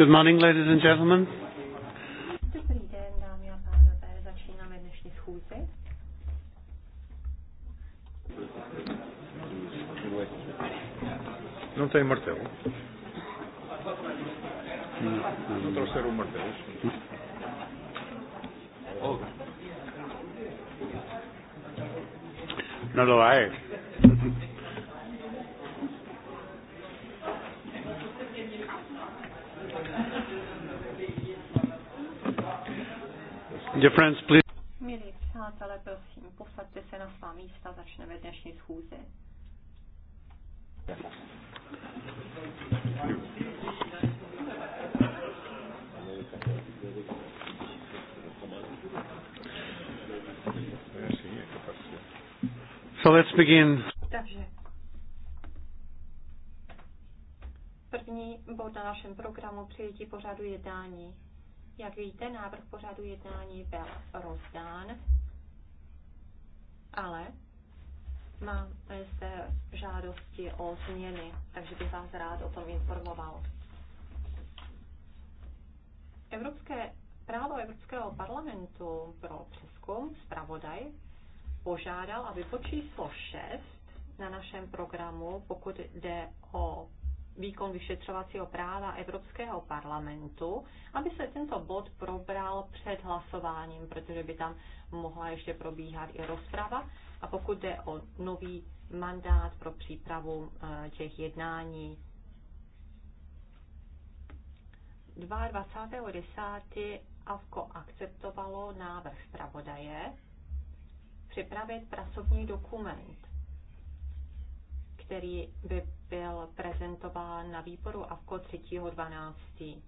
Good morning, ladies and gentlemen. Dobrý dámy a pánové. No Martel. No lo Milí přátelé, prosím, posaďte se na svá místa, začneme dnešní schůzi. So let's begin. Takže první bod na našem programu přijetí pořadu jednání. Jak víte, návrh pořadu jednání byl rozdán, ale mám zde žádosti o změny, takže bych vás rád o tom informoval. Evropské právo Evropského parlamentu pro přeskum zpravodaj požádal, aby po číslo 6 na našem programu, pokud jde o výkon vyšetřovacího práva Evropského parlamentu, aby se tento bod probral před hlasováním, protože by tam mohla ještě probíhat i rozprava. A pokud jde o nový mandát pro přípravu eh, těch jednání 22.10. AVKO akceptovalo návrh zpravodaje připravit pracovní dokument, který by byl prezentován na výboru AFKO 3.12.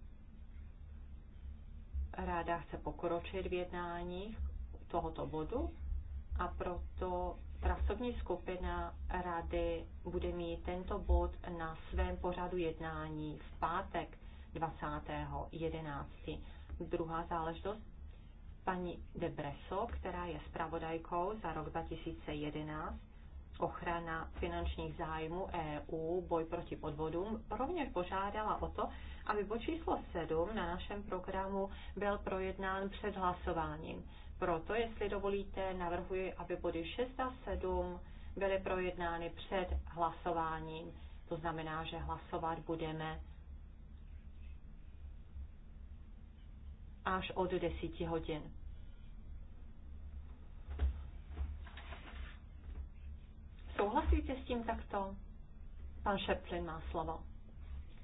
Ráda chce pokročit v jednáních tohoto bodu a proto pracovní skupina rady bude mít tento bod na svém pořadu jednání v pátek 20.11. Druhá záležitost, paní Debreso, která je zpravodajkou za rok 2011, ochrana finančních zájmů EU, boj proti podvodům, rovněž požádala o to, aby bod číslo 7 na našem programu byl projednán před hlasováním. Proto, jestli dovolíte, navrhuji, aby body 6 a 7 byly projednány před hlasováním. To znamená, že hlasovat budeme až od 10 hodin. Souhlasíte s tím takto? Pan Šeplin má slovo.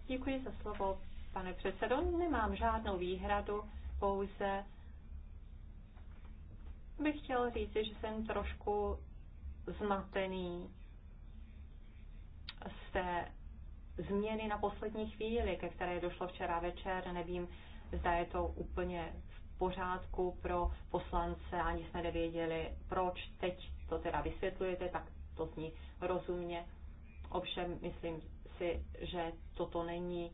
Děkuji za slovo, pane předsedo. Nemám žádnou výhradu, pouze bych chtěl říct, že jsem trošku zmatený z té změny na poslední chvíli, ke které došlo včera večer. Nevím, zda je to úplně v pořádku pro poslance, ani jsme nevěděli, proč teď to teda vysvětlujete, tak ostatní rozumně. Ovšem, myslím si, že toto není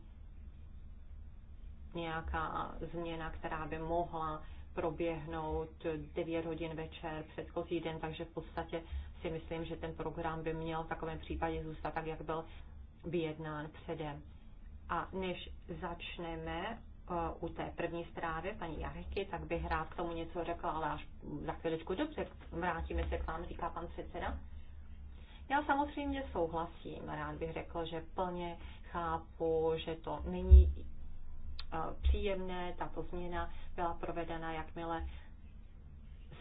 nějaká změna, která by mohla proběhnout 9 hodin večer předchozí den, takže v podstatě si myslím, že ten program by měl v takovém případě zůstat tak, jak byl vyjednán předem. A než začneme eh, u té první zprávy paní Jareky, tak bych rád k tomu něco řekla, ale až za chvíličku dobře vrátíme se k vám, říká pan předseda. Já samozřejmě souhlasím. Rád bych řekl, že plně chápu, že to není eh, příjemné. Tato změna byla provedena, jakmile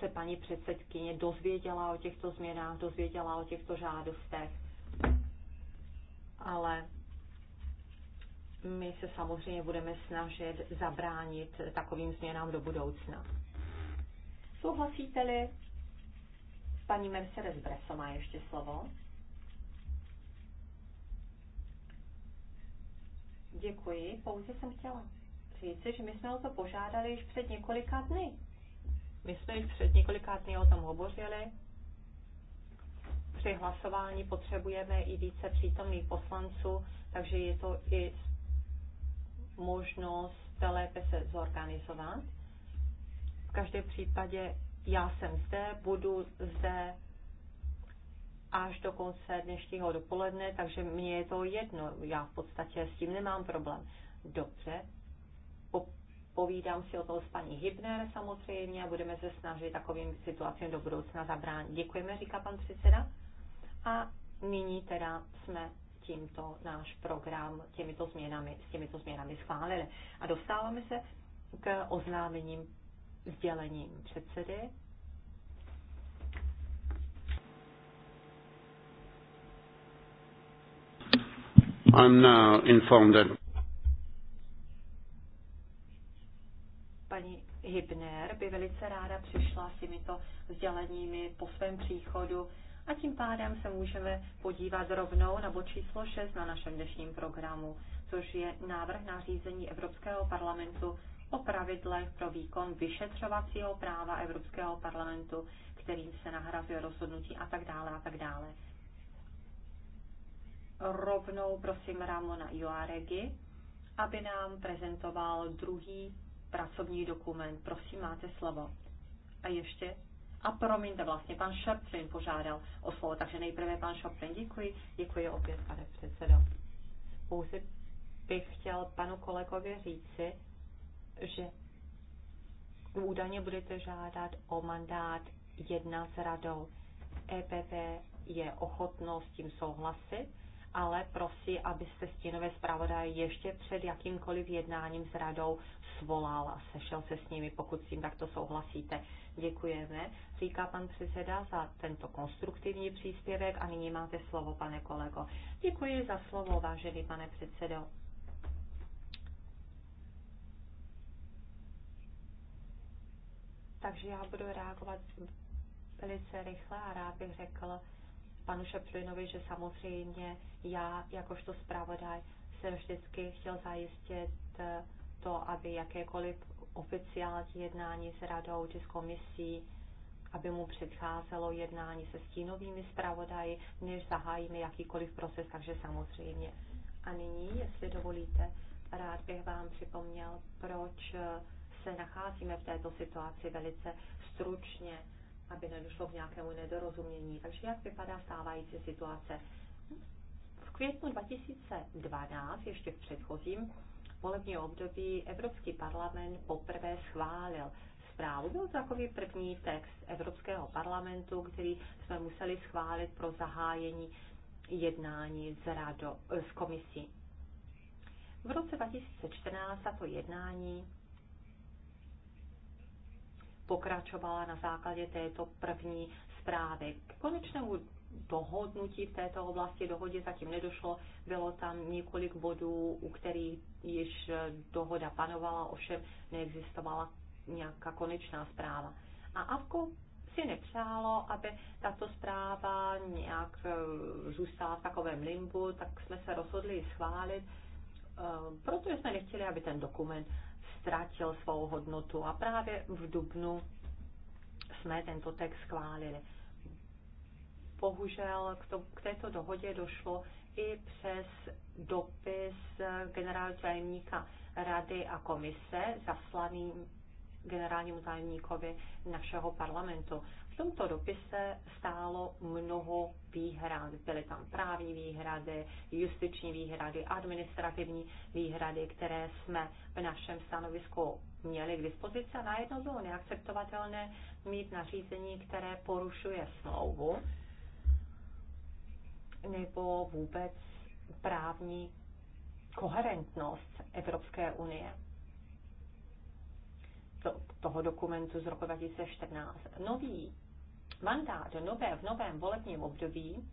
se paní předsedkyně dozvěděla o těchto změnách, dozvěděla o těchto žádostech. Ale my se samozřejmě budeme snažit zabránit takovým změnám do budoucna. Souhlasíte-li, Paní Mercedes Breso má ještě slovo. Děkuji, pouze jsem chtěla říci, že my jsme o to požádali již před několika dny. My jsme již před několika dny o tom hovořili. Při hlasování potřebujeme i více přítomných poslanců, takže je to i možnost lépe se zorganizovat. V každém případě já jsem zde, budu zde až do konce dnešního dopoledne, takže mně je to jedno. Já v podstatě s tím nemám problém. Dobře, povídám si o tom s paní Hybner samozřejmě a budeme se snažit takovým situacím do budoucna zabránit. Děkujeme, říká pan předseda. A nyní teda jsme tímto náš program těmito změnami, s těmito změnami schválili. A dostáváme se k oznámením sdělením předsedy. I'm now informed that paní Hybner by velice ráda přišla s těmito sděleními po svém příchodu a tím pádem se můžeme podívat rovnou na bod číslo 6 na našem dnešním programu, což je návrh nařízení Evropského parlamentu o pravidlech pro výkon vyšetřovacího práva Evropského parlamentu, kterým se nahrazuje rozhodnutí a tak dále a tak dále. Rovnou prosím Ramona Joaregi, aby nám prezentoval druhý pracovní dokument. Prosím, máte slovo. A ještě a promiňte, vlastně pan Šaplin požádal o slovo, takže nejprve pan Šaplin, děkuji. Děkuji opět, pane předsedo. Pouze bych chtěl panu kolegovi říci, že údajně budete žádat o mandát jedna s radou. EPP je ochotno s tím souhlasit, ale prosí, abyste stínové zpravodaje ještě před jakýmkoliv jednáním s radou svolal a sešel se s nimi, pokud s tím takto souhlasíte. Děkujeme, říká pan předseda za tento konstruktivní příspěvek a nyní máte slovo, pane kolego. Děkuji za slovo, vážený pane předsedo. takže já budu reagovat velice rychle a rád bych řekl panu Šeplinovi, že samozřejmě já jakožto zpravodaj jsem vždycky chtěl zajistit to, aby jakékoliv oficiální jednání s radou či s komisí, aby mu předcházelo jednání se stínovými zpravodaji, než zahájíme jakýkoliv proces, takže samozřejmě. A nyní, jestli dovolíte, rád bych vám připomněl, proč se nacházíme v této situaci velice stručně, aby nedošlo k nějakému nedorozumění. Takže jak vypadá stávající situace? V květnu 2012, ještě v předchozím volebním období, Evropský parlament poprvé schválil zprávu. Byl to takový první text Evropského parlamentu, který jsme museli schválit pro zahájení jednání s, rado, s komisí. V roce 2014 tato jednání pokračovala na základě této první zprávy. K konečnému dohodnutí v této oblasti dohodě zatím nedošlo. Bylo tam několik bodů, u kterých již dohoda panovala, ovšem neexistovala nějaká konečná zpráva. A AVKO si nepřálo, aby tato zpráva nějak eh, zůstala v takovém limbu, tak jsme se rozhodli schválit, eh, protože jsme nechtěli, aby ten dokument ztratil svou hodnotu. A právě v Dubnu jsme tento text schválili. Bohužel k, to, k této dohodě došlo i přes dopis generálního tajemníka Rady a komise zaslaný generálnímu tajemníkovi našeho parlamentu. V tomto dopise stálo mnoho výhrad. Byly tam právní výhrady, justiční výhrady, administrativní výhrady, které jsme v našem stanovisku měli k dispozici a najednou bylo neakceptovatelné mít nařízení, které porušuje smlouvu nebo vůbec právní koherentnost Evropské unie toho dokumentu z roku 2014. Nový mandát nové v novém volebním období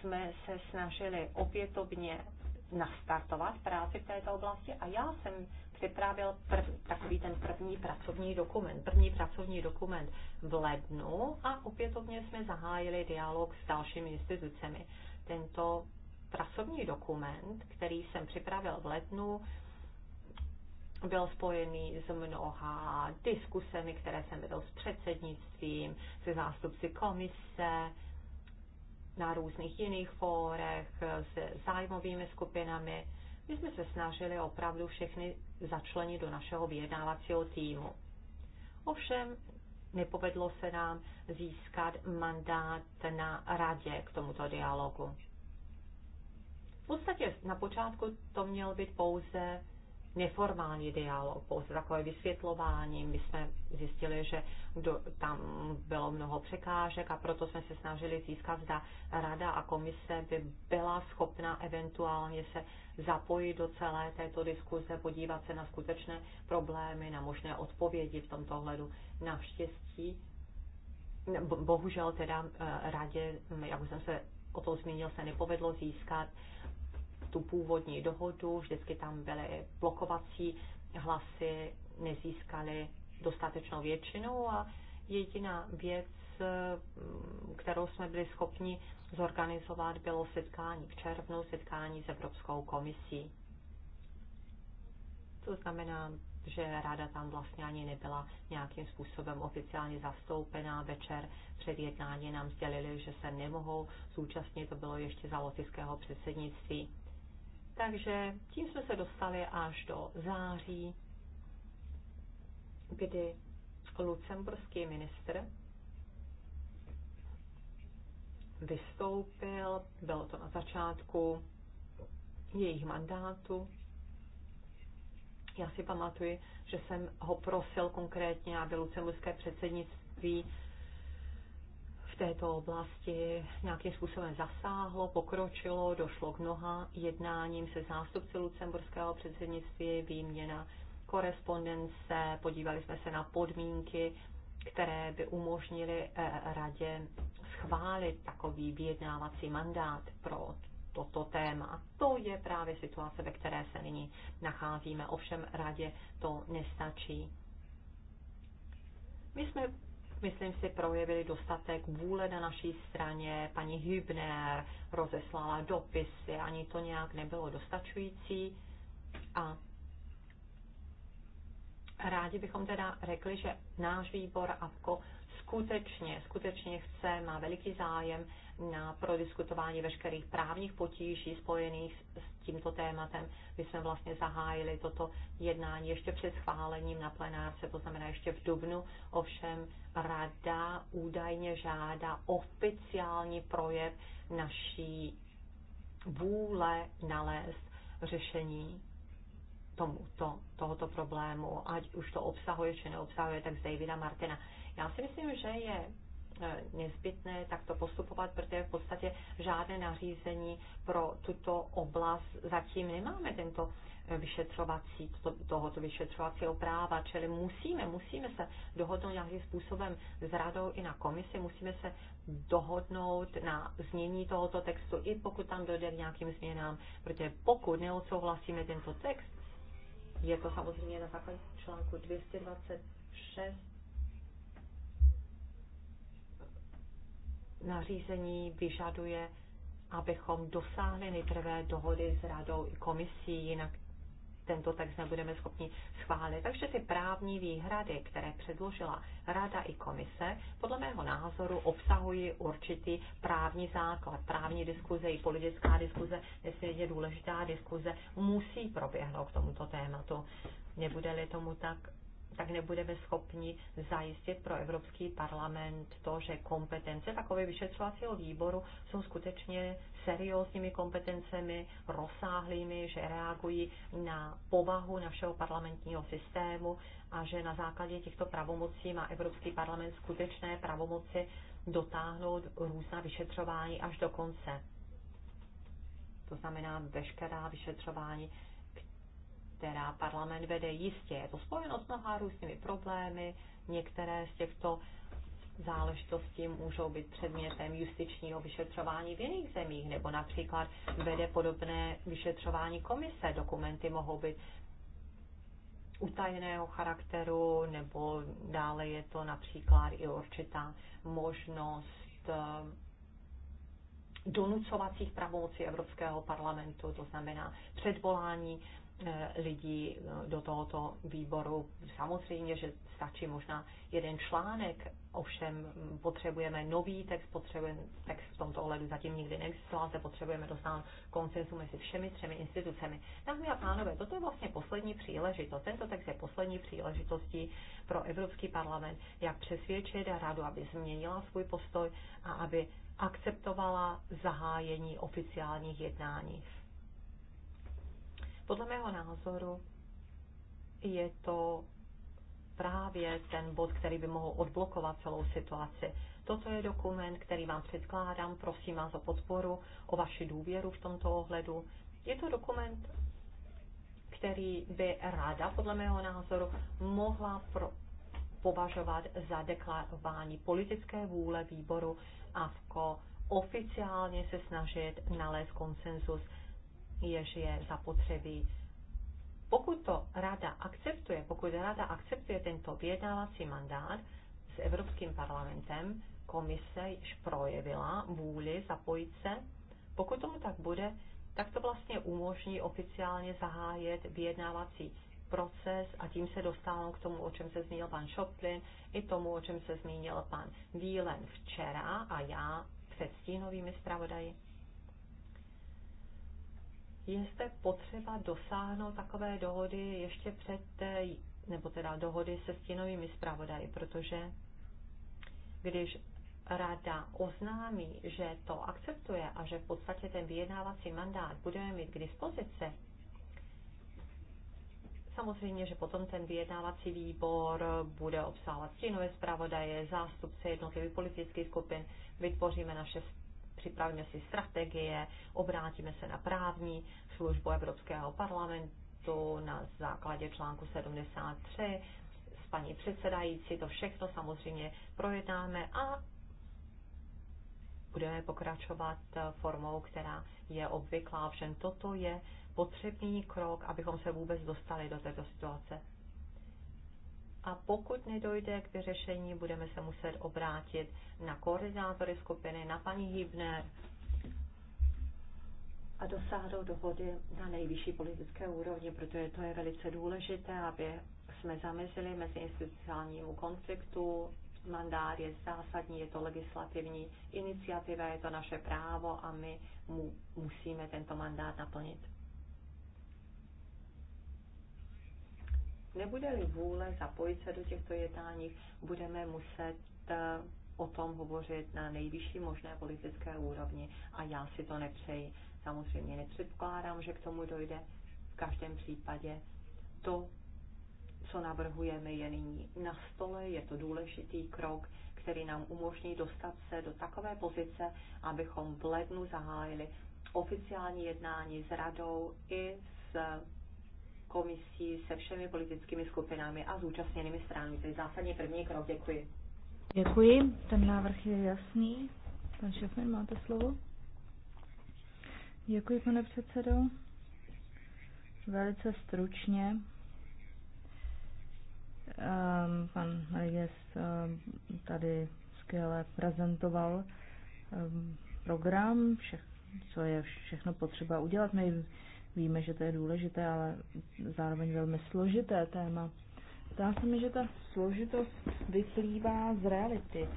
jsme se snažili opětovně nastartovat práci v této oblasti a já jsem připravil prv, takový ten první pracovní dokument, první pracovní dokument v lednu a opětovně jsme zahájili dialog s dalšími institucemi. Tento pracovní dokument, který jsem připravil v lednu, byl spojený s mnoha diskusemi, které jsem vedl s předsednictvím, se zástupci komise, na různých jiných fórech, se zájmovými skupinami. My jsme se snažili opravdu všechny začlenit do našeho vyjednávacího týmu. Ovšem, nepovedlo se nám získat mandát na radě k tomuto dialogu. V podstatě na počátku to měl být pouze neformální dialog, pouze takové vysvětlování. My jsme zjistili, že do, tam bylo mnoho překážek a proto jsme se snažili získat, zda rada a komise by byla schopna eventuálně se zapojit do celé této diskuze, podívat se na skutečné problémy, na možné odpovědi v tomto ohledu. Naštěstí, bohužel teda eh, radě, jak už jsem se o tom zmínil, se nepovedlo získat tu původní dohodu, vždycky tam byly blokovací hlasy, nezískali dostatečnou většinu a jediná věc, mm, kterou jsme byli schopni zorganizovat, bylo setkání v červnu, setkání s Evropskou komisí. To znamená, že rada tam vlastně ani nebyla nějakým způsobem oficiálně zastoupená. Večer před jednání nám sdělili, že se nemohou zúčastnit, to bylo ještě za lotyského předsednictví. Takže tím jsme se dostali až do září, kdy lucemburský ministr vystoupil, bylo to na začátku jejich mandátu. Já si pamatuji, že jsem ho prosil konkrétně, aby lucemburské předsednictví této oblasti nějakým způsobem zasáhlo, pokročilo, došlo k mnoha jednáním se zástupci lucemburského předsednictví, výměna korespondence, podívali jsme se na podmínky, které by umožnily eh, radě schválit takový vyjednávací mandát pro toto téma. To je právě situace, ve které se nyní nacházíme. Ovšem radě to nestačí. My jsme myslím si, projevili dostatek vůle na naší straně. Paní Hübner rozeslala dopisy, ani to nějak nebylo dostačující. A rádi bychom teda řekli, že náš výbor APKO skutečně, skutečně chce, má veliký zájem na prodiskutování veškerých právních potíží spojených s tímto tématem. My jsme vlastně zahájili toto jednání ještě před schválením na plenárce, to znamená ještě v Dubnu. Ovšem rada údajně žádá oficiální projev naší vůle nalézt řešení tomuto, tohoto problému, ať už to obsahuje či neobsahuje, tak z Davida Martina. Já si myslím, že je Eh, nezbytné takto postupovat, protože v podstatě žádné nařízení pro tuto oblast zatím nemáme tento eh, vyšetřovací, to, tohoto vyšetřovacího práva, čili musíme, musíme se dohodnout nějakým způsobem s radou i na komisi, musíme se dohodnout na změní tohoto textu, i pokud tam dojde k nějakým změnám, protože pokud neodsouhlasíme tento text, je to samozřejmě na základě článku 226 nařízení vyžaduje, abychom dosáhli nejprve dohody s radou i komisí, jinak tento text nebudeme schopni schválit. Takže ty právní výhrady, které předložila Rada i komise, podle mého názoru obsahují určitý právní základ. Právní diskuze i politická diskuze, je důležitá diskuze, musí proběhnout k tomuto tématu. Nebude-li tomu tak, tak nebudeme schopni zajistit pro Evropský parlament to, že kompetence takové vyšetřovacího výboru jsou skutečně seriózními kompetencemi, rozsáhlými, že reagují na povahu našeho parlamentního systému a že na základě těchto pravomocí má Evropský parlament skutečné pravomoci dotáhnout různá vyšetřování až do konce. To znamená veškerá vyšetřování která parlament vede. Jistě je to spojeno s mnoha různými problémy. Některé z těchto záležitosti můžou být předmětem justičního vyšetřování v jiných zemích, nebo například vede podobné vyšetřování komise. Dokumenty mohou být utajeného charakteru, nebo dále je to například i určitá možnost eh, donucovacích pravomocí Evropského parlamentu, to znamená předvolání Eh, lidí no, do tohoto výboru. Samozřejmě, že stačí možná jeden článek, ovšem mm, potřebujeme nový text, potřebujeme text v tomto ohledu zatím nikdy neexistoval, se potřebujeme dostat koncensu mezi všemi třemi institucemi. Dámy a pánové, toto je vlastně poslední příležitost. Tento text je poslední příležitostí pro Evropský parlament, jak přesvědčit radu, aby změnila svůj postoj a aby akceptovala zahájení oficiálních jednání podle mého názoru je to právě ten bod, který by mohl odblokovat celou situaci. Toto je dokument, který vám předkládám, prosím vás o podporu, o vaši důvěru v tomto ohledu. Je to dokument, který by ráda, podle mého názoru, mohla pro, považovat za deklarování politické vůle výboru AFKO oficiálně se snažit nalézt konsenzus je, je zapotřebí pokud to rada akceptuje, pokud rada akceptuje tento vyjednávací mandát s Evropským parlamentem, komise již projevila vůli zapojit se. Pokud tomu tak bude, tak to vlastně umožní oficiálně zahájet vyjednávací proces a tím se dostávám k tomu, o čem se zmínil pan Šoplin, i tomu, o čem se zmínil pan Vílen včera a já před stínovými zpravodaji je zde potřeba dosáhnout takové dohody ještě před, eh, nebo teda dohody se stínovými zpravodaji, protože když rada oznámí, že to akceptuje a že v podstatě ten vyjednávací mandát budeme mít k dispozici, Samozřejmě, že potom ten vyjednávací výbor bude obsávat stínové zpravodaje, zástupce jednotlivých politických skupin, vytvoříme naše připravíme si strategie, obrátíme se na právní službu Evropského parlamentu na základě článku 73 s paní předsedající. To všechno samozřejmě projednáme a budeme pokračovat formou, která je obvyklá. Všem toto je potřebný krok, abychom se vůbec dostali do této situace a pokud nedojde k vyřešení, budeme se muset obrátit na koordinátory skupiny, na paní Hibner a dosáhnout dohody na nejvyšší politické úrovni, protože to je velice důležité, aby jsme zamezili mezi institucionálnímu konfliktu. Mandát je zásadní, je to legislativní iniciativa, je to naše právo a my mu musíme tento mandát naplnit. Nebude-li vůle zapojit se do těchto jednání, budeme muset eh, o tom hovořit na nejvyšší možné politické úrovni a já si to nepřeji. Samozřejmě nepředpokládám, že k tomu dojde. V každém případě to, co navrhujeme, je nyní na stole, je to důležitý krok, který nám umožní dostat se do takové pozice, abychom v lednu zahájili oficiální jednání s radou i s komisí, se všemi politickými skupinami a zúčastněnými stranami. To je zásadně první krok. Děkuji. Děkuji, ten návrh je jasný. Pan Šefman, máte slovo. Děkuji, pane předsedo. Velice stručně. Um, pan Heliges um, ehm, tady skvěle prezentoval um, program, všech, co je všechno potřeba udělat. My Víme, že to je důležité, ale zároveň velmi složité téma. Zdá se mi, že ta složitost vyplývá z reality.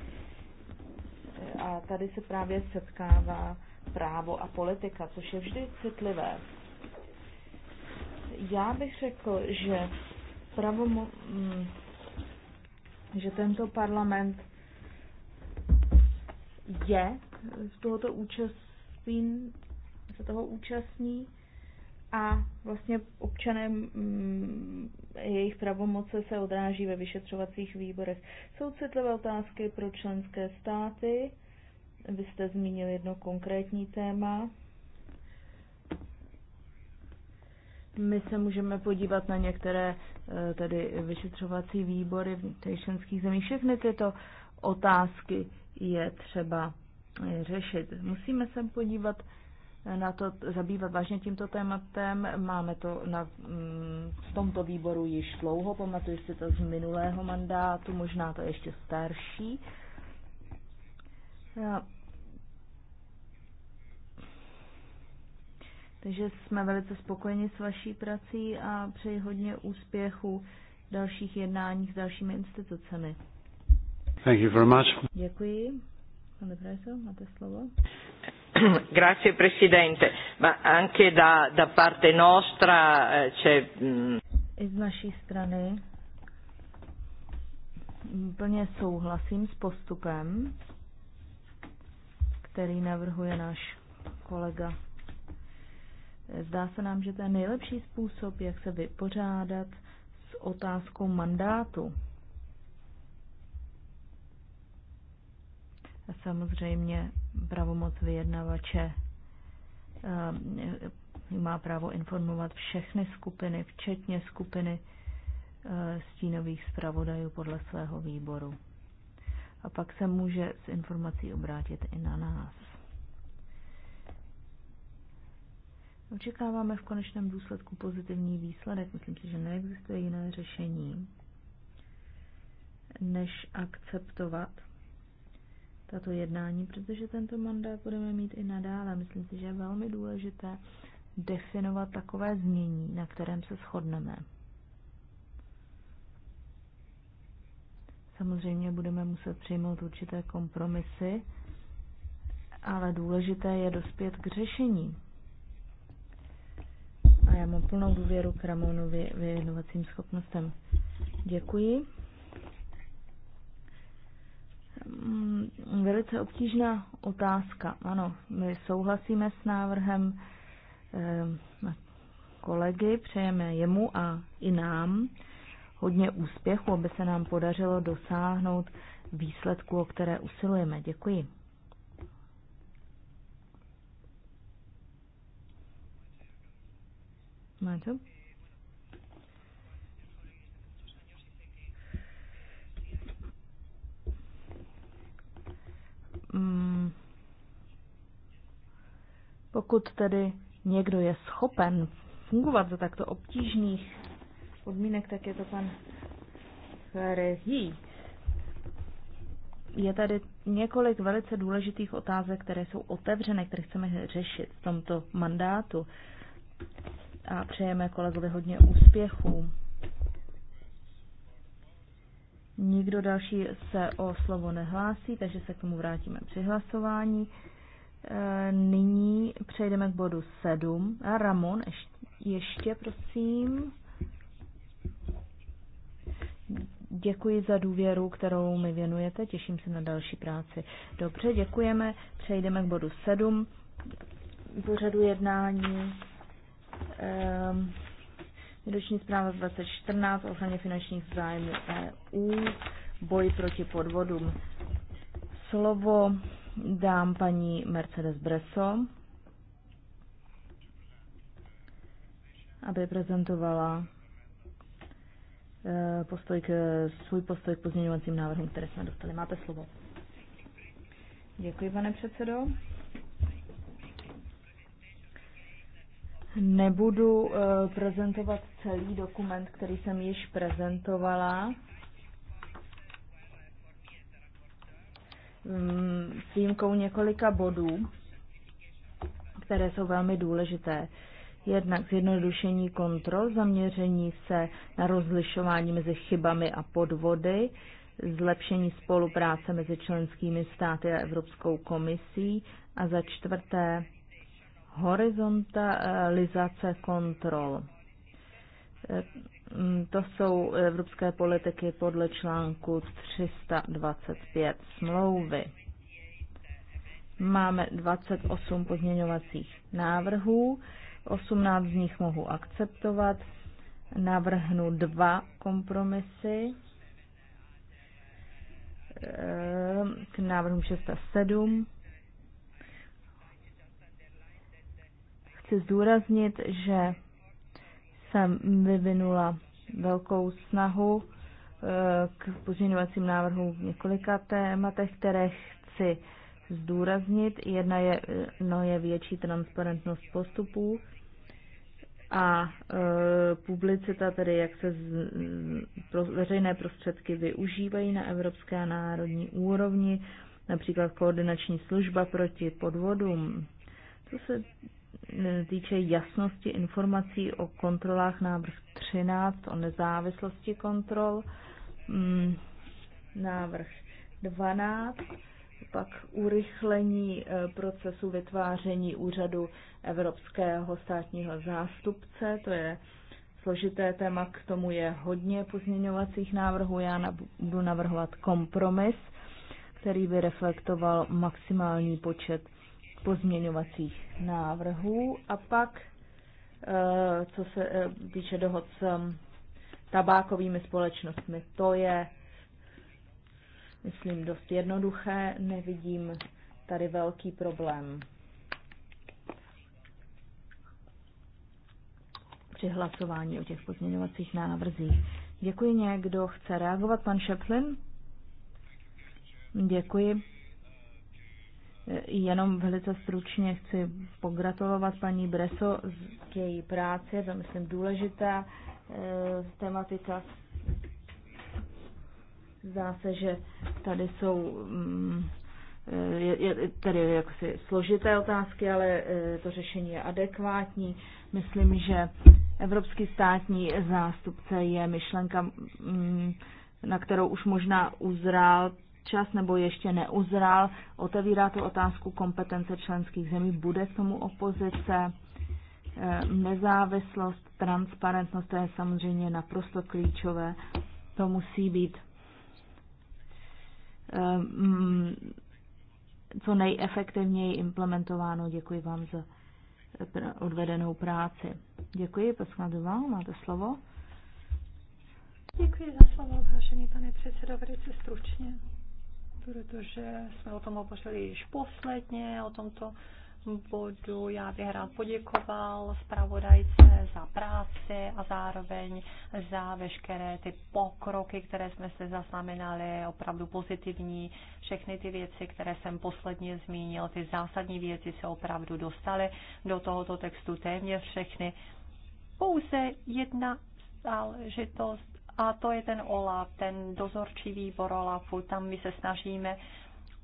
A tady se právě setkává právo a politika, což je vždy citlivé. Já bych řekl, že pravomo- mm, že tento parlament je z tohoto účastní, se toho účastní a vlastně občané, mm, jejich pravomoce se odráží ve vyšetřovacích výborech. Jsou citlivé otázky pro členské státy. Vy jste zmínil jedno konkrétní téma. My se můžeme podívat na některé eh, tedy vyšetřovací výbory v členských zemích. Všechny tyto otázky je třeba eh, řešit. Musíme se podívat na to zabývat vážně tímto tématem. Máme to na, mm, v tomto výboru již dlouho, pamatuju si to z minulého mandátu, možná to ještě starší. Já. Takže jsme velice spokojeni s vaší prací a přeji hodně úspěchu v dalších jednáních s dalšími institucemi. Thank you very much. Děkuji. Pane Prezo, máte slovo. Grazie Presidente, ma anche da, da parte nostra eh, c'è... Mm, I z naší strany plně souhlasím s postupem, který navrhuje náš kolega. Zdá se nám, že to je nejlepší způsob, jak se vypořádat s otázkou mandátu Samozřejmě pravomoc vyjednavače eh, má právo informovat všechny skupiny, včetně skupiny eh, stínových zpravodajů podle svého výboru. A pak se může s informací obrátit i na nás. Očekáváme v konečném důsledku pozitivní výsledek. Myslím si, že neexistuje jiné řešení, než akceptovat tato jednání, protože tento mandát budeme mít i nadále. Myslím si, že je velmi důležité definovat takové změní, na kterém se shodneme. Samozřejmě budeme muset přijmout určité kompromisy, ale důležité je dospět k řešení. A já mám plnou důvěru k Ramonovi vyjednovacím schopnostem. Děkuji. Mm, velice obtížná otázka. Ano, my souhlasíme s návrhem eh, kolegy, přejeme jemu a i nám hodně úspěchu, aby se nám podařilo dosáhnout výsledku, o které usilujeme. Děkuji. Máte? Mm. pokud tedy někdo je schopen fungovat za takto obtížných podmínek, tak je to pan Ferhý. Je tady několik velice důležitých otázek, které jsou otevřené, které chceme řešit v tomto mandátu. A přejeme kolegovi hodně úspěchů. Nikdo další se o slovo nehlásí, takže se k tomu vrátíme při hlasování. E, nyní přejdeme k bodu 7. A Ramon, ještě, ještě prosím. Děkuji za důvěru, kterou mi věnujete. Těším se na další práci. Dobře, děkujeme. Přejdeme k bodu 7 pořadu jednání. Ehm, Výroční zpráva 2014 o ochraně finančních zájmů EU, boj proti podvodům. Slovo dám paní Mercedes Bresso, aby prezentovala eh, postoj k, svůj postoj k pozměňovacím návrhům, které jsme dostali. Máte slovo. Děkuji, pane předsedo. Nebudu eh, prezentovat celý dokument, který jsem již prezentovala. Mm, s výjimkou několika bodů, které jsou velmi důležité. Jednak zjednodušení kontrol, zaměření se na rozlišování mezi chybami a podvody, zlepšení spolupráce mezi členskými státy a Evropskou komisí a za čtvrté horizontalizace kontrol. Eh, to jsou evropské politiky podle článku 325 smlouvy. Máme 28 pozměňovacích návrhů, 18 z nich mohu akceptovat, navrhnu dva kompromisy eh, k návrhům 6 a 7 chci zdůraznit, že jsem vyvinula velkou snahu eh, k pozměňovacím návrhům v několika tématech, které chci zdůraznit. Jedna je, no je větší transparentnost postupů a e, publicita, tedy jak se z, pro, veřejné prostředky využívají na evropské a národní úrovni, například koordinační služba proti podvodům. To se Eh, týče jasnosti informací o kontrolách návrh 13 o nezávislosti kontrol, mm, návrh 12, pak urychlení eh, procesu vytváření úřadu evropského státního zástupce, to je složité téma, k tomu je hodně pozměňovacích návrhů, já budu navrhovat kompromis, který by reflektoval maximální počet pozměňovacích návrhů a pak, eh, co se eh, týče dohod s mm, tabákovými společnostmi, to je, myslím, dost jednoduché, nevidím tady velký problém. při hlasování o těch pozměňovacích návrzích. Děkuji někdo. Chce reagovat pan Šeplin? Děkuji. Jenom velice stručně chci pogratulovat paní Breso k její práci, to myslím důležitá e, tematika. Zdá se, že tady jsou mm, e, je, je tady jaksi složité otázky, ale e, to řešení je adekvátní. Myslím, že evropský státní zástupce je myšlenka, mm, na kterou už možná uzrál čas nebo ještě neuzrál. Otevírá to otázku kompetence členských zemí. Bude k tomu opozice? Eh, nezávislost, transparentnost, to je samozřejmě naprosto klíčové. To musí být eh, mm, co nejefektivněji implementováno. Děkuji vám za eh, odvedenou práci. Děkuji, Pascal máte slovo. Děkuji za slovo, vážený pane předsedo, velice stručně protože jsme o tom hovořili již posledně, o tomto bodu. Já bych rád poděkoval zpravodajce za práci a zároveň za veškeré ty pokroky, které jsme se zaznamenali, opravdu pozitivní. Všechny ty věci, které jsem posledně zmínil, ty zásadní věci se opravdu dostaly do tohoto textu téměř všechny. Pouze jedna záležitost a to je ten OLAF, ten dozorčí výbor OLAFu. Tam my se snažíme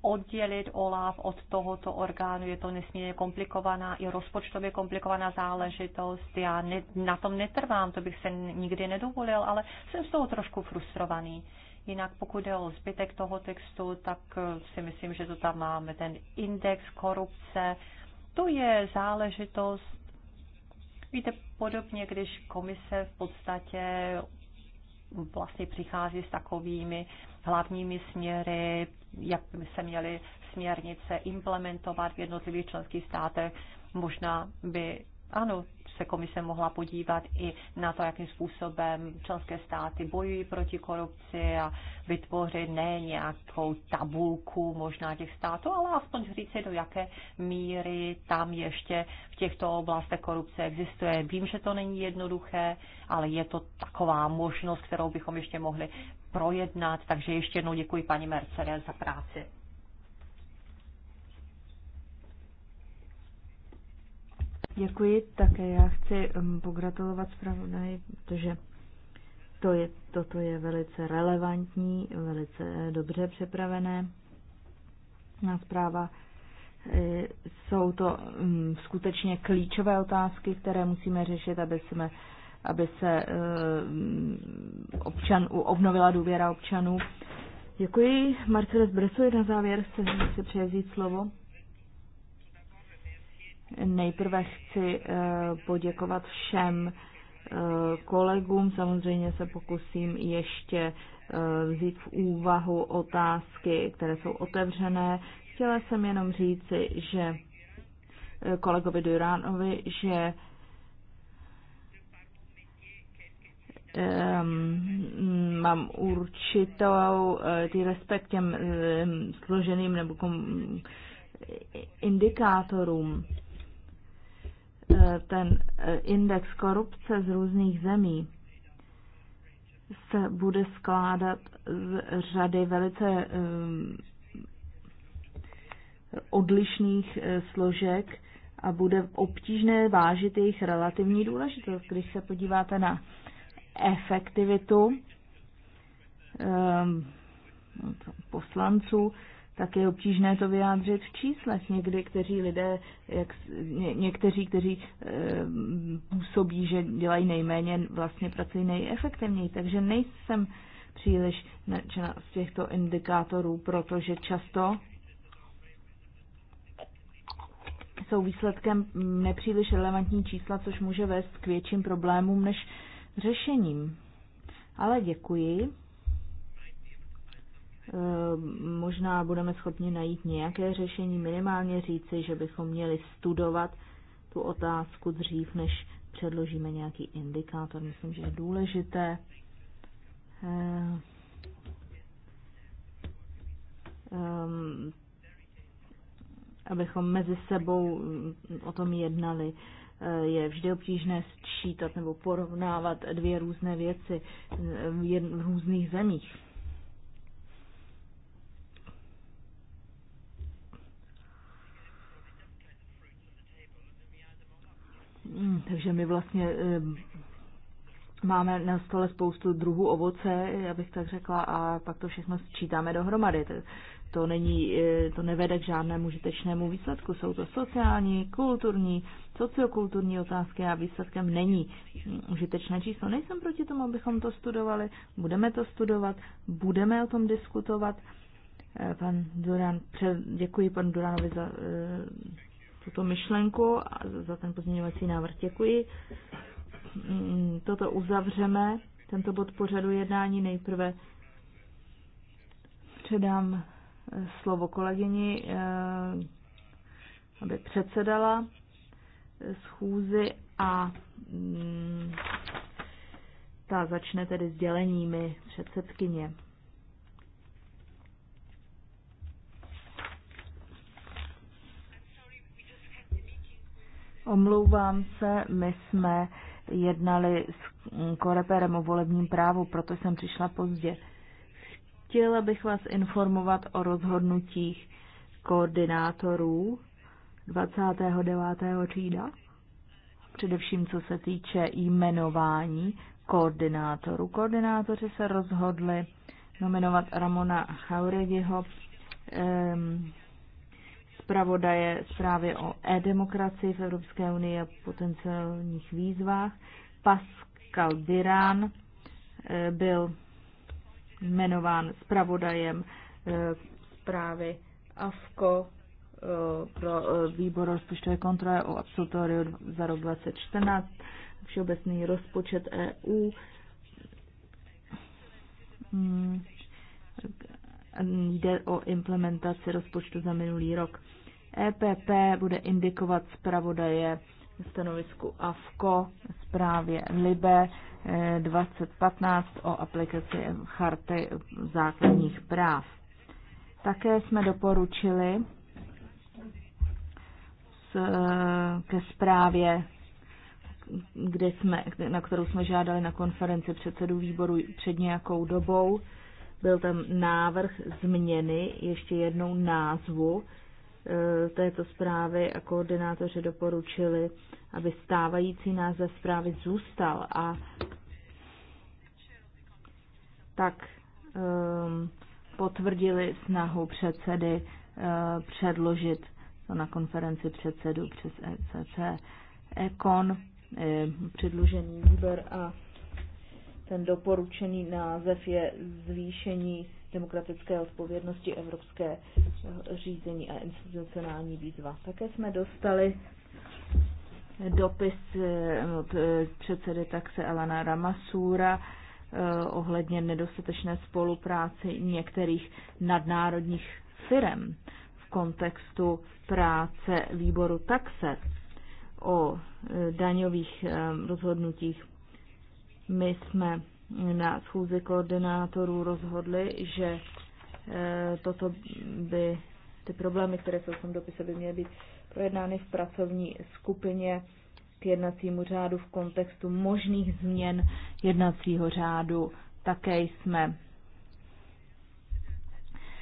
oddělit OLAF od tohoto orgánu. Je to nesmírně komplikovaná i rozpočtově komplikovaná záležitost. Já ne, na tom netrvám, to bych se nikdy nedovolil, ale jsem z toho trošku frustrovaný. Jinak pokud jde o zbytek toho textu, tak eh, si myslím, že to tam máme, ten index korupce. To je záležitost, víte, podobně, když komise v podstatě vlastně přichází s takovými hlavními směry, jak by se měly směrnice implementovat v jednotlivých členských státech. Možná by, ano, se komise mohla podívat i na to, jakým způsobem členské státy bojují proti korupci a vytvořit ne nějakou tabulku možná těch států, ale aspoň říci, do jaké míry tam ještě v těchto oblastech korupce existuje. Vím, že to není jednoduché, ale je to taková možnost, kterou bychom ještě mohli projednat. Takže ještě jednou děkuji paní Mercedes za práci. Děkuji, tak já chci um, pogratulovat zpravodaji, protože to je, toto je velice relevantní, velice eh, dobře připravené na eh, zpráva. E, Jsou to um, skutečně klíčové otázky, které musíme řešit, aby, jsme, aby se mm, občan, obnovila důvěra občanů. Děkuji. Marceles Bresu je na závěr, chce si přeje slovo. Nejprve chci eh, poděkovat všem eh, kolegům. Samozřejmě se pokusím ještě eh, vzít v úvahu otázky, které jsou otevřené. Chtěla jsem jenom říci, že kolegovi Duránovi, že um, mám určitou ty respekt těm um, složeným nebo kom, indikátorům. Eh, ten eh, index korupce z různých zemí se bude skládat z řady velice eh, odlišných složek a bude obtížné vážit jejich relativní důležitost. Když se podíváte na efektivitu no, poslanců, tak je obtížné to vyjádřit v číslech. Někdy, kteří lidé, jak, ně, někteří, kteří e, působí, že dělají nejméně, vlastně pracují nejefektivněji. Takže nejsem příliš nadšená z těchto indikátorů, protože často jsou výsledkem nepříliš relevantní čísla, což může vést k větším problémům než řešením. Ale děkuji. Ehm, možná budeme schopni najít nějaké řešení, minimálně říci, že bychom měli studovat tu otázku dřív, než předložíme nějaký indikátor. Myslím, že je důležité. Um, abychom mezi sebou mm, o tom jednali. Eh, je vždy obtížné sčítat nebo porovnávat dvě různé věci mm, v různých zemích Hm, takže my vlastně hm, máme na stole spoustu druhů ovoce, abych tak řekla, a pak to všechno sčítáme dohromady. To, není, eh, to nevede k žádnému užitečnému výsledku. Jsou to sociální, kulturní, sociokulturní otázky a výsledkem není hm, užitečné číslo. Nejsem proti tomu, abychom to studovali, budeme to studovat, budeme o tom diskutovat. Eh, pan Duran, děkuji panu Duranovi za eh, tuto myšlenku a za ten pozměňovací návrh. Děkuji. Mm, Toto uzavřeme, tento bod pořadu jednání. Nejprve předám eh, slovo kolegyni, eh, aby předsedala eh, schůzi a mm, ta začne tedy sděleními předsedkyně. Omlouvám se, my jsme jednali s Koreperem o volebním právu, proto jsem přišla pozdě. Chtěla bych vás informovat o rozhodnutích koordinátorů 29. října, především co se týče jmenování koordinátorů. Koordinátoři se rozhodli nominovat Ramona Chaureviho zpravodaje zprávy o e-demokracii v Evropské unii a potenciálních výzvách. Pascal Diran eh, byl jmenován zpravodajem eh, zprávy AFKO eh, pro výbor rozpočtové kontroly o absolutoriu za rok 2014, všeobecný rozpočet EU. Hmm, jde o implementaci rozpočtu za minulý rok. EPP bude indikovat zpravodaje stanovisku AFKO, zprávě LIBE 2015 eh, o aplikaci Charty základních práv. Také jsme doporučili s, eh, ke zprávě, kde jsme, na kterou jsme žádali na konferenci předsedů výboru před nějakou dobou. Byl tam návrh změny ještě jednou názvu Eh, této zprávy a koordinátoři doporučili, aby stávající název zprávy zůstal a tak um, potvrdili snahu předsedy uh, předložit to na konferenci předsedů přes ECC. Econ, eh, předložený výbor a ten doporučený název je zvýšení demokratické odpovědnosti, evropské řízení a institucionální výzva. Také jsme dostali dopis eh, od eh, předsedy taxe Alana Ramasura eh, ohledně nedostatečné spolupráce některých nadnárodních firm v kontextu práce výboru taxe o daňových rozhodnutích. My jsme na schůzi koordinátorů rozhodli, že e, toto by, ty problémy, které jsou v tom dopise, by měly být projednány v pracovní skupině k jednacímu řádu v kontextu možných změn jednacího řádu. Také jsme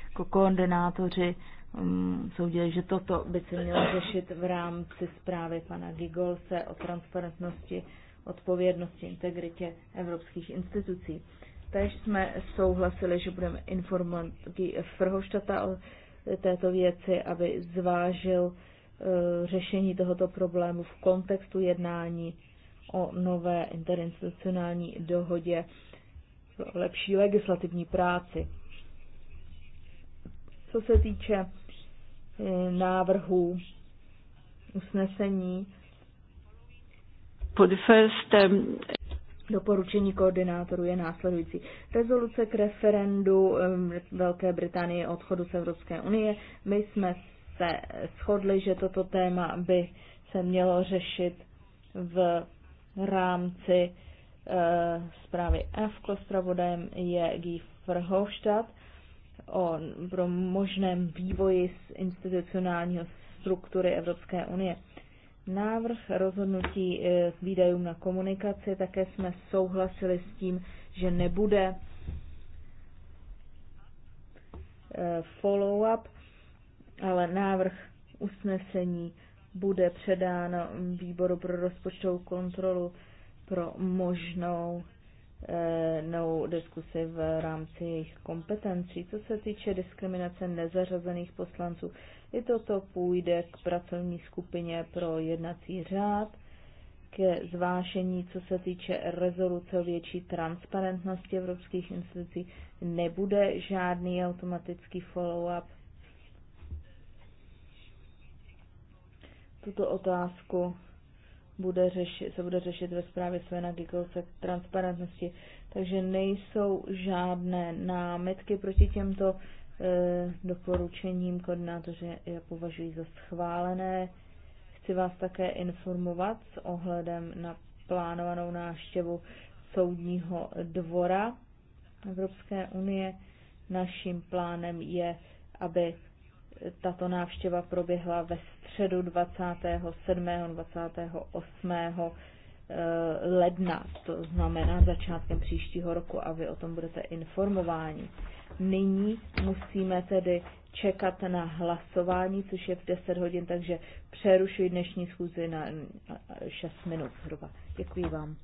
jako koordinátoři mm, soudili, že toto by se mělo řešit v rámci zprávy pana Gigolse o transparentnosti odpovědnosti, integritě evropských institucí. Tež jsme souhlasili, že budeme informovat Frhoštata o této věci, aby zvážil e, řešení tohoto problému v kontextu jednání o nové interinstitucionální dohodě lepší legislativní práci. Co se týče e, návrhů usnesení, For the first, um, Doporučení koordinátoru je následující. Rezoluce k referendu Velké Británie odchodu z Evropské unie. My jsme se shodli, že toto téma by se mělo řešit v rámci e, zprávy F. Klostravodem je Guy Verhofstadt o pro možném vývoji z institucionálního struktury Evropské unie. Návrh rozhodnutí k eh, výdajům na komunikaci, také jsme souhlasili s tím, že nebude eh, follow-up, ale návrh usnesení bude předán výboru pro rozpočtovou kontrolu pro možnou eh, nou diskusi v rámci jejich kompetencí. Co se týče diskriminace nezařazených poslanců, i toto půjde k pracovní skupině pro jednací řád, ke zvášení, co se týče rezoluce větší transparentnosti evropských institucí. Nebude žádný automatický follow-up. Tuto otázku bude řešit, se bude řešit ve zprávě Svena se k transparentnosti. Takže nejsou žádné námitky proti těmto E, doporučením koordinátoře je považuji za schválené. Chci vás také informovat s ohledem na plánovanou návštěvu Soudního dvora Evropské unie. Naším plánem je, aby tato návštěva proběhla ve středu 27. 28. E, ledna, to znamená začátkem příštího roku a vy o tom budete informováni. Nyní musíme tedy čekat na hlasování, což je v 10 hodin, takže přerušuji dnešní schůzi na 6 minut zhruba. Děkuji vám.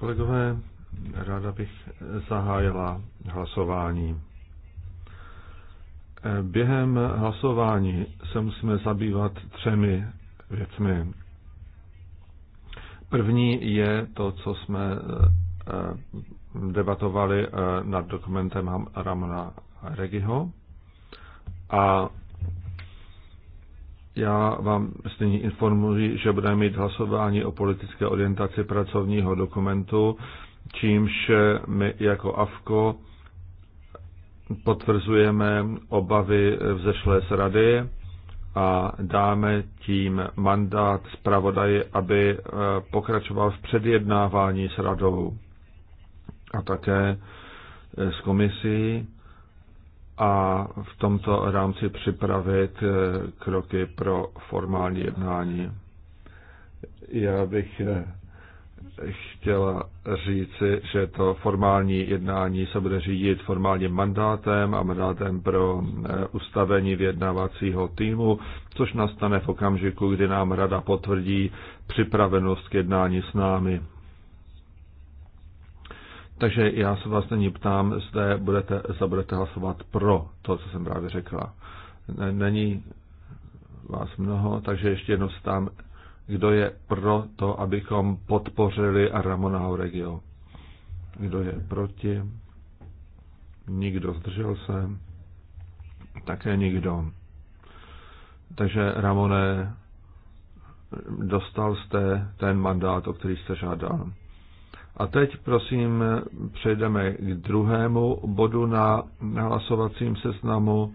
Kolegové, ráda bych zahájila hlasování. Během hlasování se musíme zabývat třemi věcmi. První je to, co jsme eh, debatovali eh, nad dokumentem Ramona Regiho a já vám stejně informuji, že budeme mít hlasování o politické orientaci pracovního dokumentu, čímž my jako AFKO potvrzujeme obavy vzešlé z rady a dáme tím mandát zpravodaji, aby eh, pokračoval v předjednávání s radou a také eh, s komisí a v tomto rámci připravit eh, kroky pro formální jednání. Já bych eh, chtěla říci, že to formální jednání se bude řídit formálním mandátem a mandátem pro eh, ustavení vyjednávacího týmu, což nastane v okamžiku, kdy nám rada potvrdí připravenost k jednání s námi. Takže já se vás nyní ptám, zda budete, zda budete hlasovat pro to, co jsem právě řekla. Není vás mnoho, takže ještě jednou stám, kdo je pro to, abychom podpořili Ramona Regio. Kdo je proti? Nikdo zdržel se? Také nikdo. Takže Ramone, dostal jste ten mandát, o který jste žádal. A teď prosím přejdeme k druhému bodu na hlasovacím seznamu,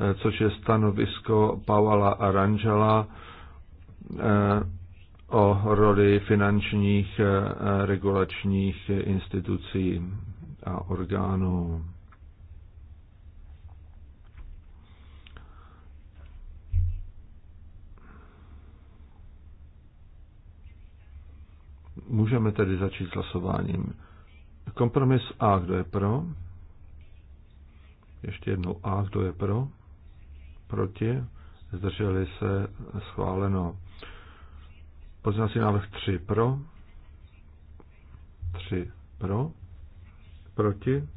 eh, což je stanovisko Pavala Aranžela eh, o roli finančních eh, regulačních institucí a orgánů. Můžeme tedy začít hlasováním. Kompromis A, kdo je pro? Ještě jednou A, kdo je pro? Proti? Zdrželi se schváleno. si návrh 3 pro. 3 pro. Proti.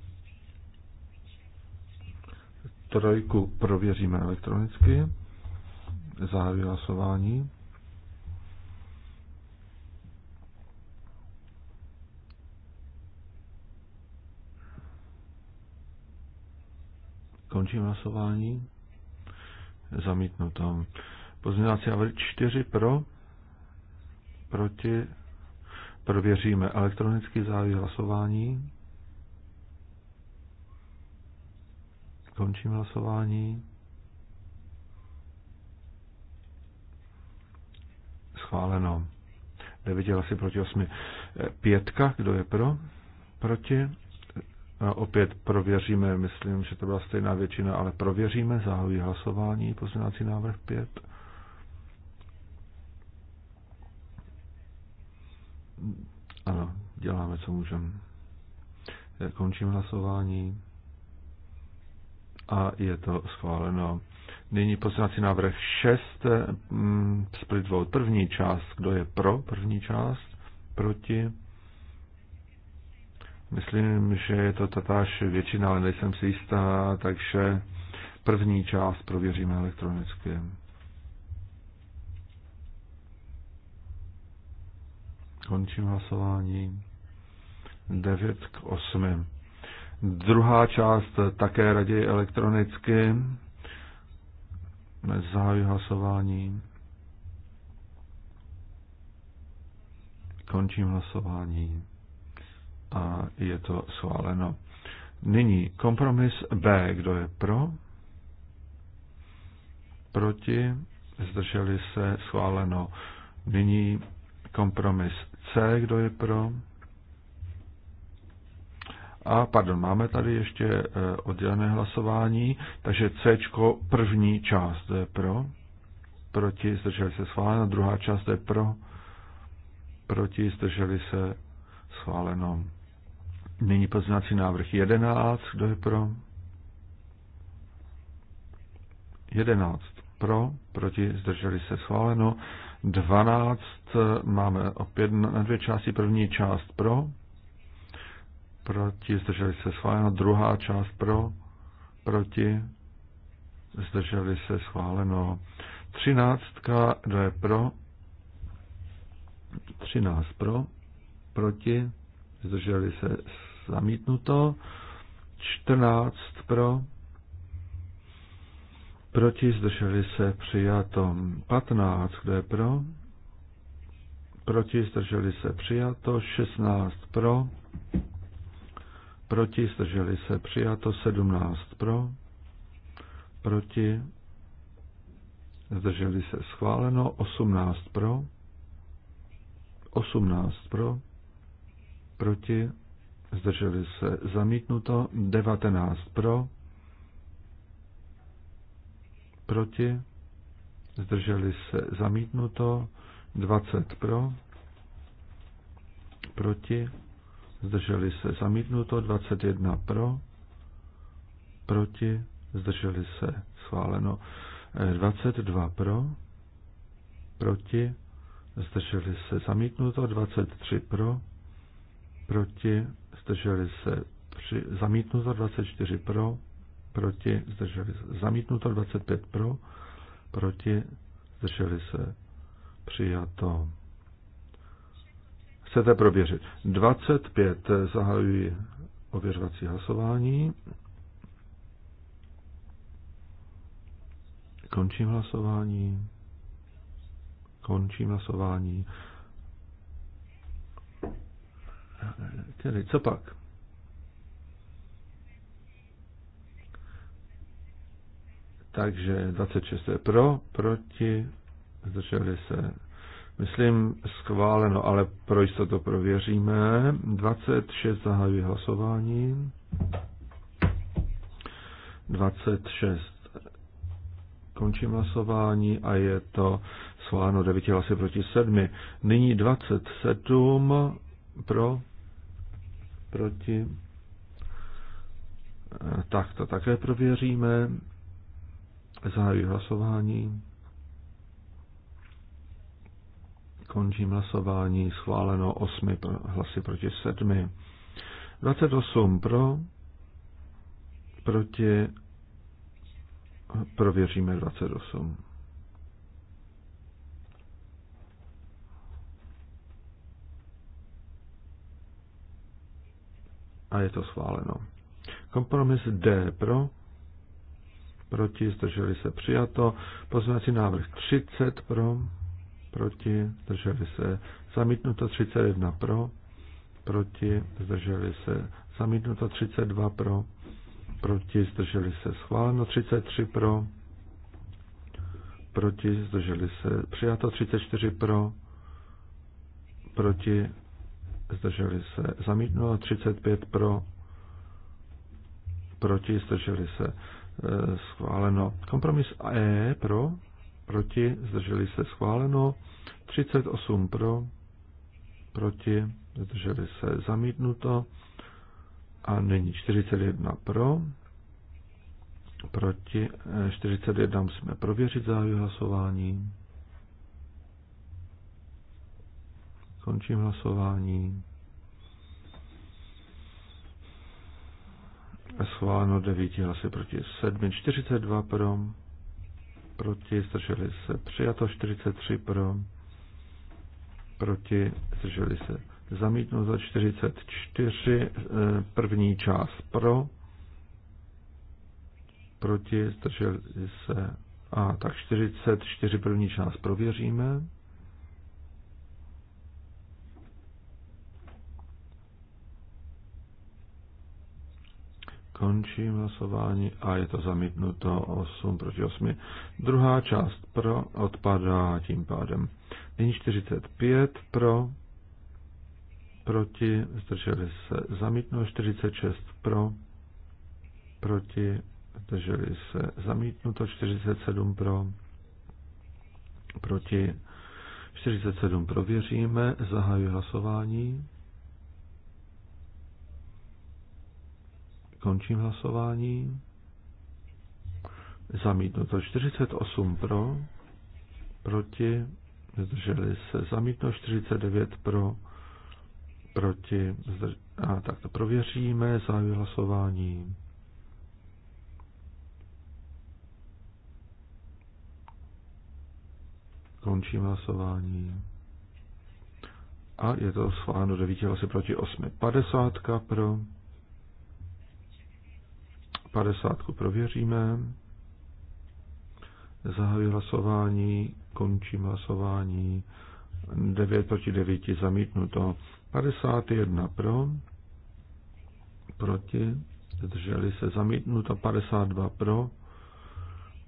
Trojku prověříme elektronicky. Zahajuji hlasování. Končím hlasování. Zamítnuto. Pozměňovací návrh 4 pro, proti, prověříme elektronický závěr hlasování. Končím hlasování. Schváleno. 9 hlasy proti 8. Pětka, kdo je pro? Proti? Opět prověříme, myslím, že to byla stejná většina, ale prověříme, zahajuji hlasování, pozměňovací návrh 5. Ano, děláme, co můžeme. Eh, končím hlasování a je to schváleno. Nyní poslanci návrh 6, eh, mm, split vote, první část. Kdo je pro první část? Proti? Myslím, že je to tatáž většina, ale nejsem si jistá, takže první část prověříme elektronicky. Končím hlasování. 9 k 8. Druhá část také raději elektronicky. Zahajuji hlasování. Končím hlasování a je to schváleno. Nyní kompromis B. Kdo je pro? Proti? Zdrželi se? Schváleno. Nyní kompromis C. Kdo je pro? A pardon, máme tady ještě eh, oddělené hlasování, takže C první část je pro, proti zdrželi se schváleno, druhá část je pro, proti zdrželi se schváleno. Nyní poznací návrh 11. Kdo je pro? 11 pro, proti, zdrželi se schváleno. 12 máme opět na dvě části. První část pro, proti, zdrželi se schváleno. Druhá část pro, proti, zdrželi se schváleno. 13. Kdo je pro? 13 pro, proti, zdrželi se schváleno zamítnuto, 14 pro, proti, zdrželi se, přijato, 15, kdo je pro, proti, zdrželi se, přijato, 16 pro, proti, zdrželi se, přijato, 17 pro, proti, zdrželi se, schváleno, 18 pro, 18 pro, proti, zdrželi se zamítnuto, 19 pro, proti, zdrželi se zamítnuto, 20 pro, proti, zdrželi se zamítnuto, 21 pro, proti, zdrželi se schváleno, 22 eh, pro, proti, zdrželi se zamítnuto, 23 pro, proti, zdrželi se při, zamítnuto 24 pro, proti, zdrželi se zamítnuto 25 pro, proti, zdrželi se přijato. Chcete prověřit. 25 zahajuji ověřovací hlasování. Končím hlasování. Končím hlasování. Tedy co pak? Takže 26 je pro, proti, zdrželi se. Myslím schváleno, ale pro jistotu prověříme. 26 zahajuje hlasování. 26 končím hlasování a je to schváleno 9 hlasy proti 7. Nyní 27 pro, proti. Tak to také prověříme. Zahajuji hlasování. Končím hlasování. Schváleno 8 hlasy proti 7. 28 pro, proti, prověříme 28. a je to schváleno. Kompromis D pro, proti, zdrželi se přijato. Pozměňovací návrh 30 pro, proti, zdrželi se zamítnuto 31 pro, proti, zdrželi se zamítnuto 32 pro, proti, zdrželi se schváleno 33 pro, proti, zdrželi se přijato 34 pro, proti, zdrželi se. Zamítnuto 35 eh, pro, proti, zdrželi se. Schváleno. Kompromis E pro, proti, zdrželi se. Schváleno. 38 pro, proti, zdrželi se. Zamítnuto. A nyní 41 pro, proti, 41 eh, musíme prověřit závěr hlasování. Končím hlasování. Schváleno 9 hlasy proti 7, 42 pro, proti zdrželi se přijato 43 pro, proti zdrželi se Zamítno za 44, první část pro, proti zdrželi se a tak 44 první část prověříme. Končím hlasování a je to zamítnuto 8 proti 8. Druhá část pro odpadá tím pádem. Nyní 45 pro, proti, zdrželi se zamítnuto, 46 pro, proti, zdrželi se zamítnuto, 47 pro, proti, 47 prověříme, zahajuji hlasování. Končím hlasování. Zamítnuto 48 pro, proti, zdrželi se. Zamítnuto 49 pro, proti, zdrž... a tak to prověříme, zahajuji hlasování. Končím hlasování. A je to schváleno 9 hlasy proti 8. 50 pro, 50 prověříme. Zahajuji hlasování, končím hlasování. 9 proti 9 zamítnuto. 51 pro, proti, zdrželi se zamítnuto. 52 pro,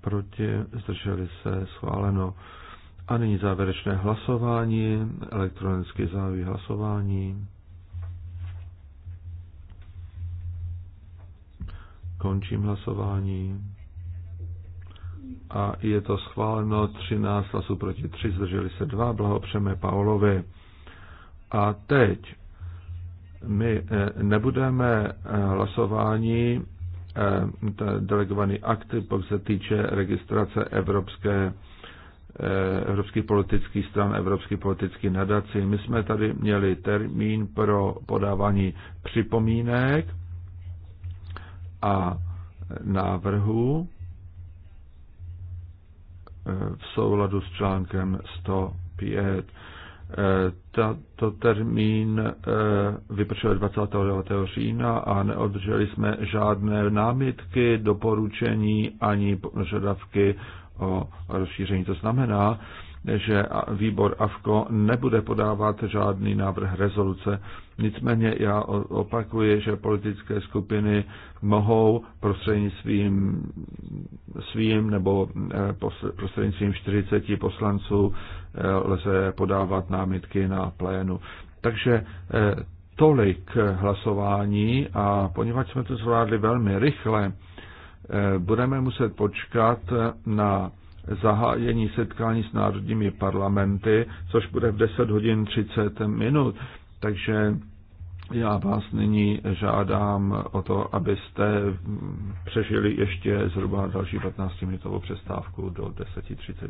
proti, zdrželi se schváleno. A nyní závěrečné hlasování, elektronicky závěr hlasování. Končím hlasování. A je to schváleno 13 hlasů proti 3, zdrželi se 2, blahopřeme Paulovi. A teď my eh, nebudeme eh, hlasování eh, delegovaný akt, pokud se týče registrace evropské evropských politických stran, evropských politických nadací. My jsme tady měli termín pro podávání připomínek a návrhu v souladu s článkem 105. Tato termín eh, vypršel 29. října a neobdrželi jsme žádné námitky, doporučení ani požadavky o rozšíření. To znamená, že výbor AFKO nebude podávat žádný návrh rezoluce. Nicméně já opakuji, že politické skupiny mohou prostřednictvím svým nebo eh, prostřednictvím 40 poslanců eh, lze podávat námitky na plénu. Takže eh, tolik hlasování a poněvadž jsme to zvládli velmi rychle, budeme muset počkat na zahájení setkání s národními parlamenty, což bude v 10 hodin 30 minut. Takže já vás nyní žádám o to, abyste přežili ještě zhruba další 15-minutovou přestávku do 10.30.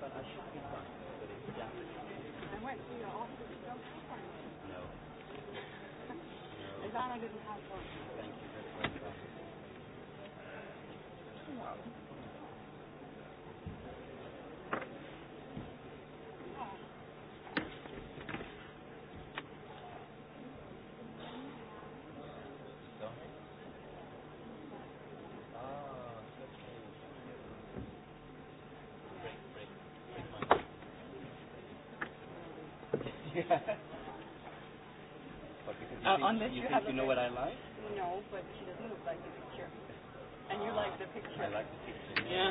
But I should be fine. But it's damaged. I went to your office. No. No. Is that a good Uh, but because you uh, think, you, you, think you know what I like? No, but she doesn't look like the picture. And you ah, like the picture. I like the picture. Yeah. yeah.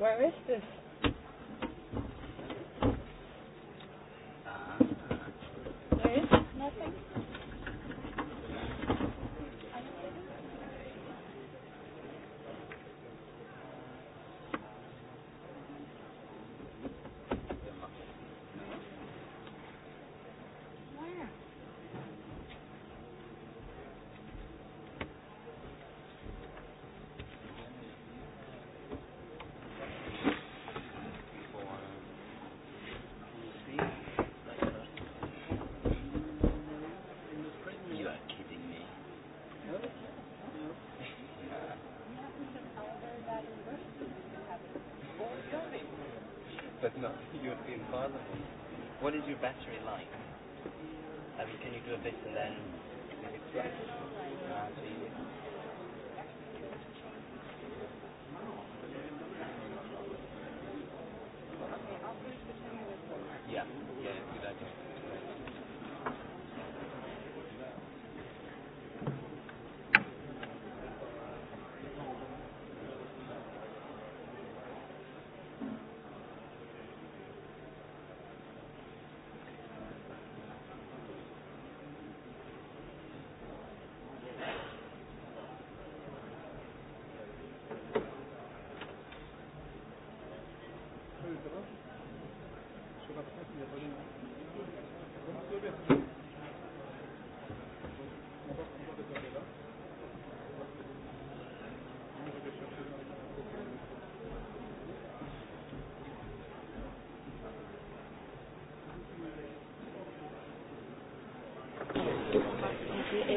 Where is this?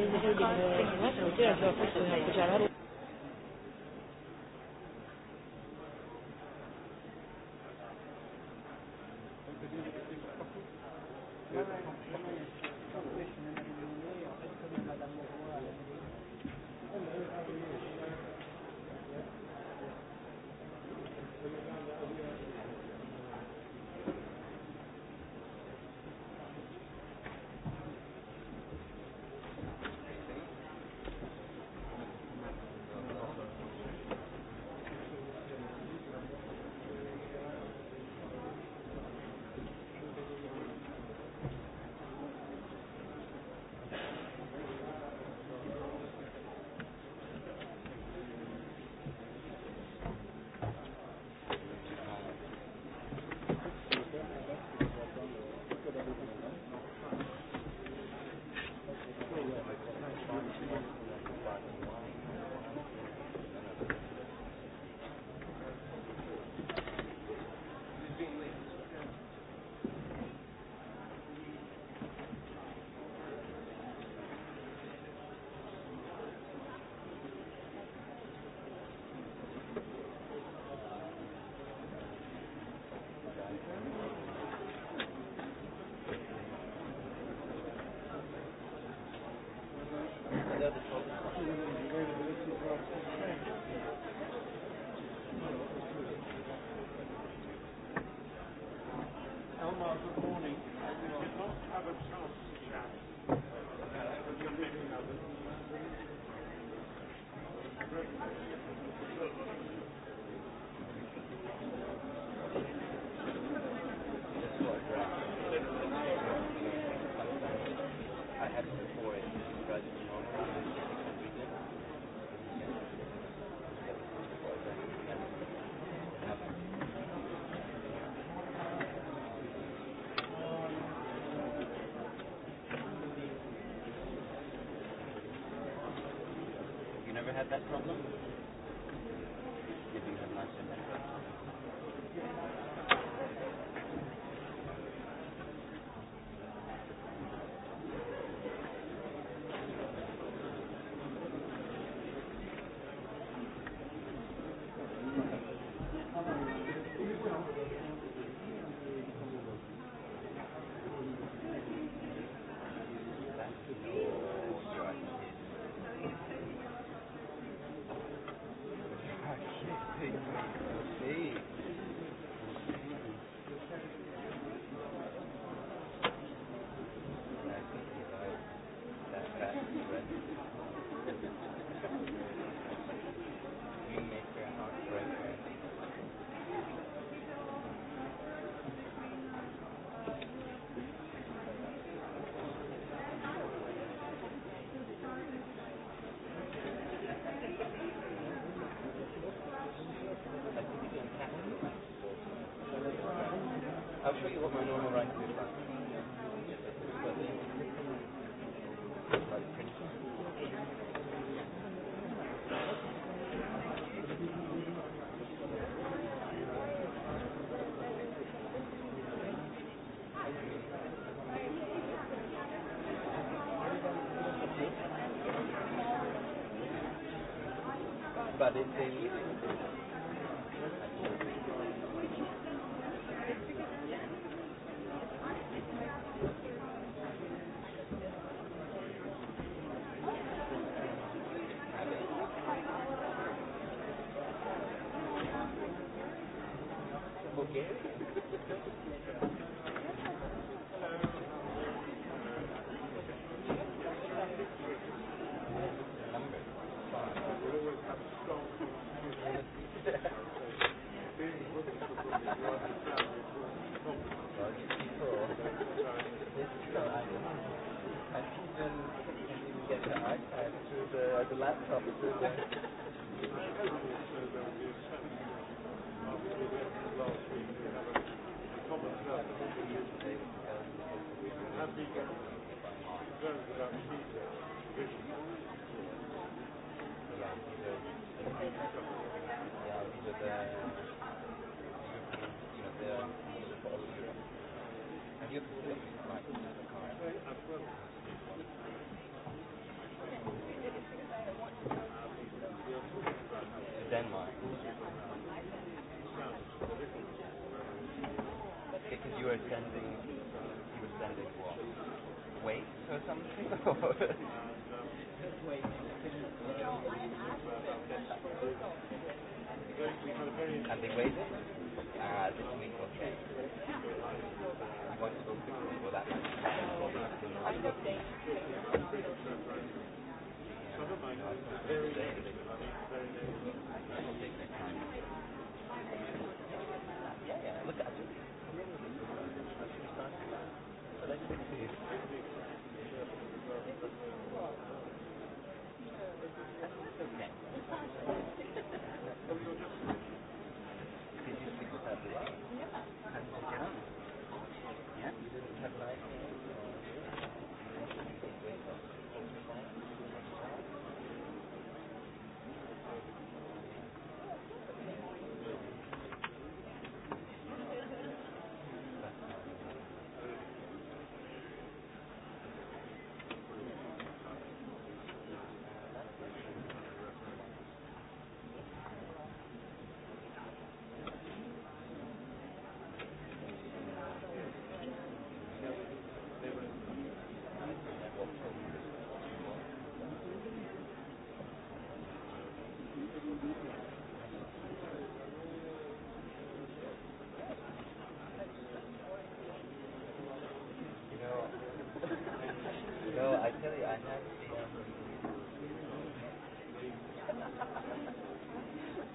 interview di due volte, oggi era già forse una già la tomorrow. Good morning. ever had that problem? I'll show you what my normal rank is like. But it's a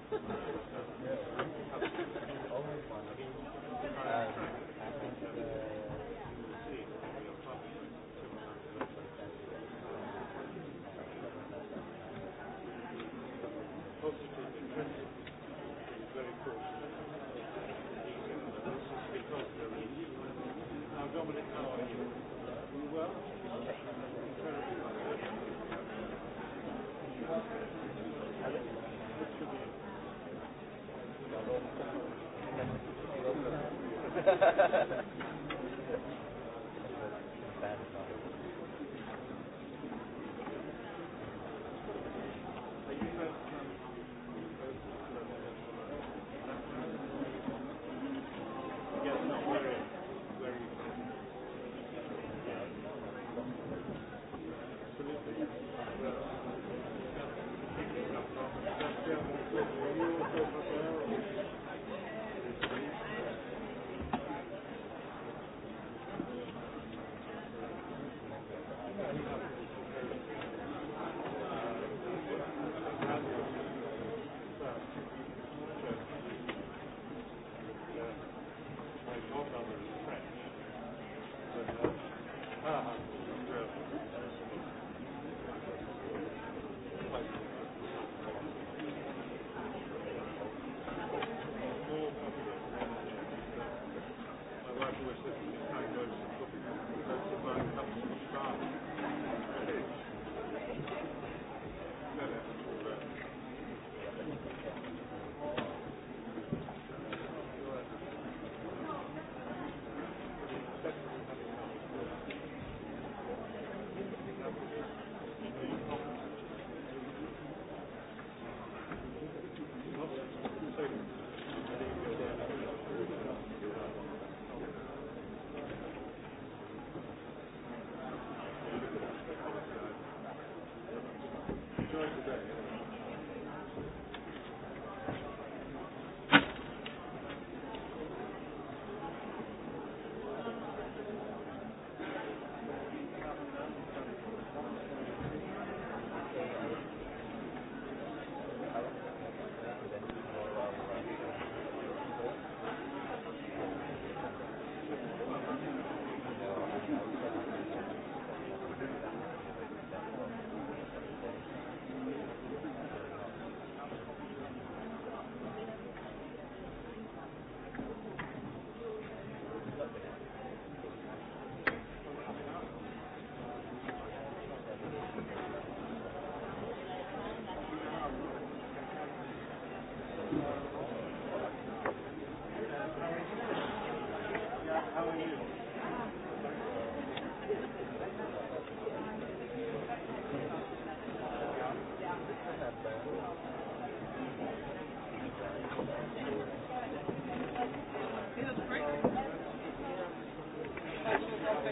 Thank you.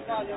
sbaglio,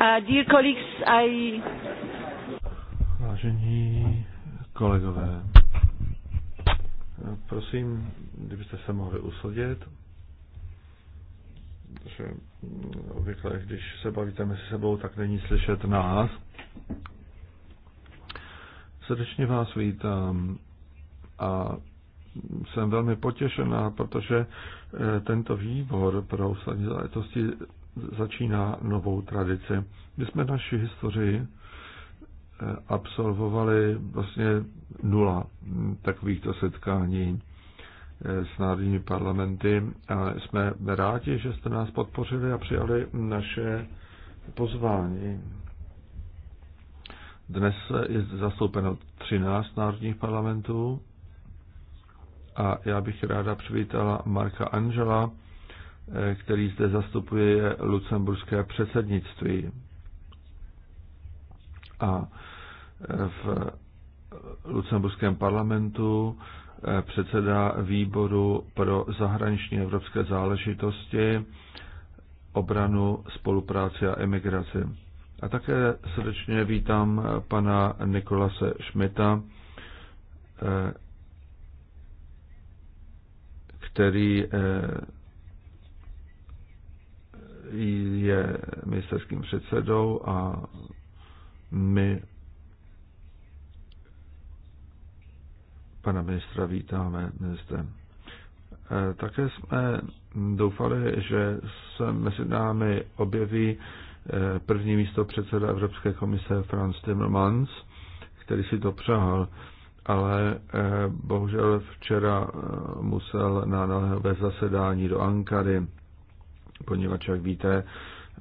Uh, dear colleagues, I... Vážení kolegové, prosím, kdybyste se mohli usadit, že obvykle, když se bavíte mezi sebou, tak není slyšet nás. Srdečně vás vítám a jsem velmi potěšená, protože eh, tento výbor pro ústavní záležitosti začíná novou tradici. My jsme naši historii eh, absolvovali vlastně nula takovýchto setkání eh, s národními parlamenty a jsme rádi, že jste nás podpořili a přijali naše pozvání. Dnes je zastoupeno 13 národních parlamentů a já bych ráda přivítala Marka Angela, který zde zastupuje lucemburské předsednictví. A e, v lucemburském parlamentu e, předseda výboru pro zahraniční evropské záležitosti, obranu, spolupráci a emigraci. A také srdečně vítám pana Nikolase Šmita, e, který je ministerským předsedou a my pana ministra vítáme ministrem. E, také jsme doufali, že se mezi námi objeví e, první místo předseda Evropské komise Franz Timmermans, který si to přehal, ale e, bohužel včera musel na nové zasedání do Ankary poněvadž, jak víte,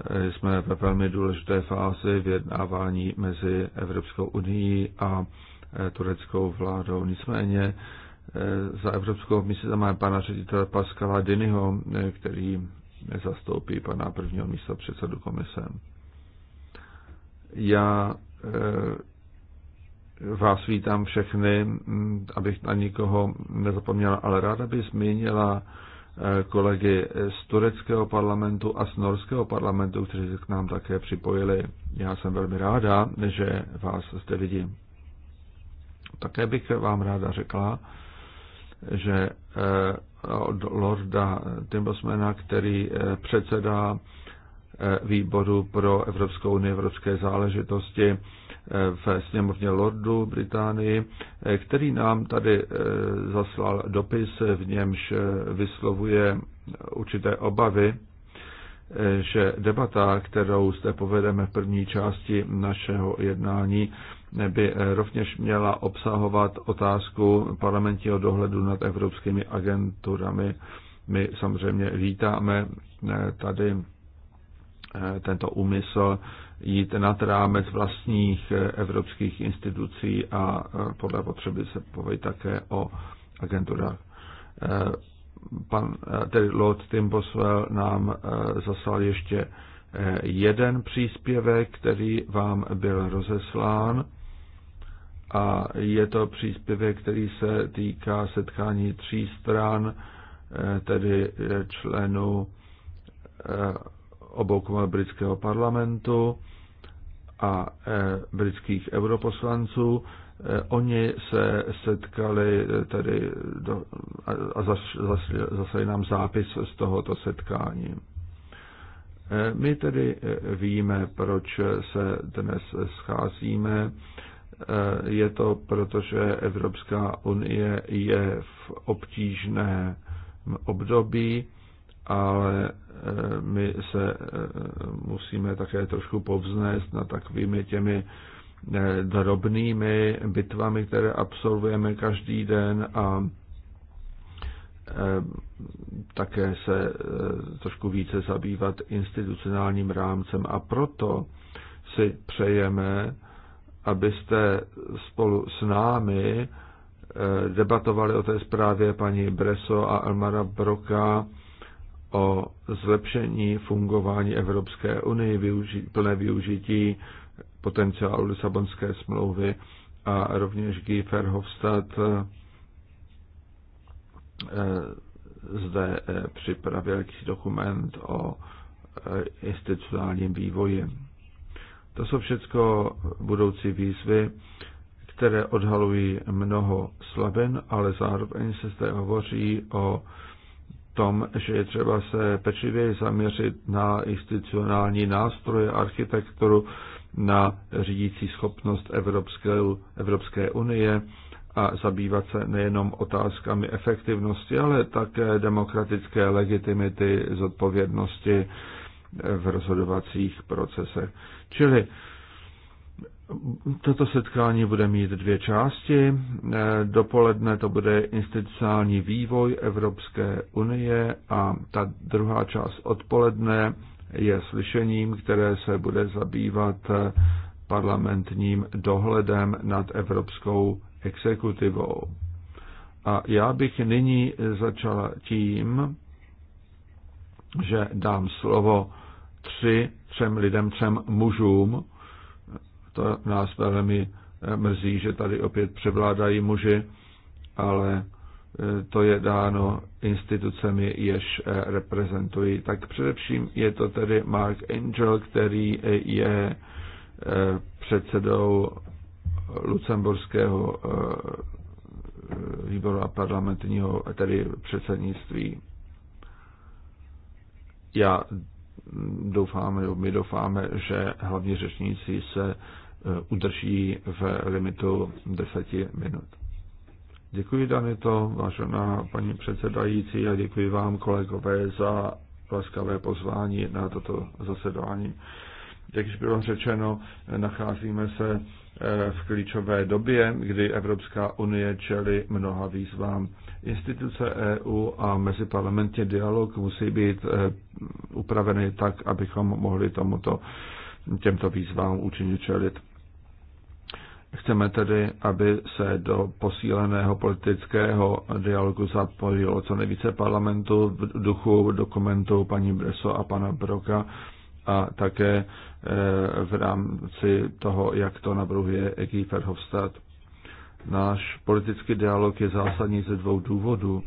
eh, jsme ve velmi důležité fázi vyjednávání mezi Evropskou unii a eh, tureckou vládou. Nicméně eh, za Evropskou misi tam máme pana ředitele Pascala Dinyho, který zastoupí pana prvního místa předsedu komise. Já vás vítám všechny, abych na nikoho nezapomněla, ale ráda bych zmínila kolegy z tureckého parlamentu a z norského parlamentu, kteří se k nám také připojili. Já jsem velmi ráda, že vás zde vidím. Také bych vám ráda řekla, že eh, od Lorda Timbosmana, který eh, předsedá eh, výboru pro Evropskou unii evropské záležitosti, v sněmovně Lordu Británii, který nám tady eh, zaslal dopis, v němž eh, vyslovuje určité obavy, eh, že debata, kterou zde povedeme v první části našeho jednání, by rovněž měla obsahovat otázku parlamentního dohledu nad evropskými agenturami. My samozřejmě vítáme tady tento úmysl jít nad rámec vlastních eh, evropských institucí a eh, podle potřeby se poví také o agenturách. Eh, pan, tedy Lord Tim Boswell nám zaslal ještě jeden příspěvek, který vám byl rozeslán. A je to příspěvek, který se týká setkání tří stran, tedy členů obou britského parlamentu a e, britských europoslanců. E, oni se setkali e, tedy do, a zaslali nám zápis z tohoto setkání. My tedy víme, proč se dnes scházíme. Je to proto, že Evropská unie je v obtížné období ale eh, my se eh, musíme také trošku povznést na takovými těmi eh, drobnými bitvami, které absolvujeme každý den a také se trošku více zabývat institucionálním rámcem a proto si přejeme, abyste spolu s námi debatovali o té zprávě paní Breso a Elmara Broka o zlepšení fungování Evropské unie, využi- plné využití potenciálu Lisabonské smlouvy a rovněž Guy Verhofstadt eh, zde eh, připravil jakýsi dokument o eh, institucionálním vývoji. To jsou všechno budoucí výzvy, které odhalují mnoho slabin, ale zároveň se zde hovoří o tom, že je třeba se pečlivě zaměřit na institucionální nástroje, architekturu, na řídící schopnost Evropské, Evropské unie a zabývat se nejenom otázkami efektivnosti, ale také demokratické legitimity, zodpovědnosti v rozhodovacích procesech. Čili Toto setkání bude mít dvě části. Eh, dopoledne to bude institucionální vývoj Evropské unie a ta druhá část odpoledne je slyšením, které se bude zabývat eh, parlamentním dohledem nad evropskou exekutivou. A já bych nyní začala tím, že dám slovo tři, třem lidem, třem mužům, to nás velmi eh, mrzí, že tady opět převládají muži, ale eh, to je dáno institucemi, jež eh, reprezentují. Tak především je to tedy Mark Angel, který je předsedou lucemburského výboru a parlamentního, tedy předsednictví. Já doufáme, my doufáme, že hlavní řečníci se Eh, udrží v limitu 10 minut. Děkuji, Danito, vážená paní předsedající, a děkuji vám, kolegové, za laskavé pozvání na toto zasedání. Jak již bylo řečeno, nacházíme se eh, v klíčové době, kdy Evropská unie čelí mnoha výzvám. Instituce EU a meziparlamentní dialog musí být eh, upraveny tak, abychom mohli tomuto, těmto výzvám účinně čelit. Chceme tedy, aby se do posíleného politického dialogu zapojilo co nejvíce parlamentu v duchu dokumentu paní Breso a pana Broka a také eh, v rámci toho, jak to navrhuje Egy Verhofstadt. Náš politický dialog je zásadní ze dvou důvodů.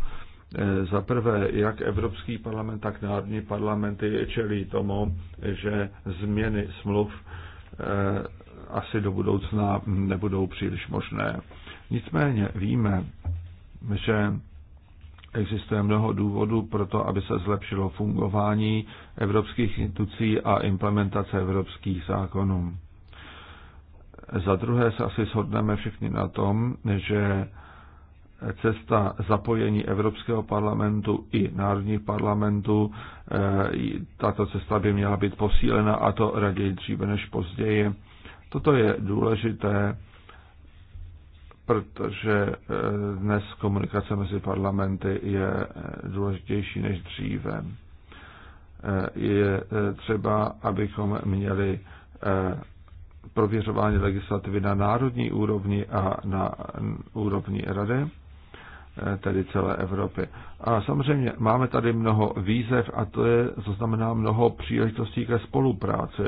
Eh, za prvé, jak Evropský parlament, tak národní parlamenty čelí tomu, že změny smluv eh, asi do budoucna nebudou příliš možné. Nicméně víme, že existuje mnoho důvodů pro to, aby se zlepšilo fungování evropských institucí a implementace evropských zákonů. Za druhé se asi shodneme všichni na tom, že cesta zapojení Evropského parlamentu i národních parlamentů, eh, tato cesta by měla být posílena a to raději dříve než později Toto je důležité, protože eh, dnes komunikace mezi parlamenty je eh, důležitější než dříve. Eh, je třeba, abychom měli prověřování legislativy na národní úrovni a na úrovni rady, tedy celé Evropy. A samozřejmě máme tady mnoho výzev a to je, co znamená mnoho příležitostí ke spolupráci.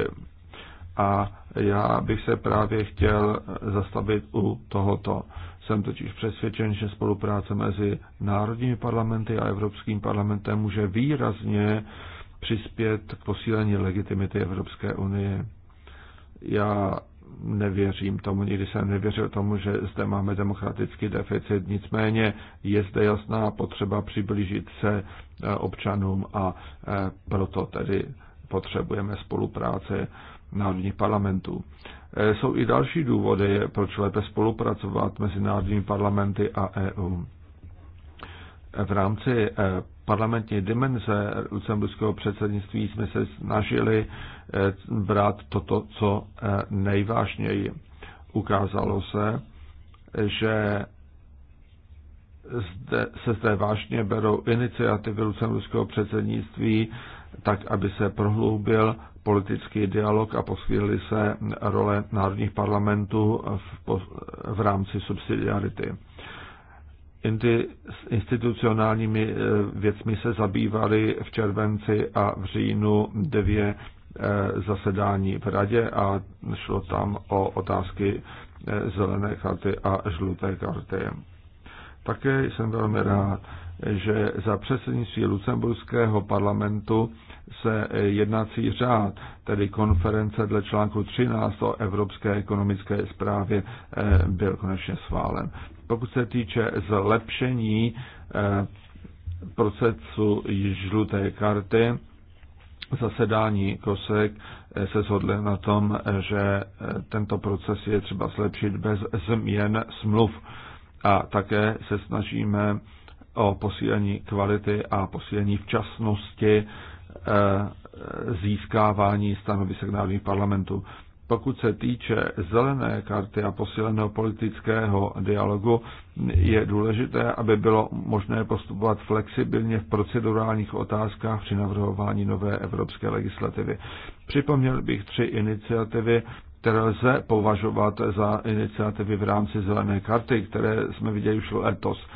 A já bych se právě chtěl zastavit u tohoto. Jsem totiž přesvědčen, že spolupráce mezi národními parlamenty a Evropským parlamentem může výrazně přispět k posílení legitimity Evropské unie. Já nevěřím tomu, nikdy jsem nevěřil tomu, že zde máme demokratický deficit, nicméně je zde jasná potřeba přiblížit se e, občanům a e, proto tedy potřebujeme spolupráce národních parlamentů. Eh, jsou i další důvody, proč lépe spolupracovat mezi národními parlamenty a EU. V rámci eh, parlamentní dimenze lucemburského předsednictví jsme se snažili eh, brát toto, co nejvážněji. Ukázalo se, že zde, se zde vážně berou iniciativy lucemburského předsednictví tak, aby se prohloubil politický dialog a posílily se role národních parlamentů v, v rámci subsidiarity. Institucionálními eh, věcmi se zabývaly v červenci a v říjnu dvě eh, zasedání v radě a šlo tam o otázky eh, zelené karty a žluté karty. Také jsem velmi rád, že za předsednictví Lucemburského parlamentu se eh, jednací řád, tedy konference dle článku 13 o Evropské ekonomické zprávě, eh, byl konečně schválen. Pokud se týče zlepšení eh, procesu žluté karty, zasedání KOSEK se shodli na tom, že tento proces je třeba zlepšit bez změn smluv. A také se snažíme o posílení kvality a posílení včasnosti Eh, získávání stanovisek národních parlamentů. Pokud se týče zelené karty a posíleného politického dialogu, je důležité, aby bylo možné postupovat flexibilně v procedurálních otázkách při navrhování nové evropské legislativy. Připomněl bych tři iniciativy, které lze považovat za iniciativy v rámci zelené karty, které jsme viděli už letos.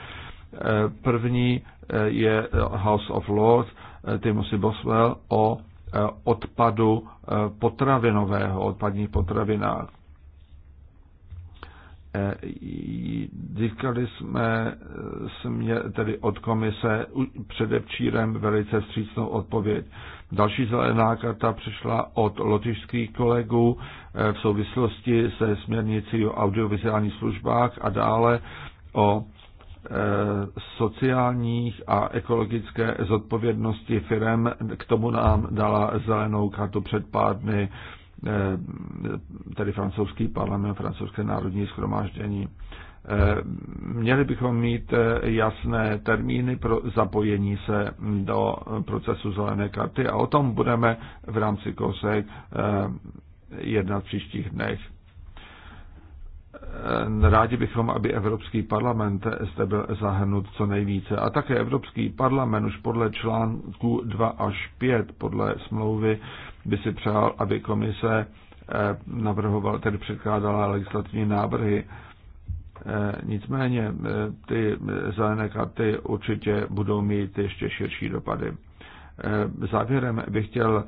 Eh, první eh, je House of Lords, Timothy Boswell o e, odpadu e, potravinového, odpadních potravinách. E, říkali jsme smě, tedy od komise předevčírem velice vstřícnou odpověď. Další zelená karta přišla od lotyšských kolegů v souvislosti se směrnicí o audiovizuálních službách a dále o Eh, sociálních a ekologické zodpovědnosti firm. K tomu nám dala zelenou kartu před pár dny eh, tedy francouzský parlament, francouzské národní schromáždění. Eh, měli bychom mít jasné termíny pro zapojení se do procesu zelené karty a o tom budeme v rámci KOSEK jednat v příštích dnech. Eh, rádi bychom, aby Evropský parlament zde byl zahrnut co nejvíce. A také Evropský parlament už podle článku 2 až 5 podle smlouvy by si přál, aby komise eh, navrhoval, tedy předkládala legislativní návrhy. Eh, nicméně ty zelené karty určitě budou mít ještě širší dopady. Závěrem bych chtěl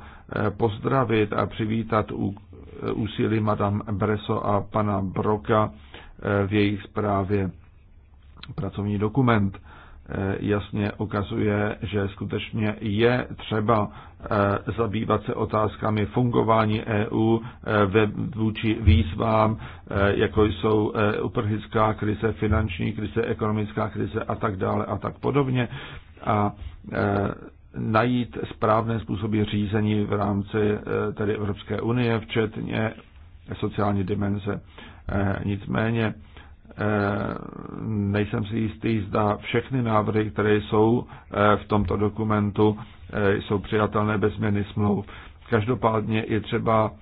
pozdravit a přivítat úsilí Madame Breso a pana Broka eh, v jejich zprávě. Pracovní dokument eh, jasně ukazuje, že skutečně je třeba eh, zabývat se otázkami fungování EU ve, vůči výzvám, jako jsou uprchlická krize, finanční krize, ekonomická krize a tak dále a tak podobně. A najít správné způsoby řízení v rámci eh, tedy Evropské unie, včetně sociální dimenze. Eh, nicméně eh, nejsem si jistý, zda všechny návrhy, které jsou v tomto dokumentu, jsou přijatelné bez změny smlouv. Každopádně je třeba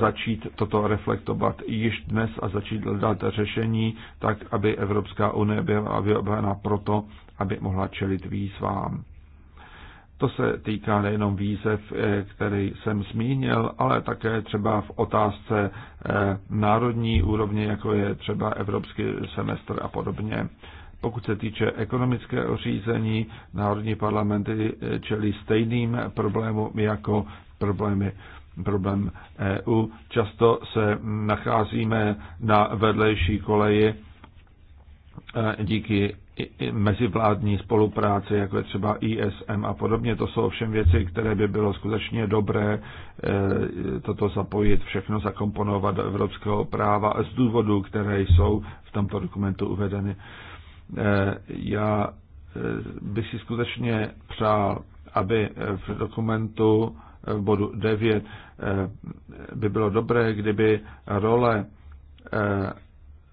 začít toto reflektovat již dnes a začít hledat řešení, tak aby Evropská unie byla vyobhena proto, aby mohla čelit výzvám. To se týká nejenom výzev, eh, který jsem zmínil, ale také třeba v otázce eh, národní úrovně, jako je třeba evropský semestr a podobně. Pokud se týče ekonomického řízení, národní parlamenty eh, čelí stejným problémům jako problémy problém EU. Často se nacházíme na vedlejší koleji díky mezivládní spolupráce, jako je třeba ISM a podobně. To jsou všem věci, které by bylo skutečně dobré eh, toto zapojit, všechno zakomponovat do evropského práva z důvodů, které jsou v tomto dokumentu uvedeny. Eh, já eh, bych si skutečně přál, aby v dokumentu v bodu 9 by bylo dobré, kdyby role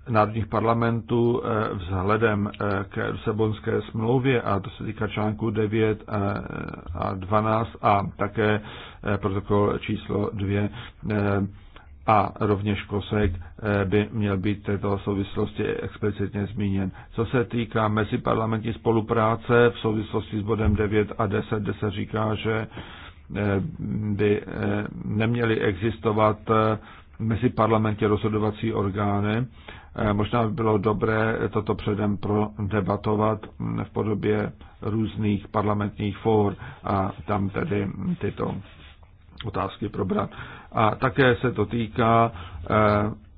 národních parlamentů eh, vzhledem eh, k Lisabonské smlouvě, a to se týká článku 9 eh, a 12 a také protokol číslo 2 a rovněž kosek by měl být v této souvislosti explicitně zmíněn. Co se týká meziparlamentní spolupráce v souvislosti s bodem 9 a 10, kde se říká, že by neměly existovat mezi rozhodovací orgány, Eh, možná by bylo dobré toto předem prodebatovat mm, v podobě různých parlamentních fór a tam tedy tyto otázky probrat. A také se to týká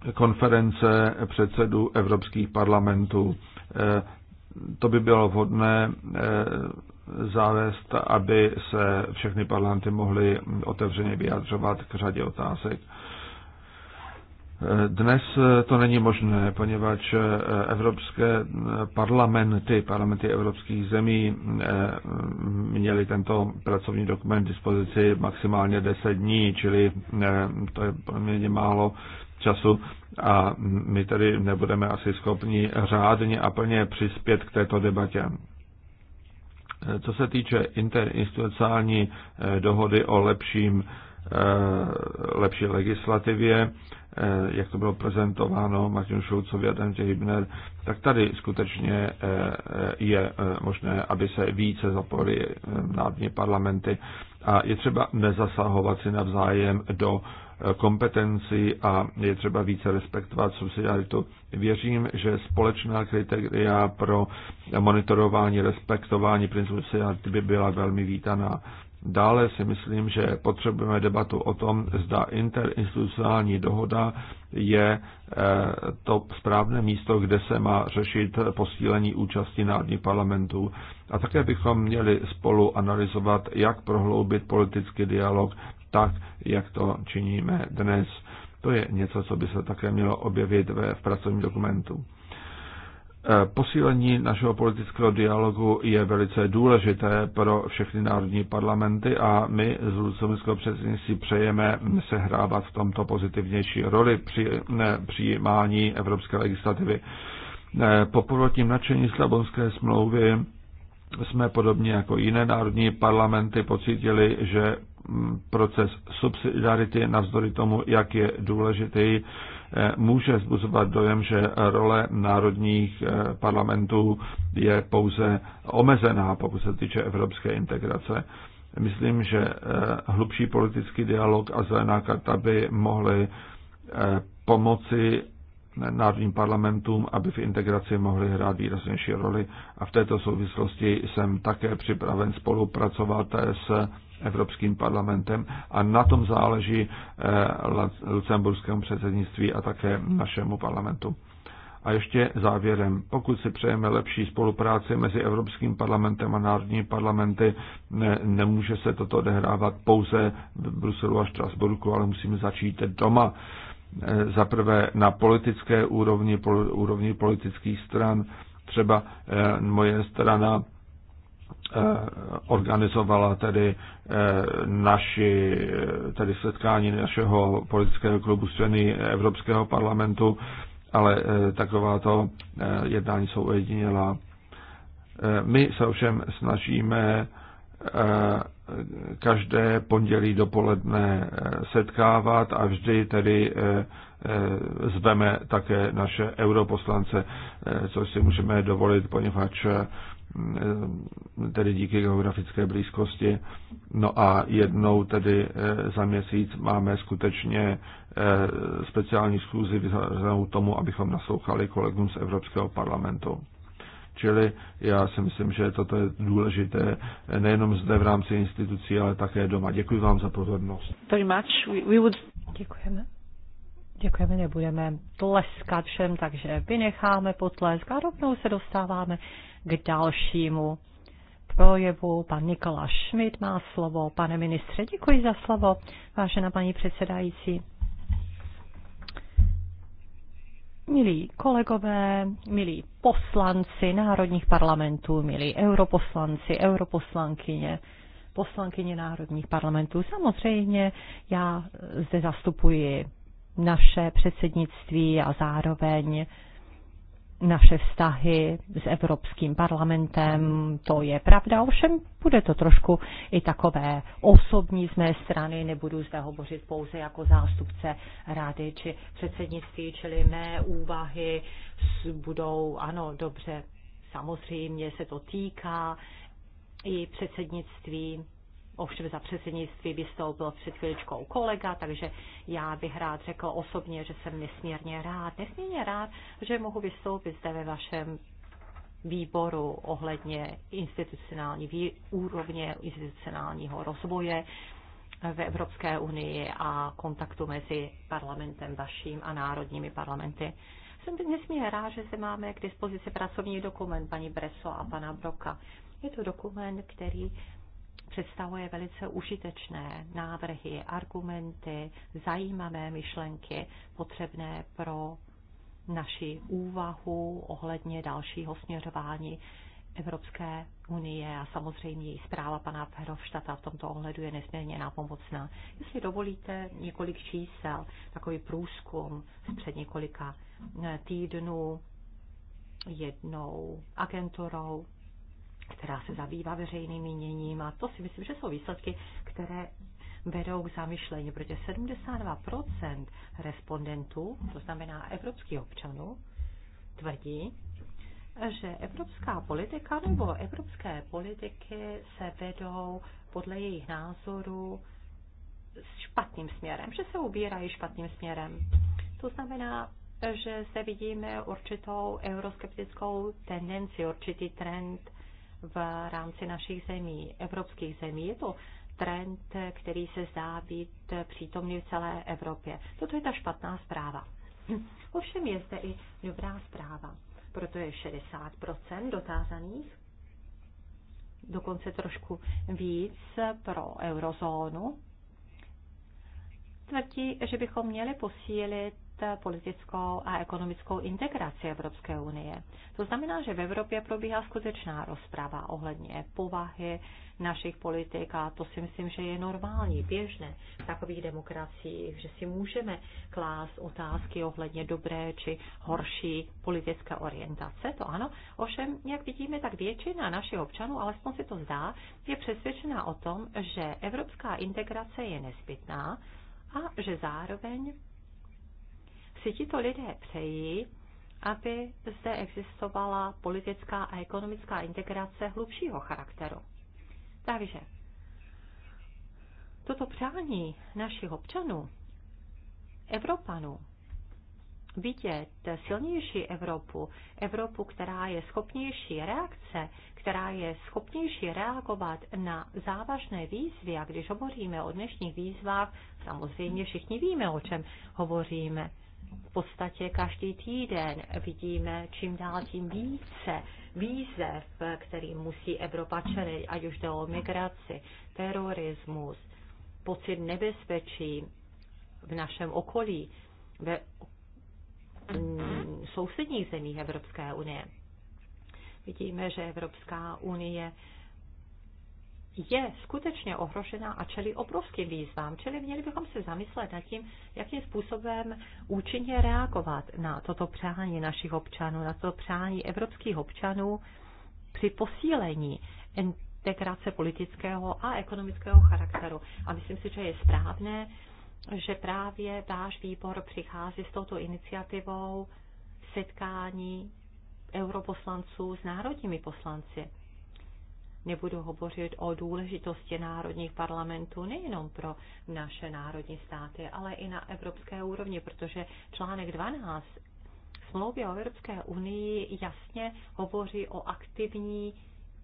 eh, konference předsedů evropských parlamentů. Eh, to by bylo vhodné zavést, aby se všechny parlamenty mohly otevřeně vyjadřovat k řadě otázek. Dnes to není možné, poněvadž eh, evropské eh, parlamenty, parlamenty evropských zemí eh, měly tento pracovní dokument k dispozici maximálně 10 dní, čili to je poměrně málo času a my tady nebudeme asi schopni řádně a plně přispět k této debatě. Co se týče interinstitucionální dohody o lepším Eh, lepší legislativě, eh, jak to bylo prezentováno Martinu Šulcovi a Dante Hibner, tak tady skutečně eh, je možné, aby se více zapojili národní parlamenty a je třeba nezasahovat si navzájem do kompetenci a je třeba více respektovat subsidiaritu. Věřím, že společná kritéria pro monitorování, respektování principu subsidiarity by byla velmi vítaná. Dále si myslím, že potřebujeme debatu o tom, zda interinstitucionální dohoda je eh, to správné místo, kde se má řešit posílení účasti národních parlamentů. A také bychom měli spolu analyzovat, jak prohloubit politický dialog tak, jak to činíme dnes. To je něco, co by se také mělo objevit ve, v pracovním dokumentu. Eh, posílení našeho politického dialogu je velice důležité pro všechny národní parlamenty a my z Lucemburského předsednictví přejeme sehrávat v tomto pozitivnější roli při přijímání evropské legislativy. Eh, po prvotním nadšení Slabonské smlouvy jsme podobně jako jiné národní parlamenty pocítili, že mm, proces subsidiarity navzdory tomu, jak je důležitý, Eh, může zbuzovat dojem, že role národních eh, parlamentů je pouze omezená, pokud se týče evropské integrace. Myslím, že eh, hlubší politický dialog a zelená karta by mohly pomoci národním parlamentům, aby v integraci mohli hrát výraznější roli. A v této souvislosti jsem také připraven spolupracovat s Evropským parlamentem a na tom záleží eh, lucemburskému předsednictví a také našemu parlamentu. A ještě závěrem, pokud si přejeme lepší spolupráci mezi Evropským parlamentem a národní parlamenty, ne, nemůže se toto odehrávat pouze v Bruselu a Štrasburku, ale musíme začít doma. Eh, za prvé na politické úrovni, úrovni politických stran. Třeba eh, moje strana Eh, organizovala tedy eh, naši, eh, tedy setkání našeho politického klubu strany Evropského parlamentu, ale takováto jednání jsou ojedinělá. My se ovšem snažíme každé pondělí dopoledne setkávat a vždy tedy zveme také naše europoslance, což si můžeme dovolit, poněvadž Eh, tedy díky geografické blízkosti. No a jednou tedy eh, za měsíc máme skutečně eh, speciální schůzi vyhrazenou tomu, abychom naslouchali kolegům z Evropského parlamentu. Čili já si myslím, že toto je důležité nejenom zde v rámci institucí, ale také doma. Děkuji vám za pozornost. Very much. We, would... Děkujeme. Děkujeme, nebudeme tleskat všem, takže vynecháme potlesk a rovnou se dostáváme k dalšímu projevu. Pan Nikola Schmidt má slovo. Pane ministře, děkuji za slovo, vážená paní předsedající. Milí kolegové, milí poslanci národních parlamentů, milí europoslanci, europoslankyně, poslankyně národních parlamentů. Samozřejmě já zde zastupuji naše předsednictví a zároveň naše vztahy s Evropským parlamentem. To je pravda, ovšem bude to trošku i takové osobní z mé strany. Nebudu zde hovořit pouze jako zástupce rady či předsednictví, čili mé úvahy budou, ano, dobře, samozřejmě se to týká i předsednictví Ovšem za předsednictví vystoupil před chvíličkou kolega, takže já bych rád řekl osobně, že jsem nesmírně rád, nesmírně rád, že mohu vystoupit zde ve vašem výboru ohledně institucionální vý, úrovně institucionálního rozvoje v Evropské unii a kontaktu mezi parlamentem vaším a národními parlamenty. Jsem teď nesmírně rád, že se máme k dispozici pracovní dokument paní Breso a pana Broka. Je to dokument, který představuje velice užitečné návrhy, argumenty, zajímavé myšlenky potřebné pro naši úvahu ohledně dalšího směřování Evropské unie a samozřejmě i zpráva pana Verhofstadta v tomto ohledu je nesmírně nápomocná. Jestli dovolíte několik čísel, takový průzkum z před několika týdnů jednou agenturou která se zabývá veřejným míněním a to si myslím, že jsou výsledky, které vedou k zamišlení, protože 72% respondentů, to znamená evropských občanů, tvrdí, že evropská politika nebo evropské politiky se vedou podle jejich názoru s špatným směrem, že se ubírají špatným směrem. To znamená, že se vidíme určitou euroskeptickou tendenci, určitý trend v rámci našich zemí, evropských zemí. Je to trend, který se zdá být přítomný v celé Evropě. Toto je ta špatná zpráva. Ovšem je zde i dobrá zpráva. Proto je 60% dotázaných, dokonce trošku víc pro eurozónu. Tvrdí, že bychom měli posílit politickou a ekonomickou integraci Evropské unie. To znamená, že v Evropě probíhá skutečná rozprava ohledně povahy našich politik a to si myslím, že je normální, běžné v takových demokraciích, že si můžeme klást otázky ohledně dobré či horší politické orientace, to ano. Ovšem, jak vidíme, tak většina našich občanů, alespoň si to zdá, je přesvědčená o tom, že evropská integrace je nezbytná a že zároveň si tito lidé přejí, aby zde existovala politická a ekonomická integrace hlubšího charakteru. Takže toto přání našich občanů, Evropanů, vidět silnější Evropu, Evropu, která je schopnější reakce, která je schopnější reagovat na závažné výzvy. A když hovoříme o dnešních výzvách, samozřejmě všichni víme, o čem hovoříme v podstatě každý týden vidíme čím dál tím více výzev, který musí Evropa čelit, ať už jde o migraci, terorismus, pocit nebezpečí v našem okolí, ve sousedních zemích Evropské unie. Vidíme, že Evropská unie je skutečně ohrožena a čelí obrovským výzvám. Čili měli bychom se zamyslet nad tím, jakým způsobem účinně reagovat na toto přání našich občanů, na toto přání evropských občanů při posílení integrace politického a ekonomického charakteru. A myslím si, že je správné, že právě váš výbor přichází s touto iniciativou setkání europoslanců s národními poslanci nebudu hovořit o důležitosti národních parlamentů nejenom pro naše národní státy, ale i na evropské úrovni, protože článek 12 smlouvy o Evropské unii jasně hovoří o aktivní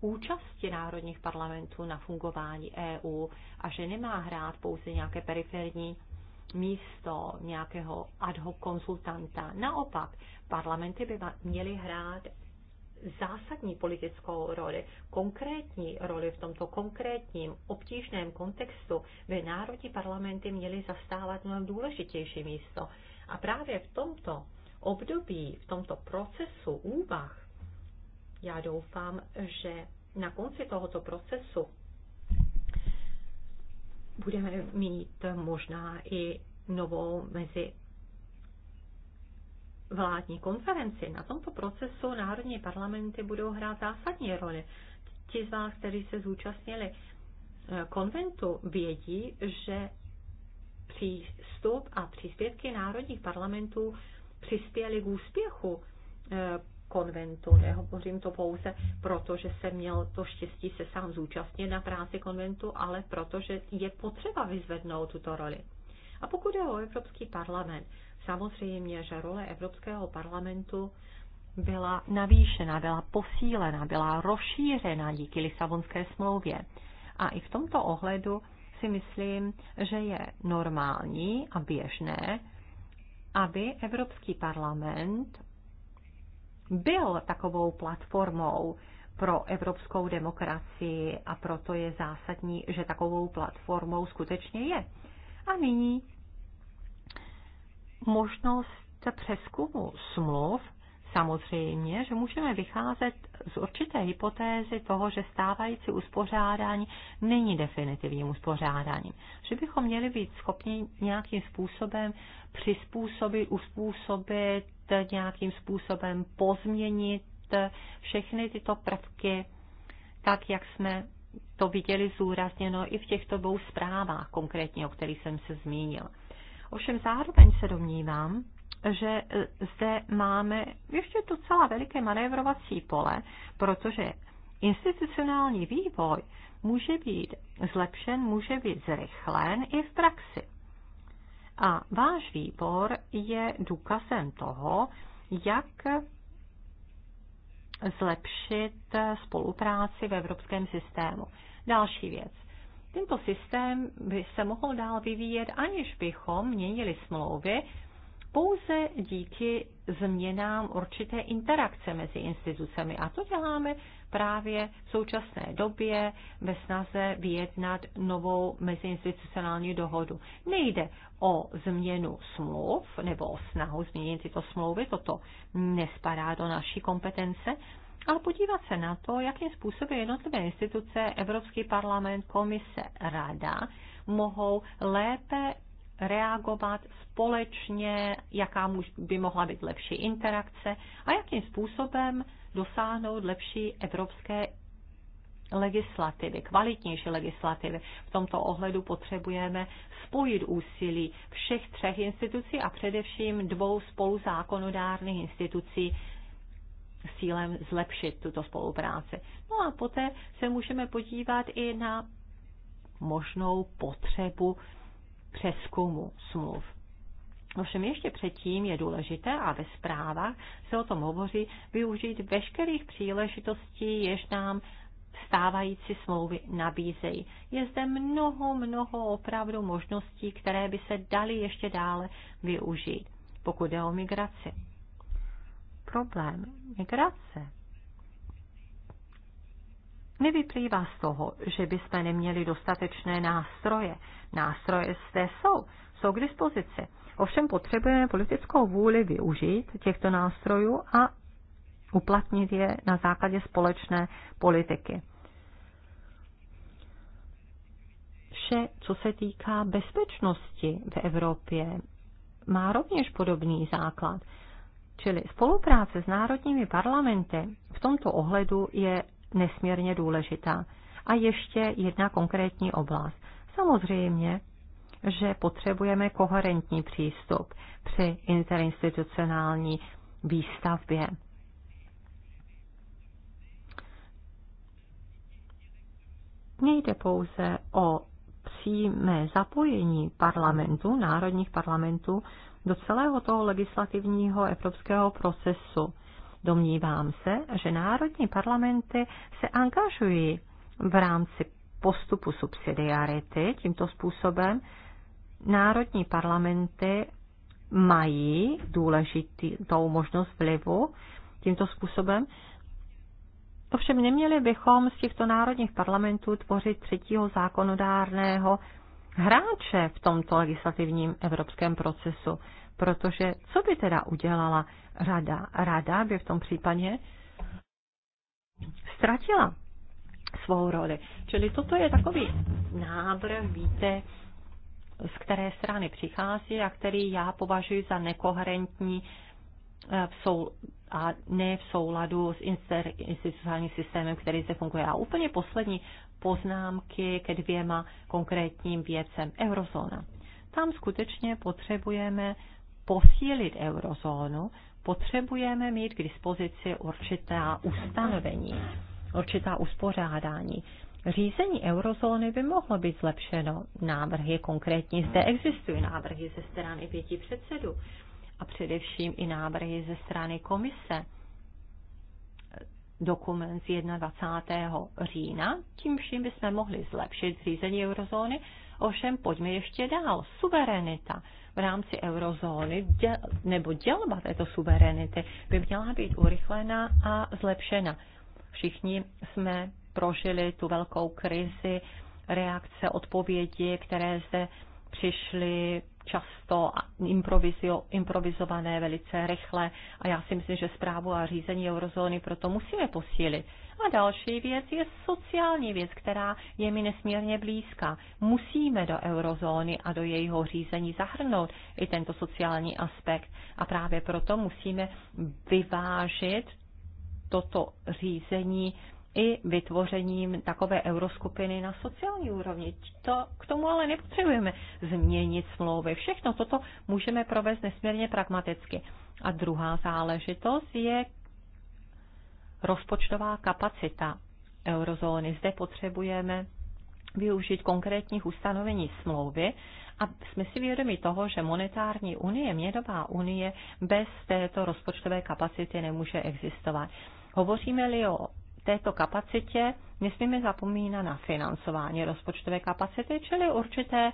účasti národních parlamentů na fungování EU a že nemá hrát pouze nějaké periferní místo nějakého ad hoc konsultanta. Naopak, parlamenty by měly hrát zásadní politickou roli, konkrétní roli v tomto konkrétním obtížném kontextu by národní parlamenty měly zastávat mnohem důležitější místo. A právě v tomto období, v tomto procesu úvah, já doufám, že na konci tohoto procesu budeme mít možná i novou mezi vládní konferenci. Na tomto procesu národní parlamenty budou hrát zásadní roli. Ti z vás, kteří se zúčastnili eh, konventu, vědí, že přístup a příspěvky národních parlamentů přispěly k úspěchu eh, konventu. Nehovořím to pouze proto, že jsem měl to štěstí se sám zúčastnit na práci konventu, ale protože je potřeba vyzvednout tuto roli. A pokud je o Evropský parlament, Samozřejmě, že role Evropského parlamentu byla navýšena, byla posílena, byla rozšířena díky Lisabonské smlouvě. A i v tomto ohledu si myslím, že je normální a běžné, aby Evropský parlament byl takovou platformou pro evropskou demokracii a proto je zásadní, že takovou platformou skutečně je. A nyní možnost přeskumu smluv, samozřejmě, že můžeme vycházet z určité hypotézy toho, že stávající uspořádání není definitivním uspořádáním. Že bychom měli být schopni nějakým způsobem přizpůsobit, uspůsobit, nějakým způsobem pozměnit všechny tyto prvky, tak jak jsme to viděli zúrazněno i v těchto dvou zprávách konkrétně, o kterých jsem se zmínila. Ovšem zároveň se domnívám, že e, zde máme ještě docela veliké manévrovací pole, protože institucionální vývoj může být zlepšen, může být zrychlen i v praxi. A váš výbor je důkazem toho, jak zlepšit spolupráci v evropském systému. Další věc. Tento systém by se mohl dál vyvíjet, aniž bychom měnili smlouvy, pouze díky změnám určité interakce mezi institucemi. A to děláme právě v současné době ve snaze vyjednat novou meziinstitucionální dohodu. Nejde o změnu smluv nebo o snahu změnit tyto smlouvy, toto nespadá do naší kompetence, ale podívat se na to, jakým způsobem jednotlivé instituce, Evropský parlament, komise, rada mohou lépe reagovat společně, jaká by mohla být lepší interakce a jakým způsobem dosáhnout lepší evropské legislativy, kvalitnější legislativy. V tomto ohledu potřebujeme spojit úsilí všech třech institucí a především dvou spoluzákonodárných institucí s cílem zlepšit tuto spolupráci. No a poté se můžeme podívat i na možnou potřebu přeskumu smluv. Ovšem ještě předtím je důležité, a ve zprávách se o tom hovoří, využít veškerých příležitostí, jež nám stávající smlouvy nabízejí. Je zde mnoho, mnoho opravdu možností, které by se daly ještě dále využít, pokud jde o migraci problém migrace nevyplývá z toho, že bychom neměli dostatečné nástroje. Nástroje zde jsou, jsou k dispozici. Ovšem potřebujeme politickou vůli využít těchto nástrojů a uplatnit je na základě společné politiky. Vše, co se týká bezpečnosti v Evropě, má rovněž podobný základ. Čili spolupráce s národními parlamenty v tomto ohledu je nesmírně důležitá. A ještě jedna konkrétní oblast. Samozřejmě, že potřebujeme koherentní přístup při interinstitucionální výstavbě. Nejde pouze o přímé zapojení parlamentu, národních parlamentů, do celého toho legislativního evropského procesu. Domnívám se, že národní parlamenty se angažují v rámci postupu subsidiarity tímto způsobem. Národní parlamenty mají důležitou možnost vlivu tímto způsobem. Ovšem neměli bychom z těchto národních parlamentů tvořit třetího zákonodárného hráče v tomto legislativním evropském procesu. Protože co by teda udělala rada? Rada by v tom případě ztratila svou roli. Čili toto je takový návrh, víte, z které strany přichází a který já považuji za nekoherentní eh, v soul, a ne v souladu s institucionálním systémem, který se funguje. A úplně poslední poznámky ke dvěma konkrétním věcem. Eurozóna. Tam skutečně potřebujeme posílit eurozónu, potřebujeme mít k dispozici určitá ustanovení, určitá uspořádání. Řízení eurozóny by mohlo být zlepšeno. Návrhy konkrétně zde existují, návrhy ze strany pěti předsedů a především i návrhy ze strany komise dokument z 21. října, tím vším bychom mohli zlepšit zřízení eurozóny, ovšem pojďme ještě dál. Suverenita v rámci eurozóny děl, nebo dělba této suverenity by měla být urychlena a zlepšena. Všichni jsme prožili tu velkou krizi, reakce, odpovědi, které zde přišly často improvizované velice rychle a já si myslím, že zprávu a řízení eurozóny proto musíme posílit. A další věc je sociální věc, která je mi nesmírně blízká. Musíme do eurozóny a do jejího řízení zahrnout i tento sociální aspekt a právě proto musíme vyvážit toto řízení i vytvořením takové euroskupiny na sociální úrovni. To, k tomu ale nepotřebujeme změnit smlouvy. Všechno toto můžeme provést nesmírně pragmaticky. A druhá záležitost je rozpočtová kapacita eurozóny. Zde potřebujeme využít konkrétních ustanovení smlouvy a jsme si vědomi toho, že monetární unie, měnová unie bez této rozpočtové kapacity nemůže existovat. Hovoříme-li o této kapacitě nesmíme zapomínat na financování rozpočtové kapacity, čili určité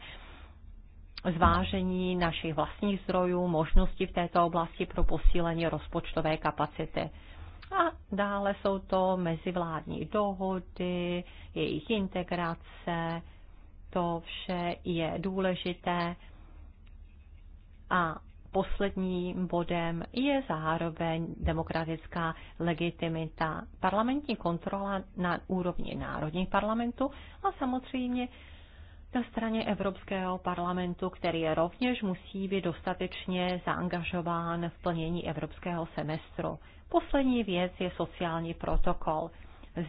zvážení našich vlastních zdrojů, možností v této oblasti pro posílení rozpočtové kapacity. A dále jsou to mezivládní dohody, jejich integrace, to vše je důležité. A posledním bodem je zároveň demokratická legitimita, parlamentní kontrola na úrovni národních parlamentů a samozřejmě na straně Evropského parlamentu, který je rovněž musí být dostatečně zaangažován v plnění evropského semestru. Poslední věc je sociální protokol.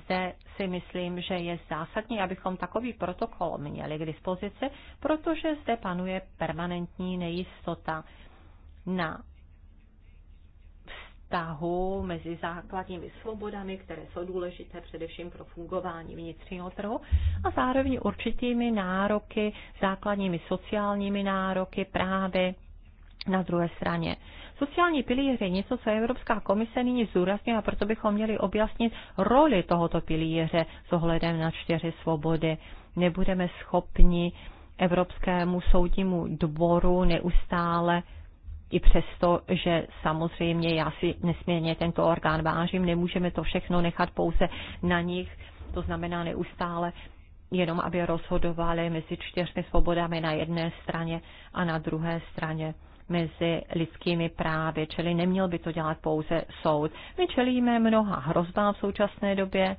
Zde si myslím, že je zásadní, abychom takový protokol měli k dispozici, protože zde panuje permanentní nejistota na vztahu mezi základními svobodami, které jsou důležité především pro fungování vnitřního trhu, a zároveň určitými nároky, základními sociálními nároky, právy na druhé straně. Sociální pilíř je něco, co Evropská komise nyní zúrazňuje a proto bychom měli objasnit roli tohoto pilíře s ohledem na čtyři svobody. Nebudeme schopni Evropskému soudnímu dvoru neustále i přesto, že samozřejmě já si nesmírně tento orgán vážím, nemůžeme to všechno nechat pouze na nich, to znamená neustále jenom, aby rozhodovali mezi čtyřmi svobodami na jedné straně a na druhé straně mezi lidskými právy, čili neměl by to dělat pouze soud. My čelíme mnoha hrozbám v současné době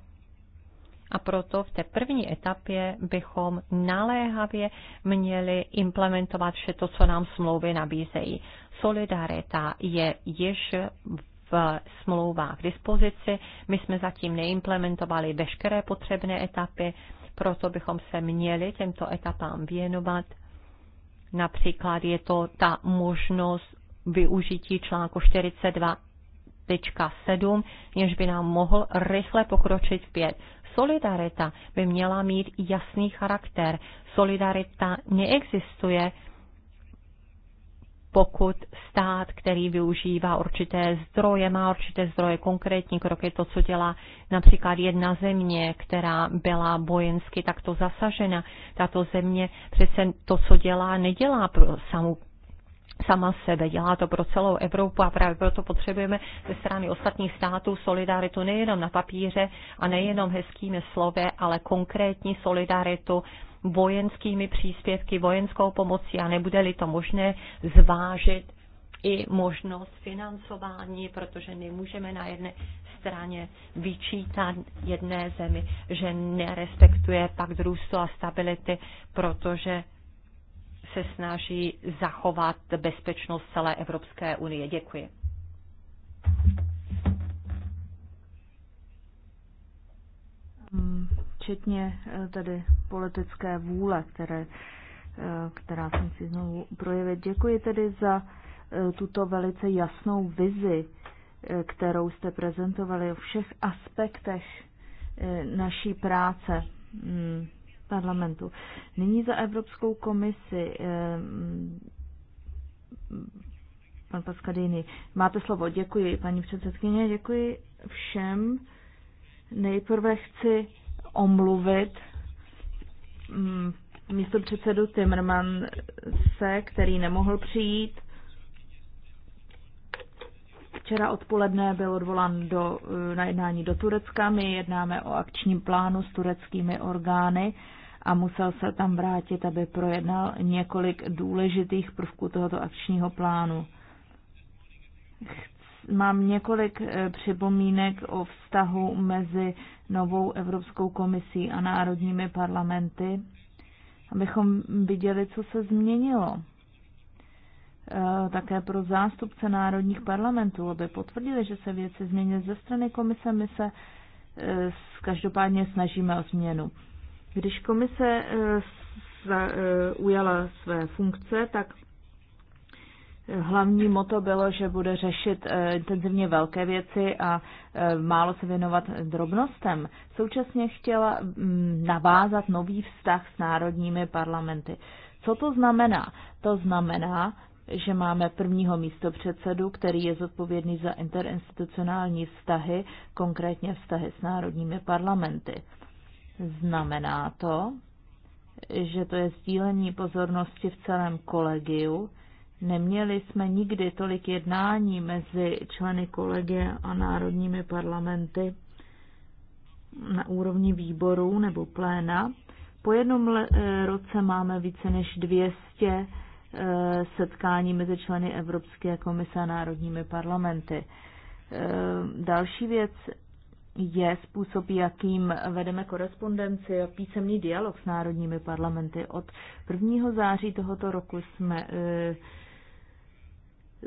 a proto v té první etapě bychom naléhavě měli implementovat vše to, co nám smlouvy nabízejí solidarita je již v smlouvách k dispozici. My jsme zatím neimplementovali veškeré potřebné etapy, proto bychom se měli těmto etapám věnovat. Například je to ta možnost využití článku 42.7, jenž by nám mohl rychle pokročit vpět. Solidarita by měla mít jasný charakter. Solidarita neexistuje pokud stát, který využívá určité zdroje, má určité zdroje, konkrétní kroky, to, co dělá například jedna země, která byla vojensky takto zasažena, tato země přece to, co dělá, nedělá pro samou sama sebe, dělá to pro celou Evropu a právě proto potřebujeme ze strany ostatních států solidaritu nejenom na papíře a nejenom hezkými slovy, ale konkrétní solidaritu vojenskými příspěvky, vojenskou pomocí a nebude-li to možné zvážit i možnost financování, protože nemůžeme na jedné straně vyčítat jedné zemi, že nerespektuje pak růstu a stability, protože se snaží zachovat bezpečnost celé Evropské unie. Děkuji. Včetně eh, tady politické vůle, které, eh, která jsem si znovu projevit. Děkuji tedy za eh, tuto velice jasnou vizi, kterou jste prezentovali o všech aspektech naší práce hmm parlamentu. Nyní za Evropskou komisi eh, pan Paskadýny. Máte slovo. Děkuji, paní předsedkyně. Děkuji všem. Nejprve chci omluvit mm, místo předsedu se, který nemohl přijít. Včera odpoledne byl odvolán do, eh, na jednání do Turecka. My jednáme o akčním plánu s tureckými orgány a musel se tam vrátit, aby projednal několik důležitých prvků tohoto akčního plánu. Mám několik eh, připomínek o vztahu mezi novou Evropskou komisí a národními parlamenty, abychom viděli, co se změnilo. Eh, také pro zástupce národních parlamentů, aby potvrdili, že se věci změnily ze strany komise, my se eh, každopádně snažíme o změnu. Když komise eh, eh, ujala své funkce, tak eh, hlavní moto bylo, že bude řešit intenzivně velké věci a málo se věnovat drobnostem. Současně chtěla mm, navázat nový vztah s národními parlamenty. Co to znamená? To znamená, že máme prvního místopředsedu, který je zodpovědný za interinstitucionální vztahy, konkrétně vztahy s národními parlamenty. Znamená to, že to je sdílení pozornosti v celém kolegiu. Neměli jsme nikdy tolik jednání mezi členy kolegie a národními parlamenty na úrovni výborů nebo pléna. Po jednom eh, roce máme více než 200 eh, setkání mezi členy Evropské komise a národními parlamenty. Eh, další věc je způsob, jakým vedeme korespondenci a písemný dialog s národními parlamenty. Od 1. září tohoto roku jsme e,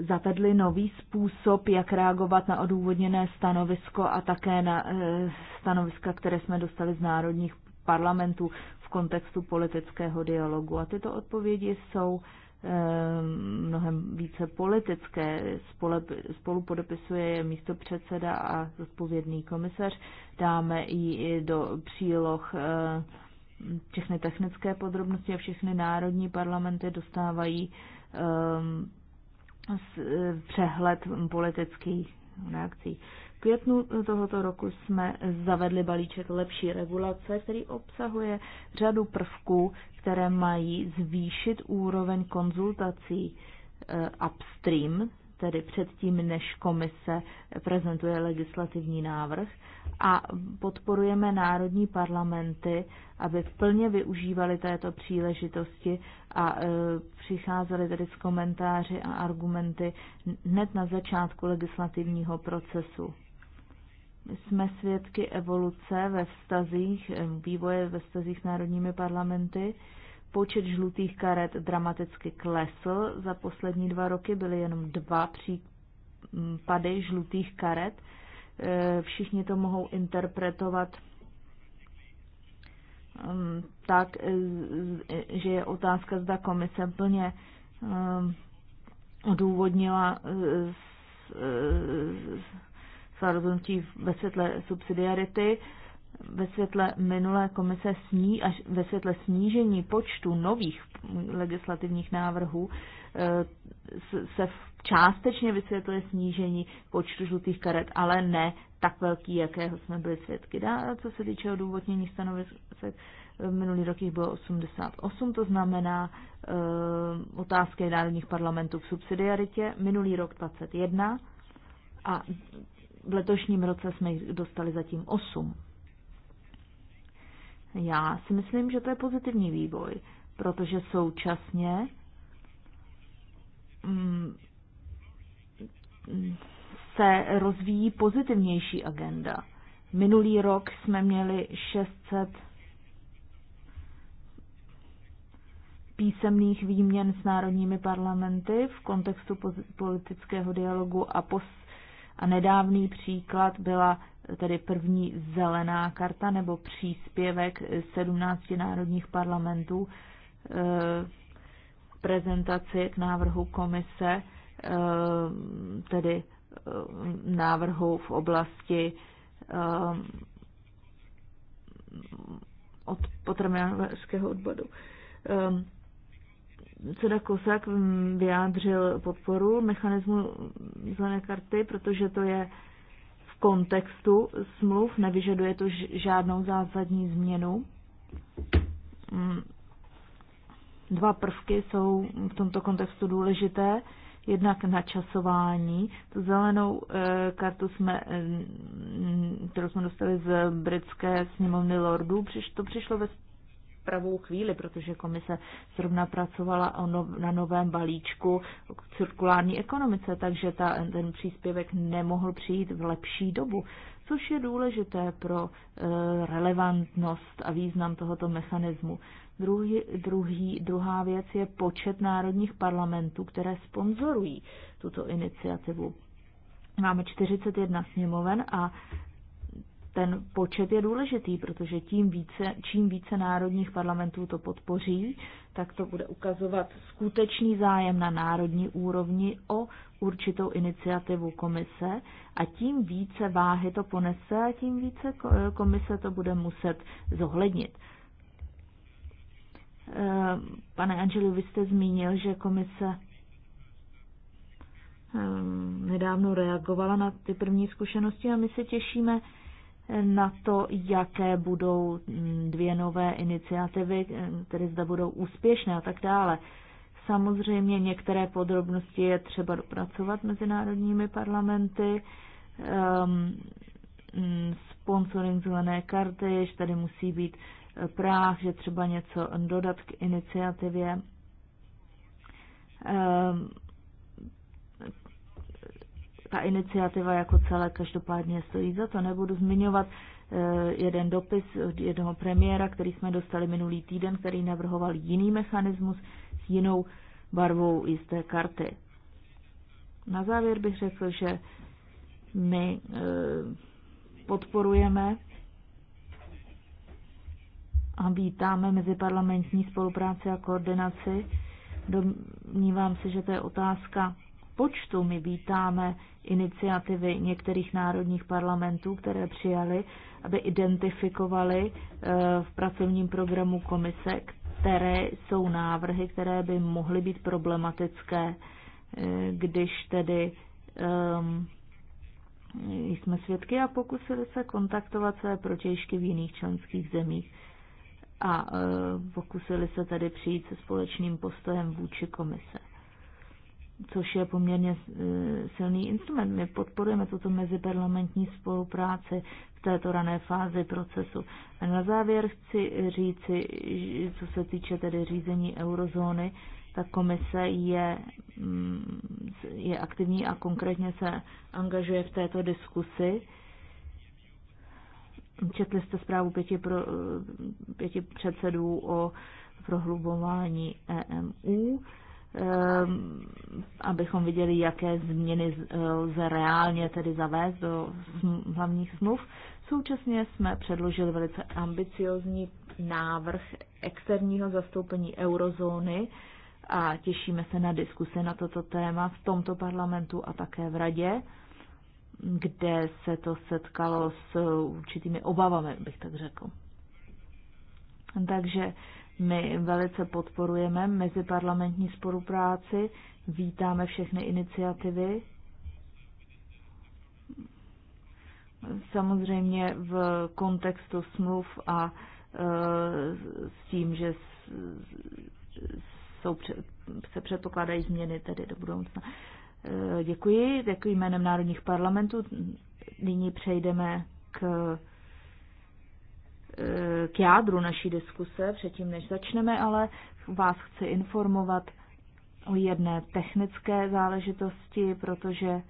zavedli nový způsob, jak reagovat na odůvodněné stanovisko a také na e, stanoviska, které jsme dostali z národních parlamentů v kontextu politického dialogu. A tyto odpovědi jsou Eh, mnohem více politické. Spolupodepisuje je místo předseda a zodpovědný komisař. Dáme i do příloh eh, všechny technické podrobnosti a všechny národní parlamenty dostávají eh, přehled politických reakcí květnu tohoto roku jsme zavedli balíček lepší regulace, který obsahuje řadu prvků, které mají zvýšit úroveň konzultací eh, upstream, tedy předtím, než komise prezentuje legislativní návrh a podporujeme národní parlamenty, aby plně využívali této příležitosti a e, přicházeli tedy s komentáři a argumenty hned na začátku legislativního procesu jsme svědky evoluce ve vztazích, eh, vývoje ve vztazích s národními parlamenty. Počet žlutých karet dramaticky klesl. Za poslední dva roky byly jenom dva případy žlutých karet. Eh, všichni to mohou interpretovat mm, tak, eh, že je otázka, zda komise plně odůvodnila svá rozhodnutí ve světle subsidiarity, ve světle minulé komise sní, až ve světle snížení počtu nových legislativních návrhů e, se částečně vysvětluje snížení počtu žlutých karet, ale ne tak velký, jakého jsme byli svědky. Dá, co se týče odůvodnění stanovisek, e, minulý rok jich bylo 88, to znamená e, otázky národních parlamentů v subsidiaritě, minulý rok 21 a v letošním roce jsme jich dostali zatím 8. Já si myslím, že to je pozitivní vývoj, protože současně mm, se rozvíjí pozitivnější agenda. Minulý rok jsme měli 600 písemných výměn s národními parlamenty v kontextu politického dialogu a pos a nedávný příklad byla tedy první zelená karta nebo příspěvek 17 národních parlamentů k eh, prezentaci k návrhu komise, eh, tedy eh, návrhu v oblasti od potravinářského odpadu. Ceda Kosak vyjádřil podporu mechanismu zelené karty, protože to je v kontextu smluv, nevyžaduje to žádnou zásadní změnu. Mm. Dva prvky jsou v tomto kontextu důležité. Jednak načasování. Tu zelenou eh, kartu, jsme, eh, kterou jsme dostali z britské sněmovny lordů, to přišlo ve pravou chvíli, protože komise zrovna pracovala na novém balíčku k cirkulární ekonomice, takže ta, ten příspěvek nemohl přijít v lepší dobu, což je důležité pro eh, relevantnost a význam tohoto mechanismu. Druhý, druhý, druhá věc je počet národních parlamentů, které sponzorují tuto iniciativu. Máme 41 sněmoven a ten počet je důležitý, protože tím více, čím více národních parlamentů to podpoří, tak to bude ukazovat skutečný zájem na národní úrovni o určitou iniciativu komise a tím více váhy to ponese a tím více komise to bude muset zohlednit. Eh, pane Angelu, vy jste zmínil, že komise eh, nedávno reagovala na ty první zkušenosti a my se těšíme na to, jaké budou mm, dvě nové iniciativy, které mm, zda budou úspěšné a tak dále. Samozřejmě některé podrobnosti je třeba dopracovat mezinárodními parlamenty, um, sponsoring zelené karty, že tady musí být e, práh, že třeba něco dodat k iniciativě. Um, ta iniciativa jako celé každopádně stojí za to. Nebudu zmiňovat eh, jeden dopis od jednoho premiéra, který jsme dostali minulý týden, který navrhoval jiný mechanismus s jinou barvou jisté karty. Na závěr bych řekl, že my eh, podporujeme a vítáme meziparlamentní spolupráci a koordinaci. Domnívám se, že to je otázka počtu. My vítáme iniciativy některých národních parlamentů, které přijali, aby identifikovali eh, v pracovním programu komise, které jsou návrhy, které by mohly být problematické, eh, když tedy um, jsme svědky a pokusili se kontaktovat své protějšky v jiných členských zemích a uh, pokusili se tedy přijít se společným postojem vůči komise což je poměrně e, silný instrument. My podporujeme tuto meziparlamentní spolupráci v této rané fázi procesu. A na závěr chci říci, co se týče tedy řízení eurozóny, ta komise je, mm, je aktivní a konkrétně se angažuje v této diskusi. Četli jste zprávu pěti, pro, pěti předsedů o prohlubování EMU. Ehm, abychom viděli, jaké změny lze reálně tedy zavést do hlavních smluv. Současně jsme předložili velice ambiciozní návrh externího zastoupení eurozóny a těšíme se na diskuse na toto téma v tomto parlamentu a také v radě, kde se to setkalo s určitými obavami, bych tak řekl. Takže my velice podporujeme meziparlamentní spolupráci, vítáme všechny iniciativy. Samozřejmě v kontextu smluv a e, s tím, že jsou, se předpokládají změny tedy do budoucna. E, děkuji, děkuji jménem národních parlamentů. Nyní přejdeme k Eh, k jádru naší diskuse, předtím než začneme, ale vás chci informovat o jedné technické záležitosti, protože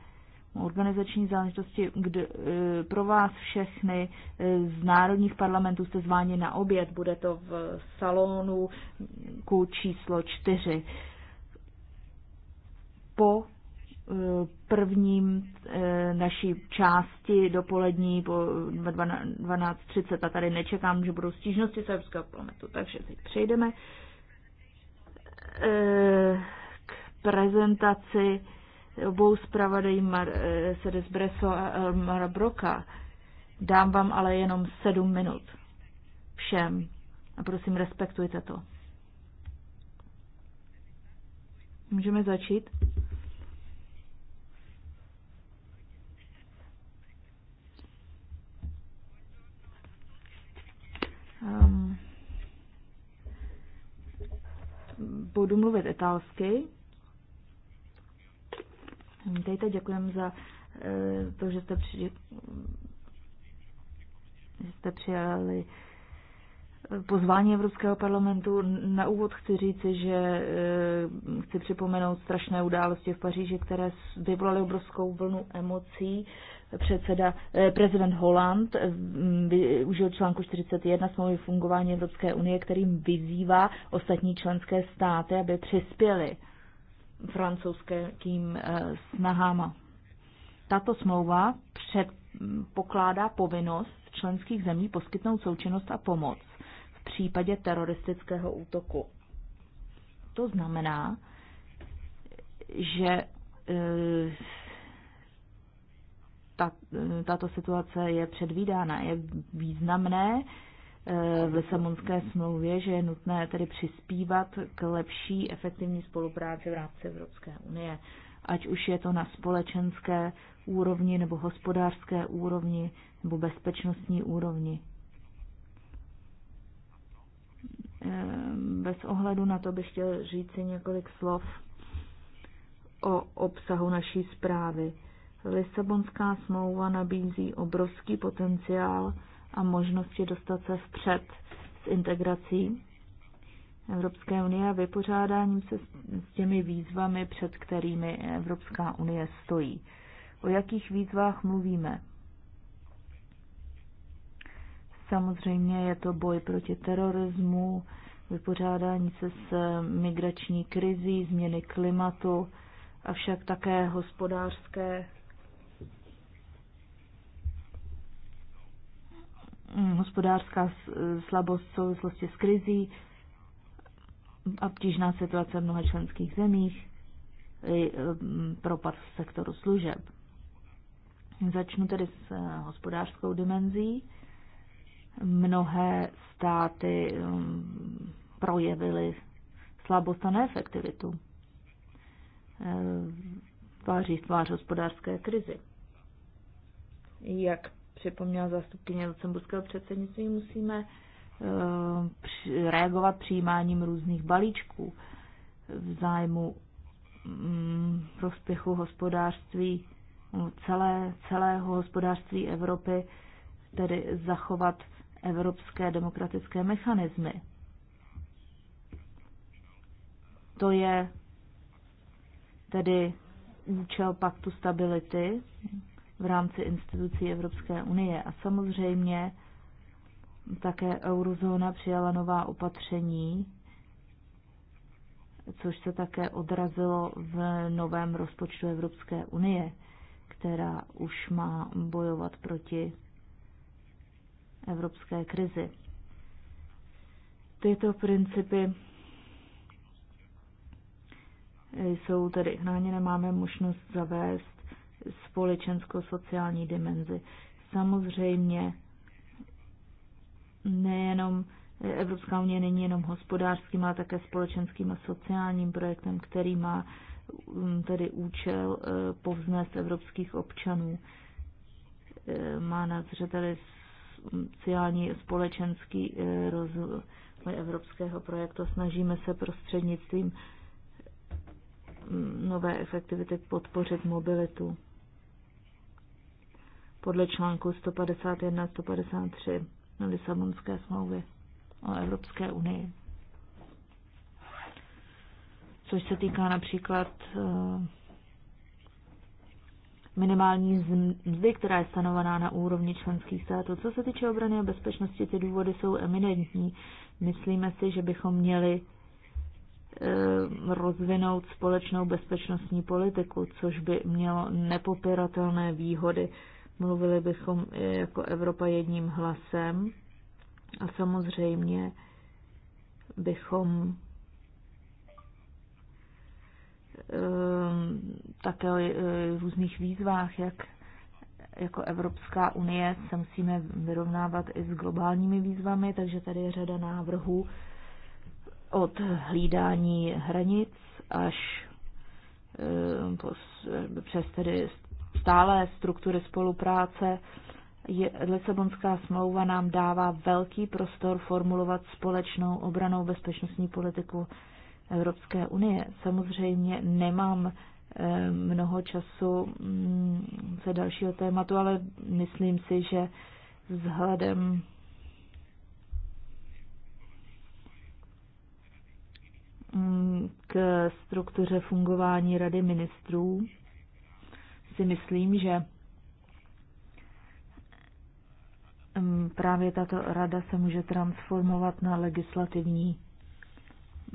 organizační záležitosti kdy, eh, pro vás všechny eh, z národních parlamentů se zváni na oběd. Bude to v salonu ku číslo čtyři. Po prvním eh, naší části dopolední po 12.30 a tady nečekám, že budou stížnosti Srbského parlamentu, takže teď přejdeme eh, k prezentaci obou zpravodajů Mercedes eh, Breso a Elmara Broka. Dám vám ale jenom sedm minut všem a prosím respektujte to. Můžeme začít? Um, budu mluvit italsky. Vítejte, děkujeme za eh, to, že jste, při, že jste přijali eh, pozvání Evropského parlamentu. Na úvod chci říci, že eh, chci připomenout strašné události v Paříži, které vyvolaly obrovskou vlnu emocí předseda, eh, prezident Holland mm, využil článku 41 smlouvy fungování Evropské unie, kterým vyzývá ostatní členské státy, aby přispěli francouzským eh, snahám. Tato smlouva předpokládá mm, povinnost členských zemí poskytnout součinnost a pomoc v případě teroristického útoku. To znamená, že eh, ta, tato situace je předvídána. Je významné eh, v Lisabonské smlouvě, že je nutné tedy přispívat k lepší efektivní spolupráci v rámci Evropské unie, ať už je to na společenské úrovni nebo hospodářské úrovni nebo bezpečnostní úrovni. Eh, bez ohledu na to bych chtěl si několik slov o obsahu naší zprávy. Lisabonská smlouva nabízí obrovský potenciál a možnosti dostat se vpřed s integrací Evropské unie a vypořádáním se s těmi výzvami, před kterými Evropská unie stojí. O jakých výzvách mluvíme? Samozřejmě je to boj proti terorismu, vypořádání se s eh, migrační krizí, změny klimatu, avšak také hospodářské Mm, hospodářská eh, slabost v souvislosti s krizí a obtížná situace v mnoha členských zemích, i eh, propad v sektoru služeb. Začnu tedy s eh, hospodářskou dimenzí. Mnohé státy mm, projevily slabost a neefektivitu tváří tvář hospodářské krizi. Jak připomněla zastupkyně lucemburského předsednictví, musíme eh, reagovat přijímáním různých balíčků v zájmu mm, prospěchu hospodářství celé, celého hospodářství Evropy, tedy zachovat evropské demokratické mechanismy. To je tedy účel paktu stability, v rámci institucí Evropské unie. A samozřejmě také eurozóna přijala nová opatření, což se také odrazilo v novém rozpočtu Evropské unie, která už má bojovat proti evropské krizi. Tyto principy jsou tedy chráněné, máme možnost zavést společensko-sociální dimenzi. Samozřejmě nejenom Evropská unie není jenom hospodářským, ale také společenským a sociálním projektem, který má mm, tedy účel eh, povznést evropských občanů. Eh, má na zřeteli sociální společenský eh, rozvoj evropského projektu. Snažíme se prostřednictvím mm, nové efektivity podpořit mobilitu podle článku 151 153 Lisabonské smlouvy o Evropské unii. Což se týká například eh, minimální mzdy, která je stanovaná na úrovni členských států. Co se týče obrany a bezpečnosti, ty důvody jsou eminentní. Myslíme si, že bychom měli eh, rozvinout společnou bezpečnostní politiku, což by mělo nepopiratelné výhody mluvili bychom jako Evropa jedním hlasem a samozřejmě bychom ehm, také o e, různých výzvách, jak jako Evropská unie se musíme vyrovnávat i s globálními výzvami, takže tady je řada návrhů od hlídání hranic až ehm, přes tedy stálé struktury spolupráce. Je, Lisabonská smlouva nám dává velký prostor formulovat společnou obranou bezpečnostní politiku Evropské unie. Samozřejmě nemám eh, mnoho času mm, se dalšího tématu, ale myslím si, že vzhledem k struktuře fungování Rady ministrů si myslím, že mm, právě tato rada se může transformovat na legislativní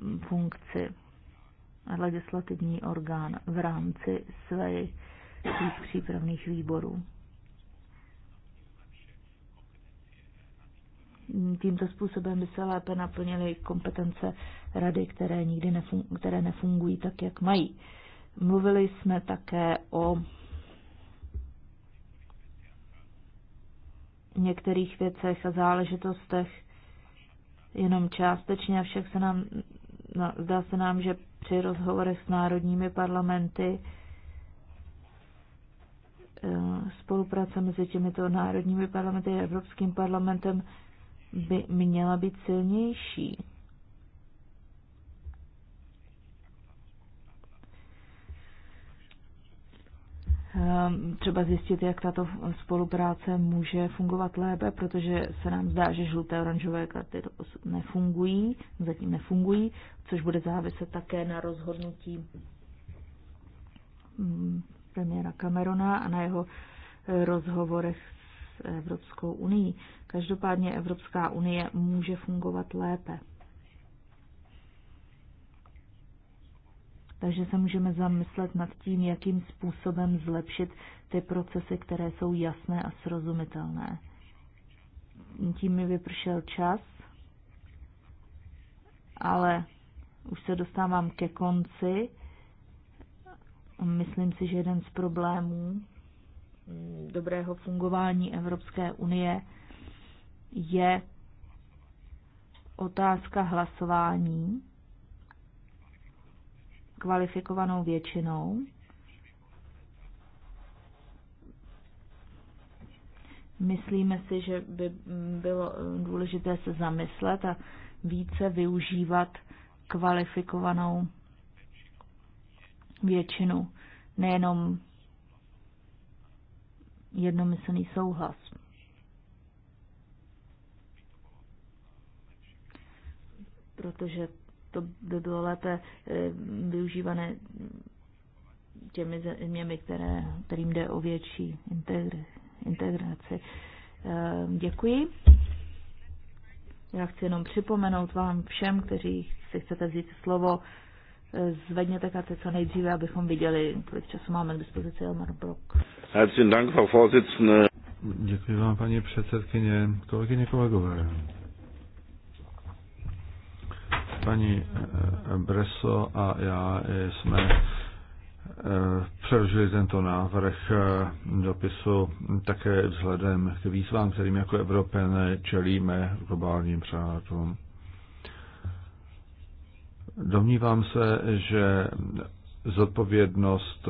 mm, funkci a legislativní orgán v rámci svých přípravných výborů. Tímto způsobem by se lépe naplnily kompetence rady, které nikdy nefungují, které nefungují tak, jak mají. Mluvili jsme také o některých věcech a záležitostech jenom částečně, avšak se nám, no, zdá se nám, že při rozhovorech s národními parlamenty eh, spolupráce mezi těmito národními parlamenty a Evropským parlamentem by měla být silnější. Ehm, třeba zjistit, jak tato spolupráce může fungovat lépe, protože se nám zdá, že žluté oranžové karty nefungují, zatím nefungují, což bude záviset také na rozhodnutí mm, premiéra Camerona a na jeho eh, rozhovorech s Evropskou unii. Každopádně Evropská unie může fungovat lépe. takže se můžeme zamyslet nad tím, jakým způsobem zlepšit ty procesy, které jsou jasné a srozumitelné. Tím mi vypršel čas, ale už se dostávám ke konci. Myslím si, že jeden z problémů dobrého fungování Evropské unie je otázka hlasování kvalifikovanou většinou. Myslíme si, že by bylo eh, důležité se zamyslet a více využívat kvalifikovanou většinu, nejenom jednomyslný souhlas. Protože to by bylo lépe eh, využívané těmi zeměmi, které, kterým jde o větší integraci. Ehm, děkuji. Já chci jenom připomenout vám všem, kteří si chcete vzít slovo, eh, zvedněte karty co nejdříve, abychom viděli, kolik času máme k dispozici Elmar Brock. Děkuji vám, paní předsedkyně, kolegyně, kolegové paní eh, Breso a já eh, jsme eh, přerušili tento návrh dopisu také vzhledem k výzvám, kterým jako Evropané čelíme globálním přátům. Domnívám se, že zodpovědnost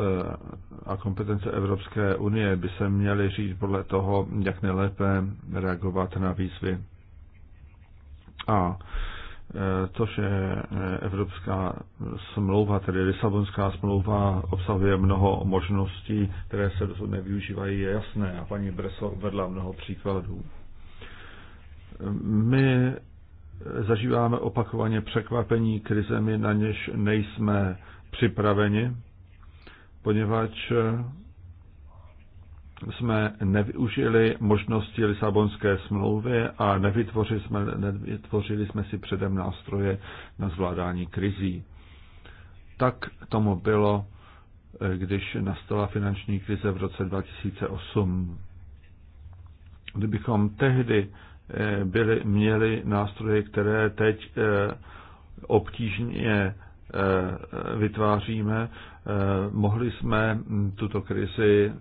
a kompetence Evropské unie by se měly říct podle toho, jak nejlépe reagovat na výzvy. A což eh, je eh, Evropská smlouva, tedy Lisabonská smlouva, obsahuje mnoho možností, které se dosud nevyužívají, je jasné. A paní Breso vedla mnoho příkladů. Eh, my zažíváme opakovaně překvapení krizemi, na něž nejsme připraveni, poněvadž jsme nevyužili možnosti Lisabonské smlouvy a nevytvořili jsme, nevytvořili jsme si předem nástroje na zvládání krizí. Tak tomu bylo, když nastala finanční krize v roce 2008. Kdybychom tehdy eh, byli, měli nástroje, které teď eh, obtížně eh, vytváříme, mohli jsme mm, tuto krizi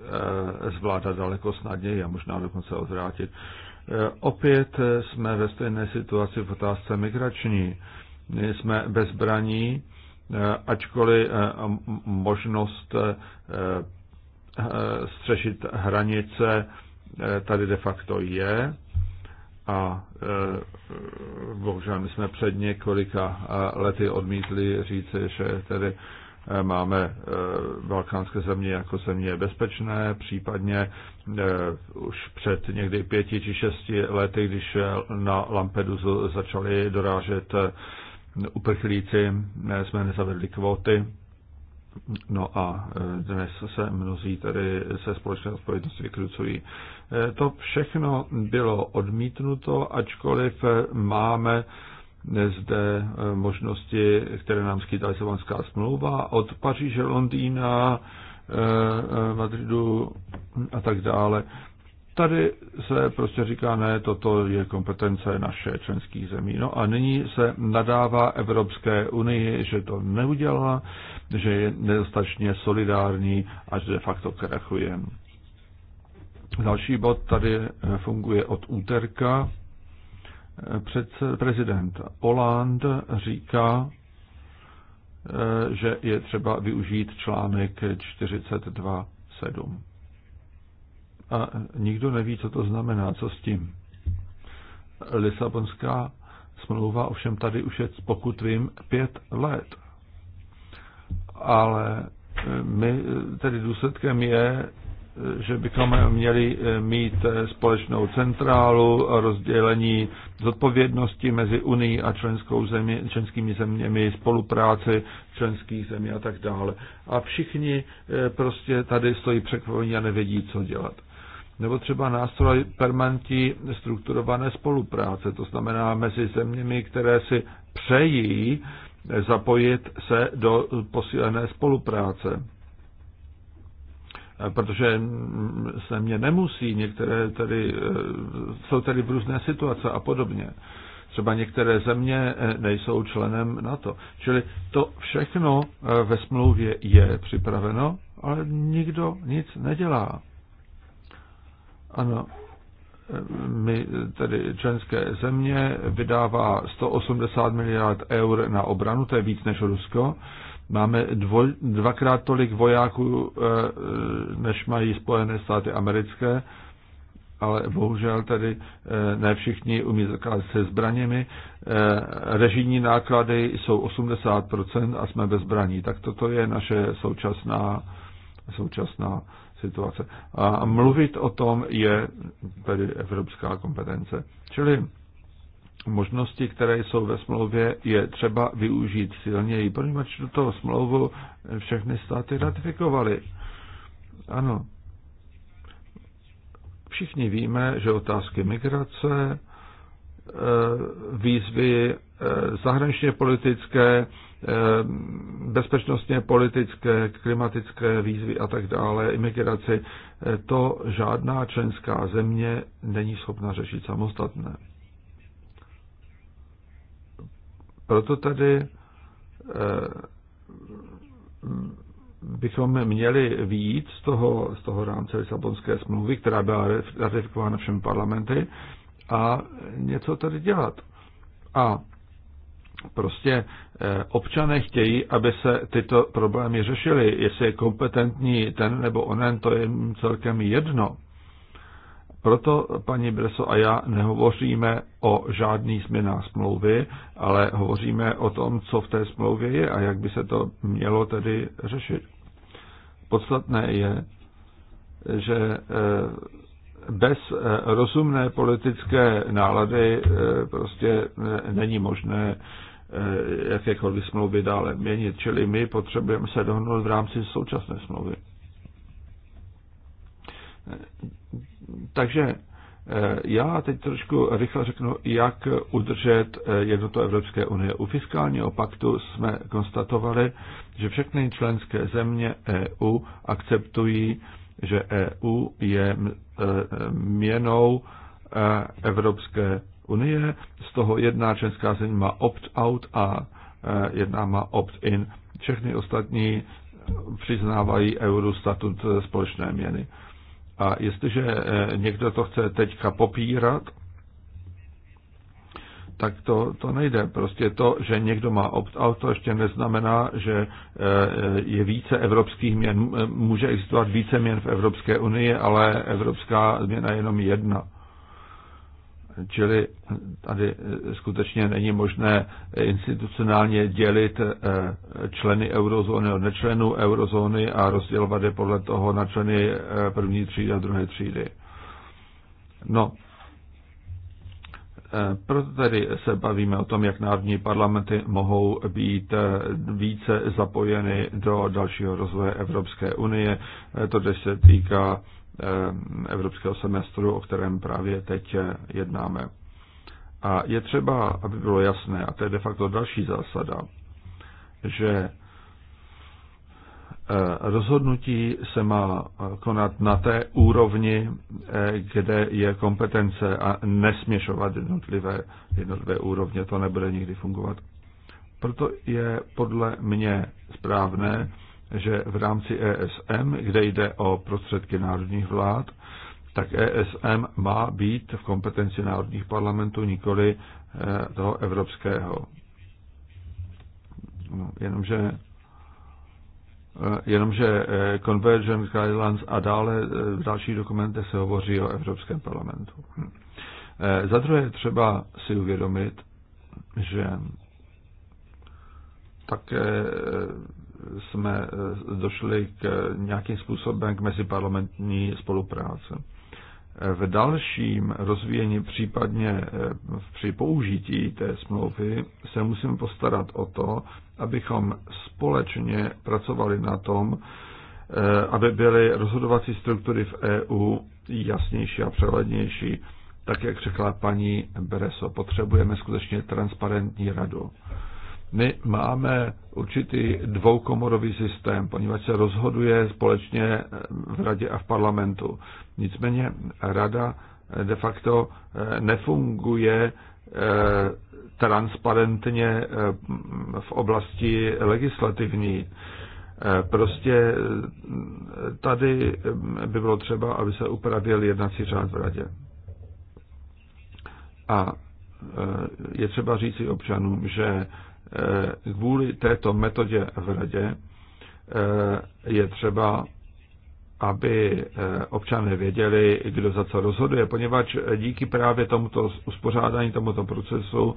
Eh, zvládat daleko snadněji a možná dokonce odvrátit. Eh, opět jsme ve stejné situaci v otázce migrační. jsme bezbraní, eh, ačkoliv možnost střešit hranice tady de facto je. A bohužel my jsme před několika lety odmítli říci, že tedy máme eh, balkánské země jako země bezpečné, případně eh, už před někdy pěti či šesti lety, když eh, na Lampedusu začali dorážet uprchlíci, jsme nezavedli kvóty. No a dnes se mnozí tedy se společné odpovědnosti vykrucují. To všechno bylo odmítnuto, ačkoliv máme zde eh, možnosti, které nám skýtá Lisabonská smlouva, od Paříže, Londýna, eh, eh, Madridu a tak dále. Tady se prostě říká, ne, toto je kompetence naše členských zemí. No a nyní se nadává Evropské unii, že to neudělala, že je nedostatečně solidární a že de facto krachuje. Další bod tady funguje od úterka prezident Hollande říká, eh, že je třeba využít článek 42.7. A nikdo neví, co to znamená, co s tím. Lisabonská smlouva ovšem tady už je, pokud vím, pět let. Ale eh, my, eh, tedy důsledkem je že bychom měli eh, mít eh, společnou centrálu, rozdělení zodpovědnosti mezi Unii a členskou zemi, členskými zeměmi, spolupráci členských zemí a tak dále. A všichni eh, prostě tady stojí překvapení a nevědí, co dělat. Nebo třeba nástroj permanentní strukturované spolupráce, to znamená mezi zeměmi, které si přejí zapojit se do posílené spolupráce protože se mě nemusí, některé tady, eh, jsou tady v různé situace a podobně. Třeba některé země eh, nejsou členem NATO. Čili to všechno eh, ve smlouvě je připraveno, ale nikdo nic nedělá. Ano, my tedy členské země vydává 180 miliard eur na obranu, to je víc než Rusko, Máme dvoj, dvakrát tolik vojáků, eh, než mají Spojené státy americké, ale bohužel tedy eh, ne všichni umí zakázat se zbraněmi. Eh, režijní náklady jsou 80% a jsme bez zbraní. Tak toto je naše současná, současná situace. A mluvit o tom je tedy evropská kompetence. Čili možnosti, které jsou ve smlouvě, je třeba využít silněji, poněvadž do toho smlouvu všechny státy ratifikovaly. Ano. Všichni víme, že otázky migrace, eh, výzvy eh, zahraničně politické, eh, bezpečnostně politické, klimatické výzvy a tak dále, imigraci, to žádná členská země není schopna řešit samostatné. Proto tady eh, bychom měli výjít z toho, z toho rámce Lisabonské smlouvy, která byla ratifikována všem parlamenty, a něco tady dělat. A prostě eh, občané chtějí, aby se tyto problémy řešily. Jestli je kompetentní ten nebo onen, to je celkem jedno. Proto, paní Breso a já, nehovoříme o žádných změnách smlouvy, ale hovoříme o tom, co v té smlouvě je a jak by se to mělo tedy řešit. Podstatné je, že eh, bez eh, rozumné politické nálady eh, prostě není možné jakékoliv smlouvy dále měnit. Čili my potřebujeme se dohnout v rámci současné smlouvy takže eh, já teď trošku rychle řeknu, jak udržet eh, jednotu Evropské unie. U fiskálního paktu jsme konstatovali, že všechny členské země EU akceptují, že EU je eh, měnou Evropské unie. Z toho jedna členská země má opt-out a jedna má opt-in. Všechny ostatní přiznávají euro statut společné měny. A jestliže eh, někdo to chce teďka popírat, tak to, to nejde. Prostě to, že někdo má opt-out, to ještě neznamená, že eh, je více evropských měn, může existovat více měn v Evropské unii, ale evropská změna je jenom jedna. Čili tady eh, skutečně není možné institucionálně dělit eh, členy eurozóny od nečlenů eurozóny a rozdělovat je podle toho na členy eh, první třídy a druhé třídy. No, proto tedy se bavíme o tom, jak národní parlamenty mohou být více zapojeny do dalšího rozvoje Evropské unie. To, se týká Eh, evropského semestru, o kterém právě teď jednáme. A je třeba, aby bylo jasné, a to je de facto další zásada, že eh, rozhodnutí se má konat na té úrovni, eh, kde je kompetence a nesměšovat jednotlivé, jednotlivé úrovně, to nebude nikdy fungovat. Proto je podle mě správné, že v rámci ESM, kde jde o prostředky národních vlád, tak ESM má být v kompetenci národních parlamentů, nikoli eh, toho evropského. No, jenomže eh, jenomže eh, Convergence Guidelines a dále v dalších dokumentech se hovoří o Evropském parlamentu. Hm. Za druhé třeba si uvědomit, že také jsme eh, došli k nějakým způsobem k meziparlamentní spolupráci. Eh, v dalším rozvíjení, případně eh, při použití té smlouvy, se musíme postarat o to, abychom společně pracovali na tom, aby byly rozhodovací struktury v EU jasnější a přehlednější. Tak, jak řekla paní Bereso, potřebujeme skutečně transparentní radu. My máme určitý dvoukomorový systém, poněvadž se rozhoduje společně v radě a v parlamentu. Nicméně rada de facto eh, nefunguje eh, transparentně eh, v oblasti legislativní. Prostě tady by bylo třeba, aby se upravil jednací řád v radě. A je třeba říci občanům, že Eh, kvůli této metodě v radě eh, je třeba, aby eh, občané věděli, kdo za co rozhoduje, poněvadž díky právě tomuto uspořádání, tomuto procesu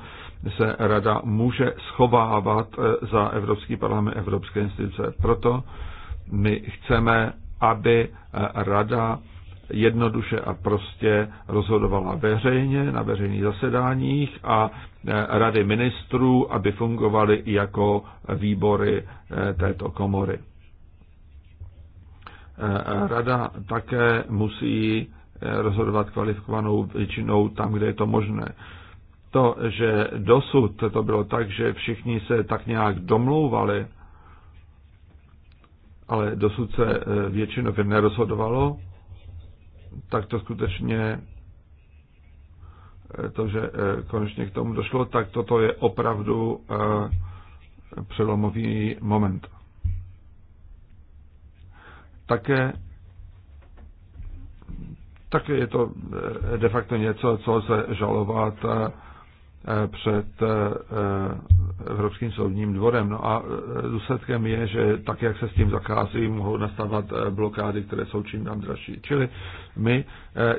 se rada může schovávat za Evropský parlament, Evropské instituce. Proto my chceme, aby rada jednoduše a prostě rozhodovala veřejně na veřejných zasedáních a Eh, rady ministrů, aby fungovaly jako výbory eh, této komory. Eh, Rada také musí rozhodovat kvalifikovanou většinou tam, kde je to možné. To, že dosud to bylo tak, že všichni se tak nějak domlouvali, ale dosud se většinově nerozhodovalo, tak to skutečně to, že eh, konečně k tomu došlo, tak toto je opravdu eh, přelomový moment. Také, také je to eh, de facto něco, co se žalovat Eh, před eh, Evropským soudním dvorem. No a eh, důsledkem je, že tak, jak se s tím zakází, mohou nastávat blokády, které jsou čím dám dražší. Čili my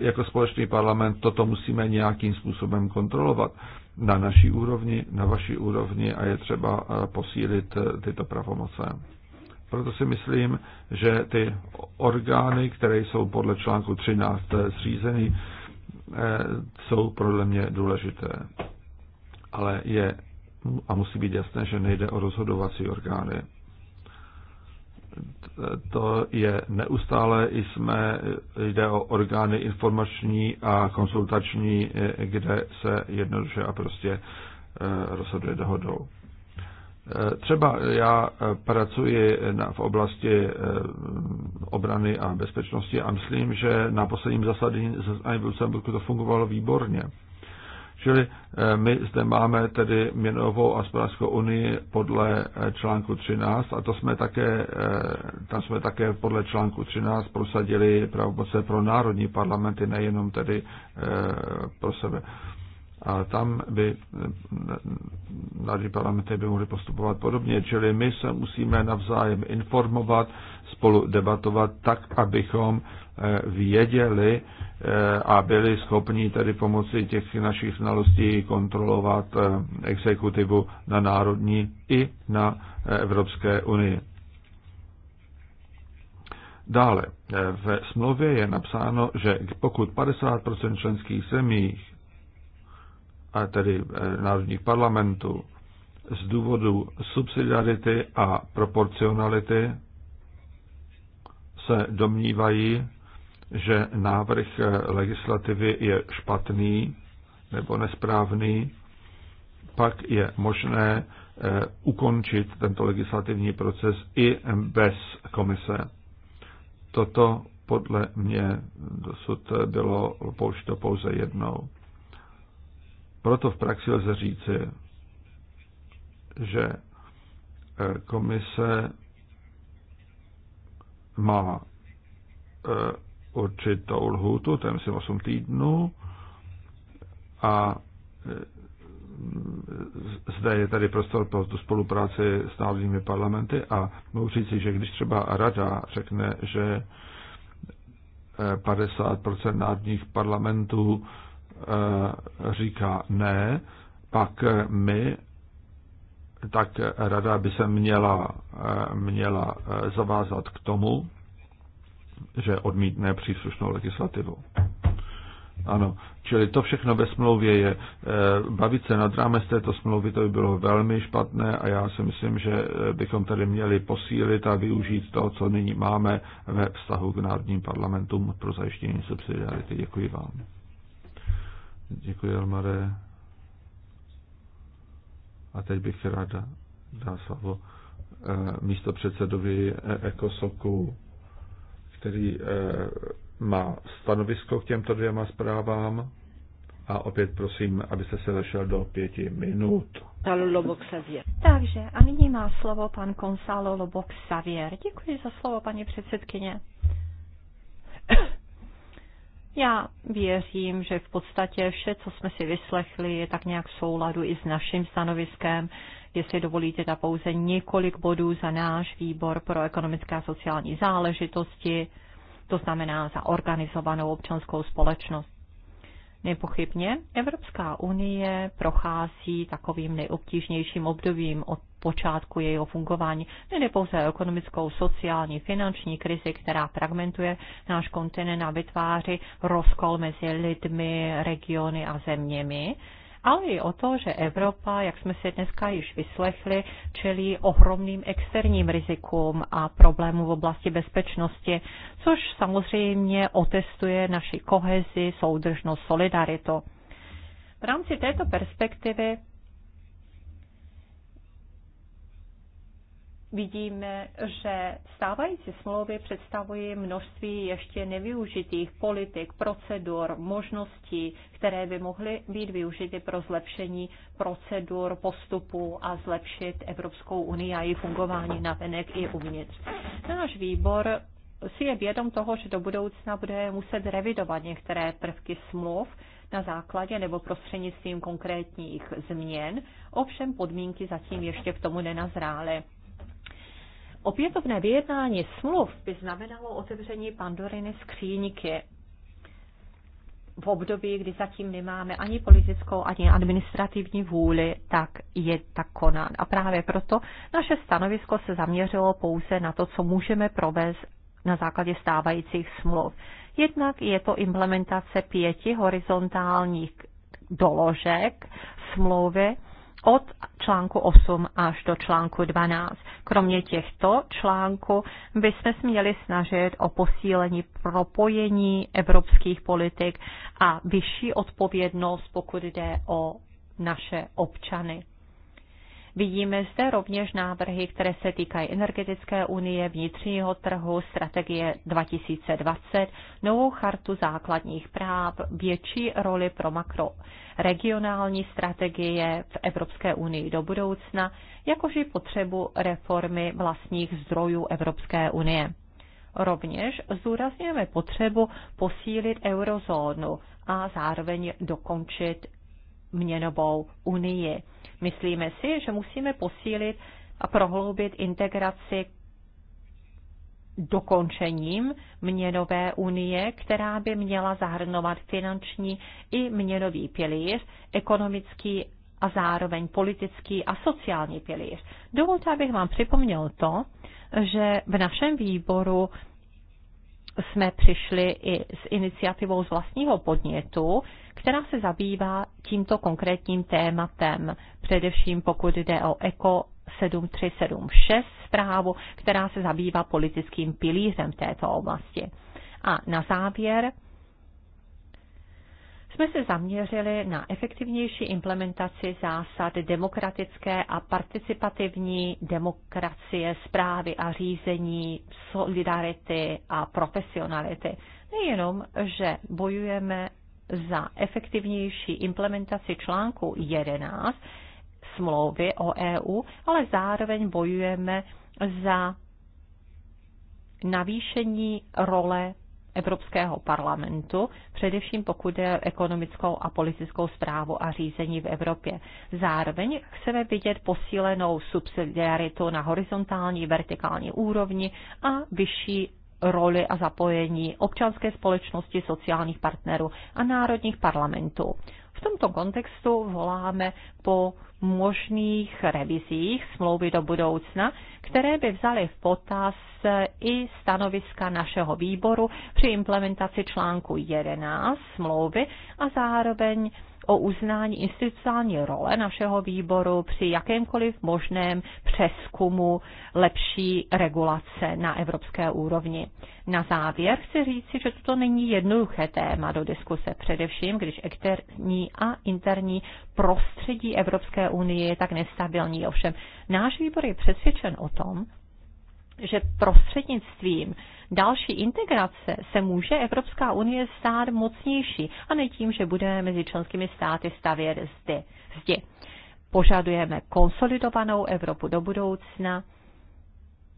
jako společný parlament toto musíme nějakým způsobem kontrolovat na naší úrovni, na vaší úrovni a je třeba posílit tyto pravomoce. Proto si myslím, že ty orgány, které jsou podle článku 13 zřízeny, jsou podle mě důležité ale je a musí být jasné, že nejde o rozhodovací orgány. To je neustále jsme, jde o orgány informační a konsultační, kde se jednoduše a prostě eh, rozhoduje dohodou. Eh, třeba já eh, pracuji v oblasti obrany a bezpečnosti a myslím, že na posledním zasadení v Lucemburku to fungovalo výborně. Čili eh, my zde máme tedy měnovou a hospodářskou unii podle eh, článku 13 a to jsme také, eh, tam jsme také podle článku 13 prosadili pravomoce pro národní parlamenty, nejenom tedy pro sebe. A tam by národní parlamenty by mohly postupovat podobně, čili my se musíme navzájem informovat, spolu debatovat tak, abychom věděli, Eh, a byli schopni tedy pomocí těch našich znalostí kontrolovat eh, exekutivu na národní i na eh, Evropské unii. Dále, v smlouvě je napsáno, že pokud 50% členských zemí, a tedy národních parlamentů, z důvodu subsidiarity a proporcionality se domnívají, že návrh eh, legislativy je špatný nebo nesprávný, pak je možné eh, ukončit tento legislativní proces i bez komise. Toto podle mě dosud bylo použito pouze jednou. Proto v praxi lze říci, že eh, komise má určitou lhůtu, to je myslím 8 týdnů, a e, zde je tady prostor pro tu spolupráci s národními parlamenty a mohu říci, že když třeba rada řekne, že 50% e, národních parlamentů e, říká ne, pak my, tak rada by se měla, měla zavázat k tomu, že odmítne příslušnou legislativu. Ano, čili to všechno ve smlouvě je. Eh, bavit se nad rámec této smlouvy, to by bylo velmi špatné a já si myslím, že eh, bychom tady měli posílit a využít to, co nyní máme ve vztahu k národním parlamentům pro zajištění subsidiarity. Děkuji vám. Děkuji, Elmare. A teď bych ráda dá slovo eh, místo předsedovi ECOSOKu který eh, má stanovisko k těmto dvěma zprávám. A opět prosím, aby se sešel do pěti minut. Takže a nyní má slovo pan Gonzalo Lobo Xavier. Děkuji za slovo, paní předsedkyně. Já věřím, že v podstatě vše, co jsme si vyslechli, je tak nějak v souladu i s naším stanoviskem jestli dovolíte, na pouze několik bodů za náš výbor pro ekonomické a sociální záležitosti, to znamená za organizovanou občanskou společnost. Nepochybně Evropská unie prochází takovým nejobtížnějším obdobím od počátku jejího fungování. Nejde pouze ekonomickou, sociální, finanční krizi, která fragmentuje náš kontinent a vytváří rozkol mezi lidmi, regiony a zeměmi ale i o to, že Evropa, jak jsme si dneska již vyslechli, čelí ohromným externím rizikům a problémů v oblasti bezpečnosti, což samozřejmě otestuje naši kohezi, soudržnost, solidaritu. V rámci této perspektivy vidíme, že stávající smlouvy představují množství ještě nevyužitých politik, procedur, možností, které by mohly být využity pro zlepšení procedur, postupu a zlepšit Evropskou unii a její fungování na venek i uvnitř. Náš výbor si je vědom toho, že do budoucna bude muset revidovat některé prvky smluv na základě nebo prostřednictvím konkrétních změn, ovšem podmínky zatím ještě k tomu nenazrály opětovné vyjednání smluv by znamenalo otevření Pandoriny skříňky v období, kdy zatím nemáme ani politickou, ani administrativní vůli, tak je tak konán. A právě proto naše stanovisko se zaměřilo pouze na to, co můžeme provést na základě stávajících smluv. Jednak je to implementace pěti horizontálních doložek smlouvy od článku 8 až do článku 12. Kromě těchto článků bychom se měli snažit o posílení propojení evropských politik a vyšší odpovědnost, pokud jde o naše občany. Vidíme zde rovněž návrhy, které se týkají energetické unie, vnitřního trhu, strategie 2020, novou chartu základních práv, větší roli pro makro, regionální strategie v Evropské unii do budoucna, jakož i potřebu reformy vlastních zdrojů Evropské unie. Rovněž zúrazněme potřebu posílit eurozónu a zároveň dokončit měnovou unii. Myslíme si, že musíme posílit a prohloubit integraci dokončením měnové unie, která by měla zahrnovat finanční i měnový pilíř, ekonomický a zároveň politický a sociální pilíř. Dovolte, abych vám připomněl to, že v našem výboru jsme přišli i s iniciativou z vlastního podnětu, která se zabývá tímto konkrétním tématem, především pokud jde o ECO 7376 zprávu, která se zabývá politickým pilířem této oblasti. A na závěr jsme se zaměřili na efektivnější implementaci zásad demokratické a participativní demokracie, zprávy a řízení, solidarity a profesionality. Nejenom, že bojujeme za efektivnější implementaci článku 11 smlouvy o EU, ale zároveň bojujeme za navýšení role Evropského parlamentu, především pokud je ekonomickou a politickou zprávu a řízení v Evropě. Zároveň chceme vidět posílenou subsidiaritu na horizontální, vertikální úrovni a vyšší roli a zapojení občanské společnosti, sociálních partnerů a národních parlamentů. V tomto kontextu voláme po možných revizích smlouvy do budoucna, které by vzaly v potaz i stanoviska našeho výboru při implementaci článku 11 smlouvy a zároveň o uznání institucionální role našeho výboru při jakémkoliv možném přeskumu lepší regulace na evropské úrovni. Na závěr chci říci, že toto není jednoduché téma do diskuse, především když externí a interní prostředí Evropské unie je tak nestabilní. Ovšem, náš výbor je přesvědčen o tom, že prostřednictvím další integrace se může Evropská unie stát mocnější a ne tím, že budeme mezi členskými státy stavět zde. zde. Požadujeme konsolidovanou Evropu do budoucna,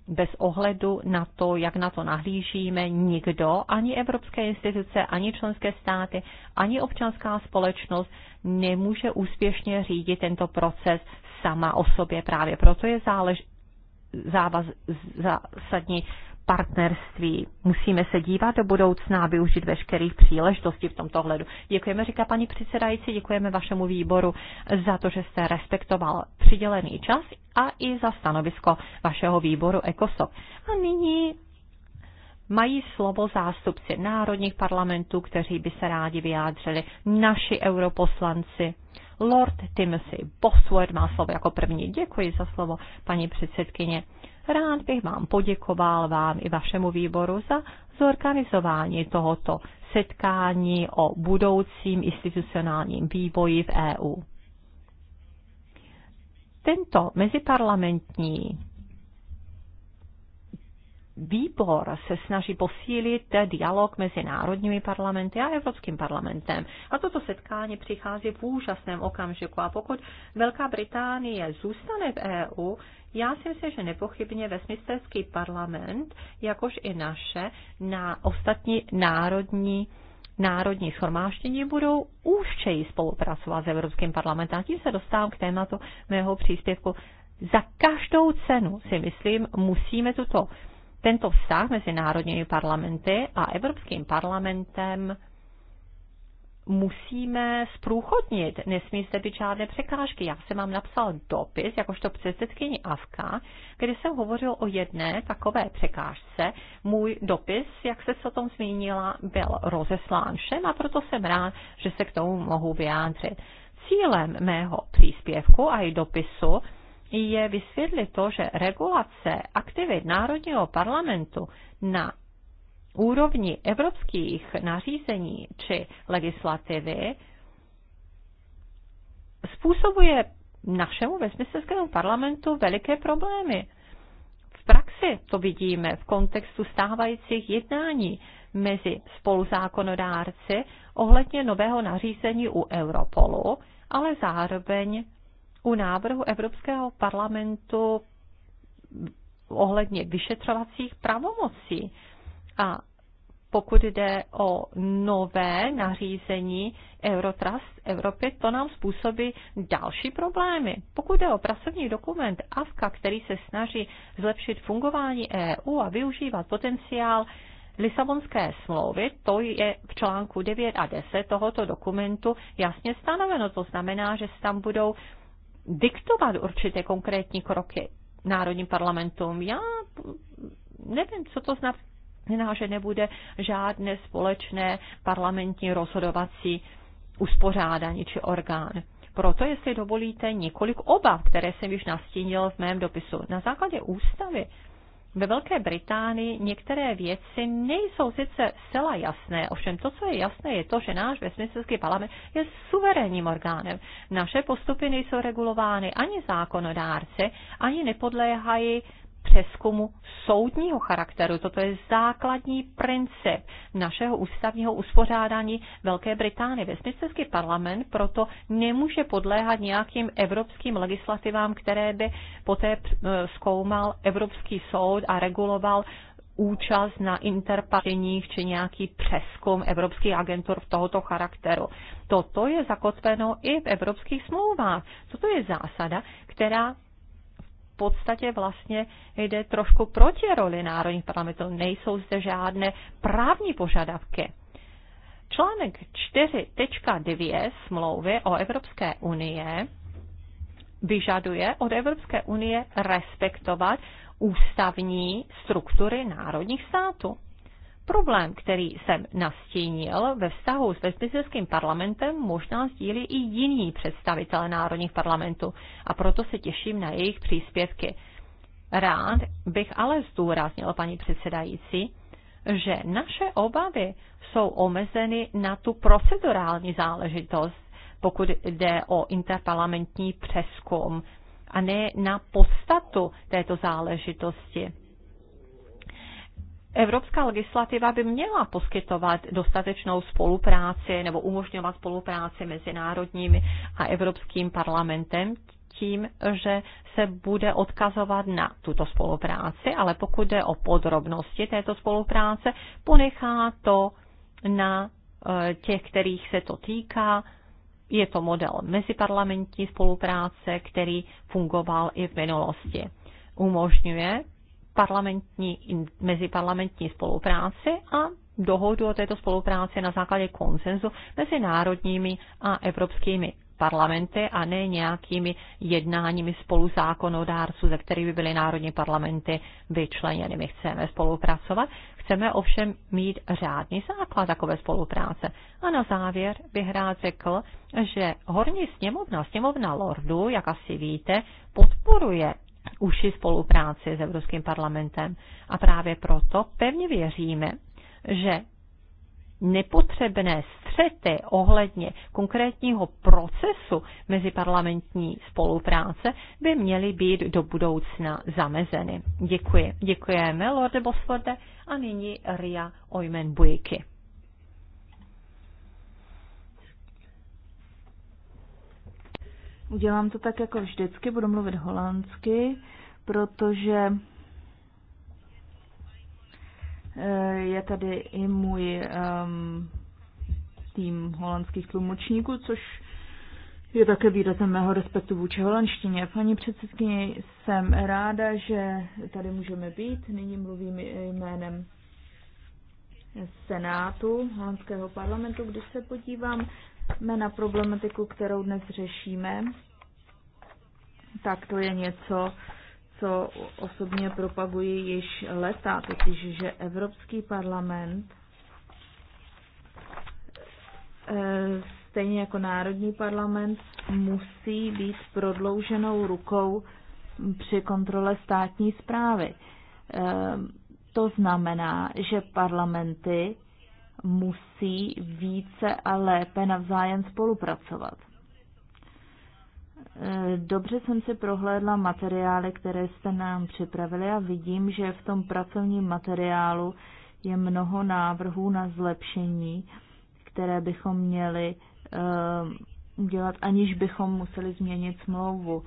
bez ohledu na to, jak na to nahlížíme, nikdo, ani evropské instituce, ani členské státy, ani občanská společnost nemůže úspěšně řídit tento proces sama o sobě. Právě proto je zálež, závaz, zásadní partnerství. Musíme se dívat do budoucna a využít veškerých příležitostí v tomto hledu. Děkujeme, říká paní předsedající, děkujeme vašemu výboru za to, že jste respektoval přidělený čas a i za stanovisko vašeho výboru ECOSOC. A nyní mají slovo zástupci národních parlamentů, kteří by se rádi vyjádřili, naši europoslanci. Lord Timothy Bosworth má slovo jako první. Děkuji za slovo, paní předsedkyně. Rád bych vám poděkoval, vám i vašemu výboru, za zorganizování tohoto setkání o budoucím institucionálním vývoji v EU. Tento meziparlamentní výbor se snaží posílit dialog mezi národními parlamenty a Evropským parlamentem. A toto setkání přichází v úžasném okamžiku. A pokud Velká Británie zůstane v EU, já si myslím, že nepochybně vesmisterský parlament, jakož i naše, na ostatní národní národní shromáždění budou úštěji spolupracovat s Evropským parlamentem. A tím se dostávám k tématu mého příspěvku. Za každou cenu, si myslím, musíme tuto tento vztah mezi národními parlamenty a Evropským parlamentem musíme zprůchodnit. Nesmí zde být žádné překážky. Já jsem vám napsal dopis, jakožto předsedkyni Avka, kde jsem hovořil o jedné takové překážce. Můj dopis, jak se o tom zmínila, byl rozeslán všem a proto jsem rád, že se k tomu mohu vyjádřit. Cílem mého příspěvku a i dopisu je vysvětlit to, že regulace aktivit Národního parlamentu na úrovni evropských nařízení či legislativy způsobuje našemu vesmyselskému parlamentu veliké problémy. V praxi to vidíme v kontextu stávajících jednání mezi spoluzákonodárci ohledně nového nařízení u Europolu, ale zároveň u návrhu Evropského parlamentu ohledně vyšetřovacích pravomocí. A pokud jde o nové nařízení Eurotrust Evropy, to nám způsobí další problémy. Pokud jde o pracovní dokument AFKA, který se snaží zlepšit fungování EU a využívat potenciál Lisabonské smlouvy, to je v článku 9 a 10 tohoto dokumentu jasně stanoveno. To znamená, že tam budou diktovat určité konkrétní kroky národním parlamentům. Já nevím, co to znamená, že nebude žádné společné parlamentní rozhodovací uspořádání či orgán. Proto, jestli dovolíte, několik obav, které jsem již nastínil v mém dopisu. Na základě ústavy ve Velké Británii některé věci nejsou sice zcela jasné, ovšem to, co je jasné, je to, že náš vesmyslský parlament je suverénním orgánem. Naše postupy nejsou regulovány ani zákonodárci, ani nepodléhají přeskumu soudního charakteru. Toto je základní princip našeho ústavního uspořádání Velké Británie. Westminsterský parlament proto nemůže podléhat nějakým evropským legislativám, které by poté eh, zkoumal Evropský soud a reguloval účast na interpatěních či nějaký přeskum evropských agentur v tohoto charakteru. Toto je zakotveno i v evropských smlouvách. Toto je zásada, která podstatě vlastně jde trošku proti roli národních parlamentů. Nejsou zde žádné právní požadavky. Článek 4.2 smlouvy o Evropské unie vyžaduje od Evropské unie respektovat ústavní struktury národních států. Problém, který jsem nastínil ve vztahu s Westminsterským parlamentem, možná sdílí i jiní představitelé národních parlamentů a proto se těším na jejich příspěvky. Rád bych ale zdůraznil, paní předsedající, že naše obavy jsou omezeny na tu procedurální záležitost, pokud jde o interparlamentní přeskum, a ne na podstatu této záležitosti. Evropská legislativa by měla poskytovat dostatečnou spolupráci nebo umožňovat spolupráci mezi a Evropským parlamentem tím, že se bude odkazovat na tuto spolupráci, ale pokud jde o podrobnosti této spolupráce, ponechá to na eh, těch, kterých se to týká. Je to model meziparlamentní spolupráce, který fungoval i v minulosti. Umožňuje parlamentní, meziparlamentní spolupráci a dohodu o této spolupráci na základě konsenzu mezi národními a evropskými parlamenty a ne nějakými jednáními spolu zákonodárců, ze kterými by byly národní parlamenty vyčleněny. My chceme spolupracovat, chceme ovšem mít řádný základ takové spolupráce. A na závěr bych rád řekl, že horní sněmovna, sněmovna lordů, jak asi víte, podporuje uši spolupráci s Evropským parlamentem. A právě proto pevně věříme, že nepotřebné střety ohledně konkrétního procesu meziparlamentní spolupráce by měly být do budoucna zamezeny. Děkuji. Děkujeme, Lorde Bosforde. A nyní Ria Ojmen Bujky. Udělám to tak jako vždycky, budu mluvit holandsky, protože eh, je tady i můj um, tým holandských tlumočníků, což je také výrazem mého respektu vůči holandštině. Paní předsedkyně, jsem ráda, že tady můžeme být. Nyní mluvím jménem Senátu holandského parlamentu. Když se podívám na problematiku, kterou dnes řešíme, tak to je něco, co osobně propaguji již leta, totiž že Evropský parlament eh, stejně jako Národní parlament musí být prodlouženou rukou při kontrole státní zprávy. Eh, to znamená, že parlamenty musí více a lépe navzájem spolupracovat. E, dobře jsem si prohlédla materiály, které jste nám připravili a vidím, že v tom pracovním materiálu je mnoho návrhů na zlepšení, které bychom měli e, dělat, aniž bychom museli změnit smlouvu.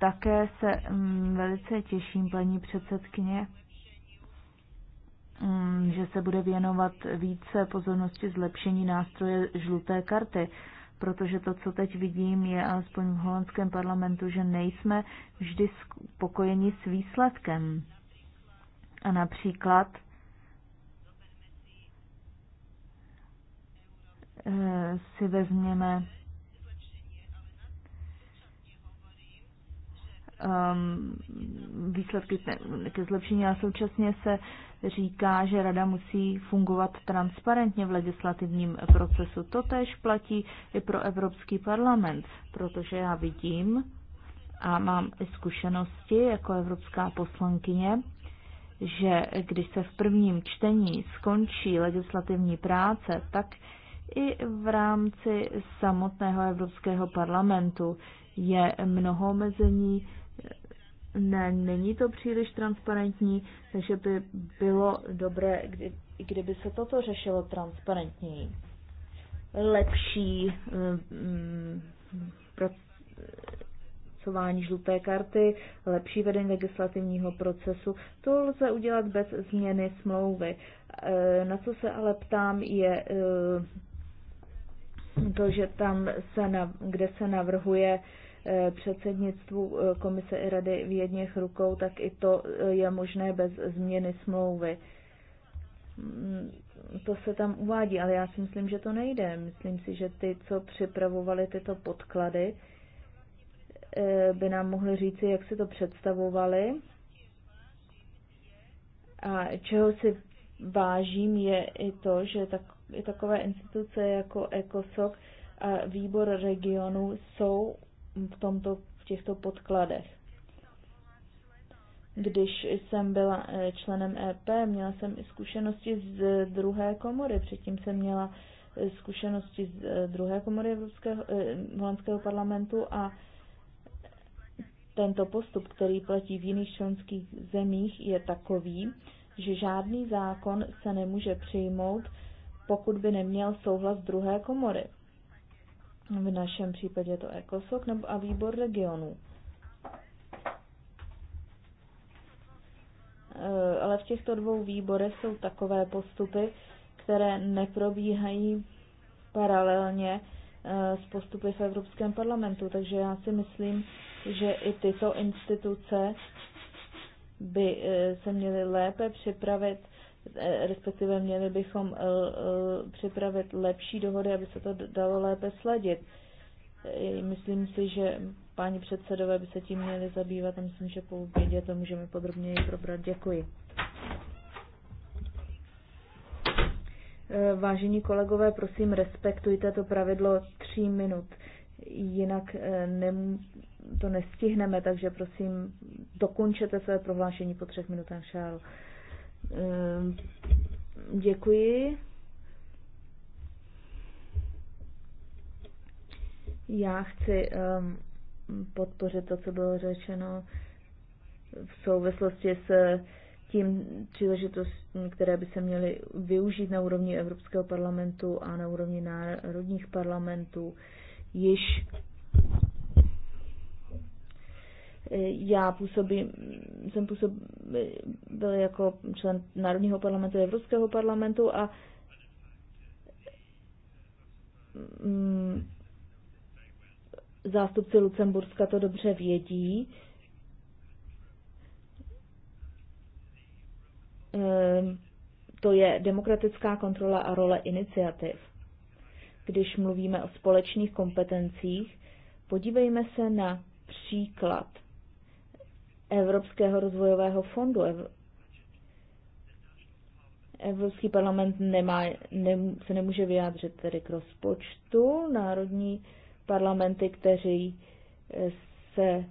Také se mm, velice těším, paní předsedkyně, Mm, že se bude věnovat více pozornosti zlepšení nástroje žluté karty, protože to, co teď vidím, je alespoň v holandském parlamentu, že nejsme vždy spokojeni s výsledkem. A například eh, si vezměme um, výsledky ke zlepšení a současně se říká, že rada musí fungovat transparentně v legislativním procesu. To tež platí i pro Evropský parlament, protože já vidím a mám i zkušenosti jako evropská poslankyně, že když se v prvním čtení skončí legislativní práce, tak i v rámci samotného Evropského parlamentu je mnoho omezení ne, není to příliš transparentní, takže by bylo dobré, kdy, kdyby se toto řešilo transparentněji. Lepší um, eh, mm, mm, pracování žluté karty, lepší vedení legislativního procesu. To lze udělat bez změny smlouvy. Eh, na co se ale ptám, je eh, to, že tam, se na, kde se navrhuje Eh, předsednictvu eh, komise i rady v jedněch rukou, tak i to eh, je možné bez změny smlouvy. Mm, to se tam uvádí, ale já si myslím, že to nejde. Myslím si, že ty, co připravovali tyto podklady, by nám mohli říci, jak si to představovali. A čeho si vážím, je i to, že tak, i takové instituce jako ECOSOC a výbor regionu jsou v, tomto, v těchto podkladech. Když jsem byla eh, členem EP, měla jsem i zkušenosti z eh, druhé komory. Předtím jsem měla eh, zkušenosti z druhé komory Evropského, holandského parlamentu a tento postup, který platí v jiných členských zemích, je takový, že žádný zákon se nemůže přijmout, pokud by neměl souhlas druhé komory v našem případě je to ekosok nebo a výbor regionů. Eh, ale v těchto dvou výborech jsou takové postupy, které neprobíhají paralelně eh, s postupy v Evropském parlamentu. Takže já si myslím, že i tyto instituce by eh, se měly lépe připravit Eh, respektive měli bychom eh, eh, připravit lepší dohody, aby se to dalo lépe sledit. Myslím si, že páni předsedové by se tím měli zabývat a myslím, že po obědě to můžeme podrobněji probrat. Děkuji. Vážení kolegové, prosím, respektujte to pravidlo tří minut, jinak nem, to nestihneme, takže prosím, dokončete své prohlášení po třech minutách, Charles. Ehm, děkuji. Já chci um, podpořit to, co bylo řečeno v souvislosti s tím příležitostmi, které by se měly využít na úrovni Evropského parlamentu a na úrovni národních parlamentů. Již já působím, jsem působil jako člen Národního parlamentu, Evropského parlamentu a mm, zástupci Lucemburska to dobře vědí. Ehm, to je demokratická kontrola a role iniciativ. Když mluvíme o společných kompetencích, podívejme se na příklad Evropského rozvojového fondu. Evropský parlament nemá, ne, se nemůže vyjádřit tedy k rozpočtu. Národní parlamenty, kteří eh, se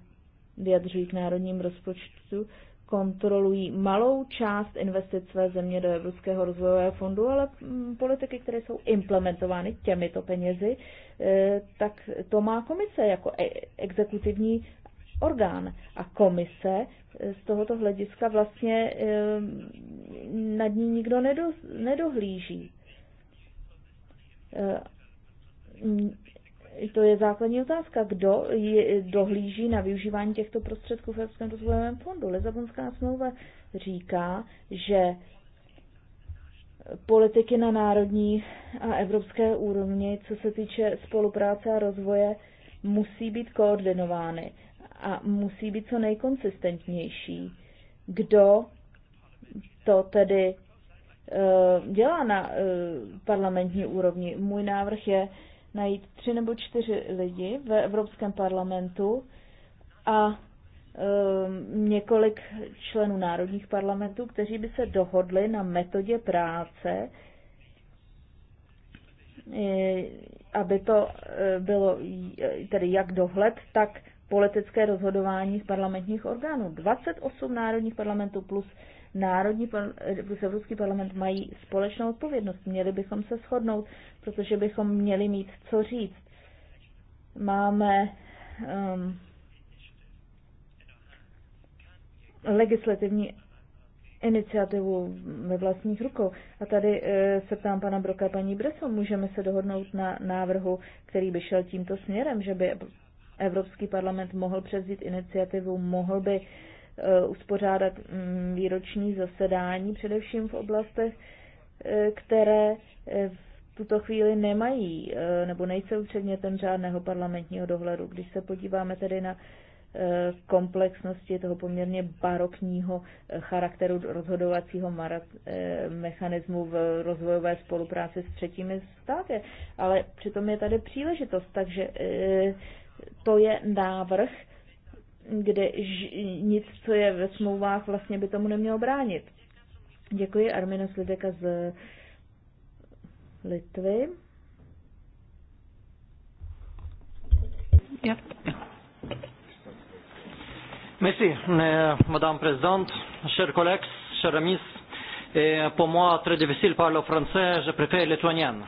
vyjadřují k národním rozpočtu, kontrolují malou část investic své země do Evropského rozvojového fondu, ale mm, politiky, které jsou implementovány těmito penězi, eh, tak to má komise jako e- exekutivní orgán. A komise z tohoto hlediska vlastně nad ní nikdo nedohlíží. E, to je základní otázka, kdo je, dohlíží na využívání těchto prostředků v Evropském rozvojovém fondu. Lezabonská smlouva říká, že politiky na národní a evropské úrovni, co se týče spolupráce a rozvoje, musí být koordinovány a musí být co nejkonsistentnější. Kdo to tedy eh, dělá na eh, parlamentní úrovni? Můj návrh je najít tři nebo čtyři lidi ve Evropském parlamentu a eh, několik členů národních parlamentů, kteří by se dohodli na metodě práce, aby to bylo tedy jak dohled, tak politické rozhodování z parlamentních orgánů. 28 národních parlamentů plus, národní, eh, plus Evropský parlament mají společnou odpovědnost. Měli bychom se shodnout, protože bychom měli mít co říct. Máme um, legislativní iniciativu ve vlastních rukou. A tady e, se ptám pana Broka a paní Breso, můžeme se dohodnout na návrhu, který by šel tímto směrem, že by Evropský parlament mohl převzít iniciativu, mohl by eh, uspořádat mm, výroční zasedání, především v oblastech, eh, které eh, v tuto chvíli nemají nebo nejsou předmětem žádného parlamentního dohledu. Když se podíváme tedy na komplexnosti toho poměrně barokního charakteru rozhodovacího mechanismu v rozvojové spolupráci s třetími státy. Ale přitom je tady příležitost, takže to je návrh, kde nic, co je ve smlouvách, vlastně by tomu nemělo bránit. Děkuji Arminos Slideka z Litvy. Yep. Merci, euh, Madame Présidente, chers collègues, chers amis. Et pour moi, très difficile parler français, je préfère lituanien.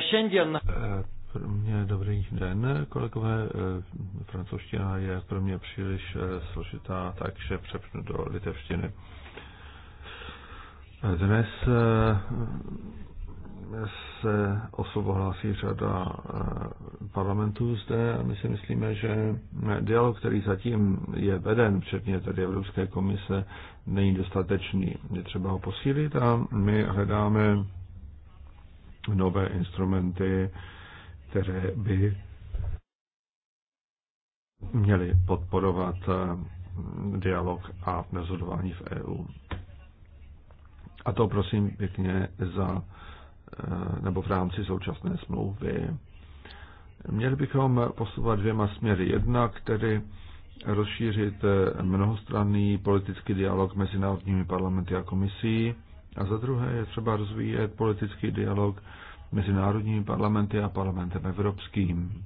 Šiandien. Euh, pro mě dobrý den, kolegové. Eh, francouzština je pro mě příliš eh, složitá, takže přepnu do litevštiny. Eh, dnes se osobo hlásí řada parlamentů zde a my si myslíme, že dialog, který zatím je veden, včetně tady Evropské komise, není dostatečný. Je třeba ho posílit a my hledáme nové instrumenty, které by měly podporovat eh, dialog a rozhodování v EU. A to prosím pěkně za eh, nebo v rámci současné smlouvy. Měli bychom posouvat dvěma směry. Jedna, který rozšířit eh, mnohostranný politický dialog mezi národními parlamenty a komisí. A za druhé je třeba rozvíjet politický dialog mezi národními parlamenty a parlamentem evropským.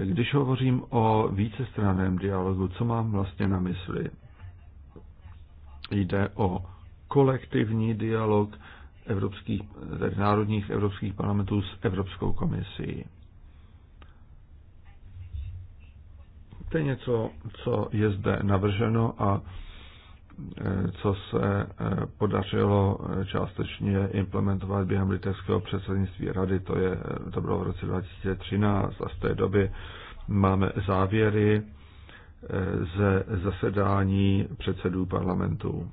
Eh, když hovořím o vícestranném dialogu, co mám vlastně na mysli? Jde o kolektivní dialog evropských, tedy národních evropských parlamentů s Evropskou komisí. To je něco, co je zde navrženo a co se eh, podařilo eh, částečně implementovat během litevského předsednictví rady, to, je, eh, to bylo v roce 2013 a z té doby máme závěry ze zasedání předsedů parlamentů.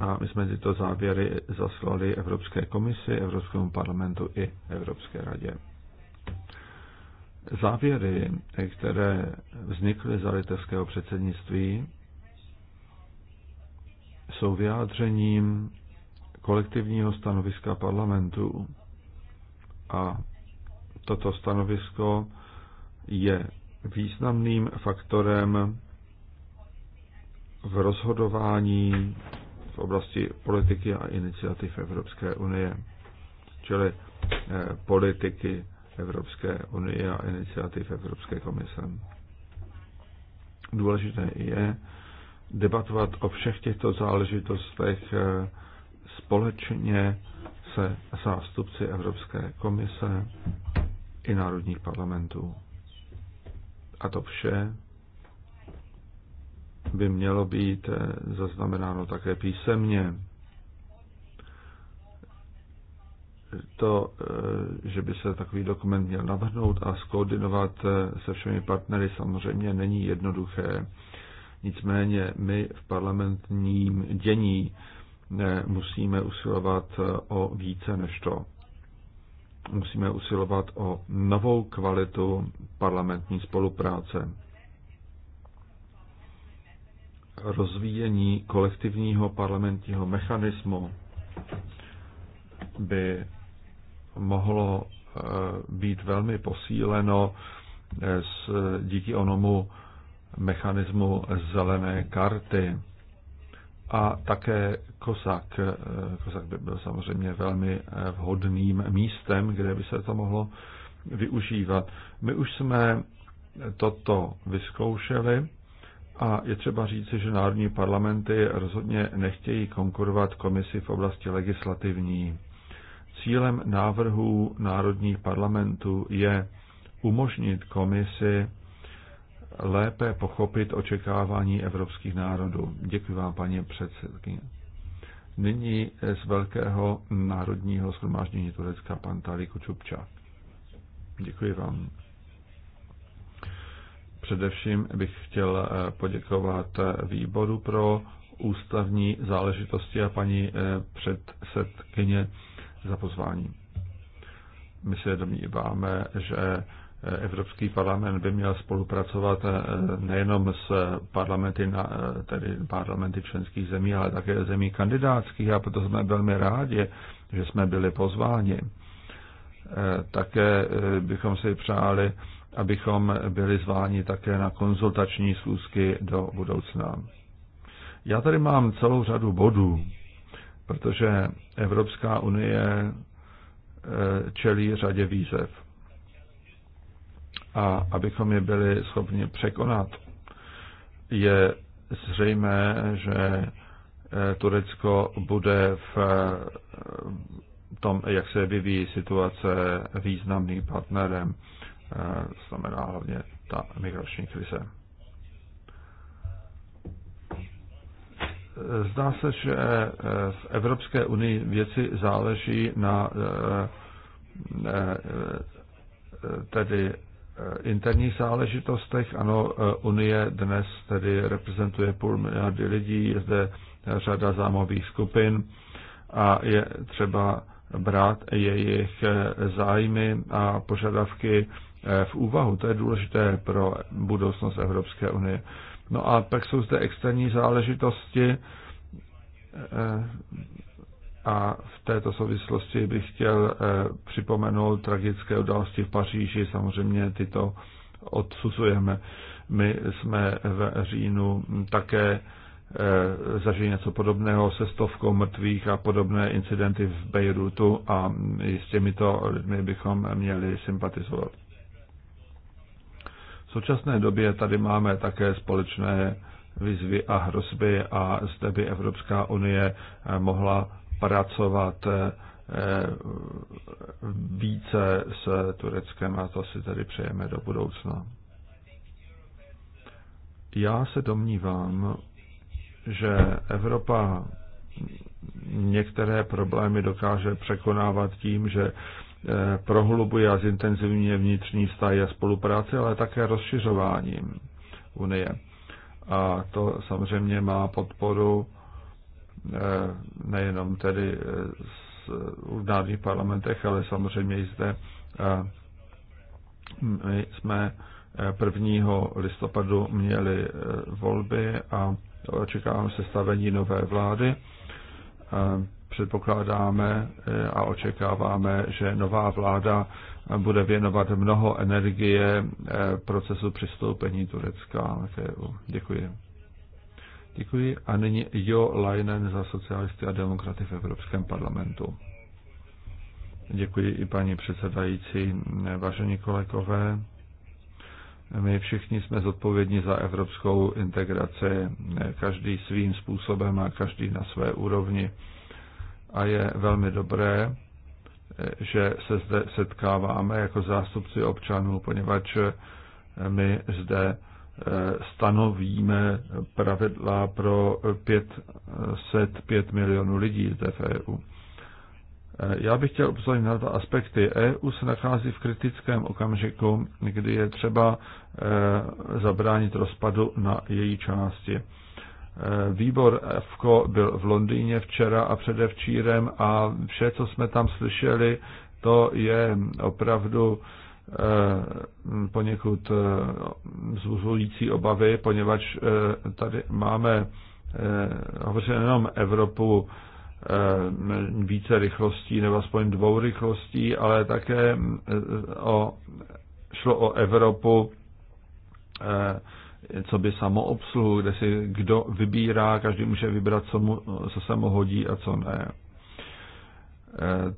A my jsme tyto závěry zaslali Evropské komisi, Evropskému parlamentu i Evropské radě. Závěry, které vznikly za litevského předsednictví, jsou vyjádřením kolektivního stanoviska parlamentu. A toto stanovisko je významným faktorem v rozhodování v oblasti politiky a iniciativ Evropské unie, čili eh, politiky Evropské unie a iniciativ Evropské komise. Důležité je, debatovat o všech těchto záležitostech eh, společně se zástupci Evropské komise i národních parlamentů. A to vše by mělo být eh, zaznamenáno také písemně. To, eh, že by se takový dokument měl navrhnout a skoordinovat se všemi partnery, samozřejmě není jednoduché. Nicméně my v parlamentním dění eh, musíme usilovat eh, o více než to. Musíme usilovat o novou kvalitu parlamentní spolupráce. Rozvíjení kolektivního parlamentního mechanismu by mohlo eh, být velmi posíleno s, díky onomu mechanismu zelené karty. A také Kosak. Kosak by byl samozřejmě velmi vhodným místem, kde by se to mohlo využívat. My už jsme toto vyzkoušeli a je třeba říci, že národní parlamenty rozhodně nechtějí konkurovat komisi v oblasti legislativní. Cílem návrhu národních parlamentů je umožnit komisi lépe pochopit očekávání evropských národů. Děkuji vám, paní předsedkyně. Nyní z Velkého národního shromáždění Turecka pan Tariku Čupčák. Děkuji vám. Především bych chtěl eh, poděkovat eh, výboru pro ústavní záležitosti a paní eh, předsedkyně za pozvání. My se domníváme, že Evropský parlament by měl spolupracovat eh, nejenom s parlamenty, eh, tedy parlamenty členských zemí, ale také zemí kandidátských a proto jsme velmi rádi, že jsme byli pozváni. Eh, také bychom si přáli, abychom byli zváni také na konzultační schůzky do budoucna. Já tady mám celou řadu bodů, protože Evropská unie čelí řadě výzev a abychom je byli schopni překonat, je zřejmé, že eh, Turecko bude v eh, tom, jak se vyvíjí situace významným partnerem, eh, znamená hlavně ta migrační krize. Zdá se, že v Evropské unii věci záleží na tedy Eh, interních záležitostech. Ano, eh, Unie dnes tedy reprezentuje půl miliardy lidí, je zde řada zámových skupin a je třeba brát jejich eh, zájmy a požadavky v úvahu. To je důležité pro budoucnost Evropské unie. No a pak jsou zde externí záležitosti. A v této souvislosti bych chtěl eh, připomenout tragické události v Paříži. Samozřejmě tyto odsuzujeme. My jsme v říjnu také eh, zažili něco podobného se stovkou mrtvých a podobné incidenty v Bejrutu a s těmito lidmi bychom měli sympatizovat. V současné době tady máme také společné výzvy a hrozby a zde by Evropská unie mohla pracovat eh, eh, více s Tureckem a to si tedy přejeme do budoucna. Já se domnívám, že Evropa některé problémy dokáže překonávat tím, že eh, prohlubuje a zintenzivně vnitřní vztahy a spolupráci, ale také rozšiřováním Unie. A to samozřejmě má podporu Eh, nejenom tedy eh, v národních parlamentech, ale samozřejmě i zde. My jsme 1. Eh, listopadu měli volby a očekáváme sestavení nové vlády. Předpokládáme a očekáváme, že nová vláda bude věnovat mnoho energie procesu přistoupení Turecka Děkuji. Děkuji. A nyní Jo Leinen za socialisty a demokraty v Evropském parlamentu. Děkuji i paní předsedající, vážení kolegové. My všichni jsme zodpovědní za evropskou integraci, každý svým způsobem a každý na své úrovni. A je velmi dobré, že se zde setkáváme jako zástupci občanů, poněvadž my zde stanovíme pravidla pro 505 milionů lidí v EU. Já bych chtěl upozornit na dva aspekty. EU se nachází v kritickém okamžiku, kdy je třeba eh, zabránit rozpadu na její části. Eh, výbor EFKO byl v Londýně včera a předevčírem a vše, co jsme tam slyšeli, to je opravdu Eh, poněkud eh, vzbuzující obavy, poněvadž eh, tady máme hovoříme jenom Evropu více rychlostí nebo aspoň dvou rychlostí, ale také o, šlo o Evropu co by samoobsluhu, kde si kdo vybírá, každý může vybrat, co, mu, co se mu hodí a co ne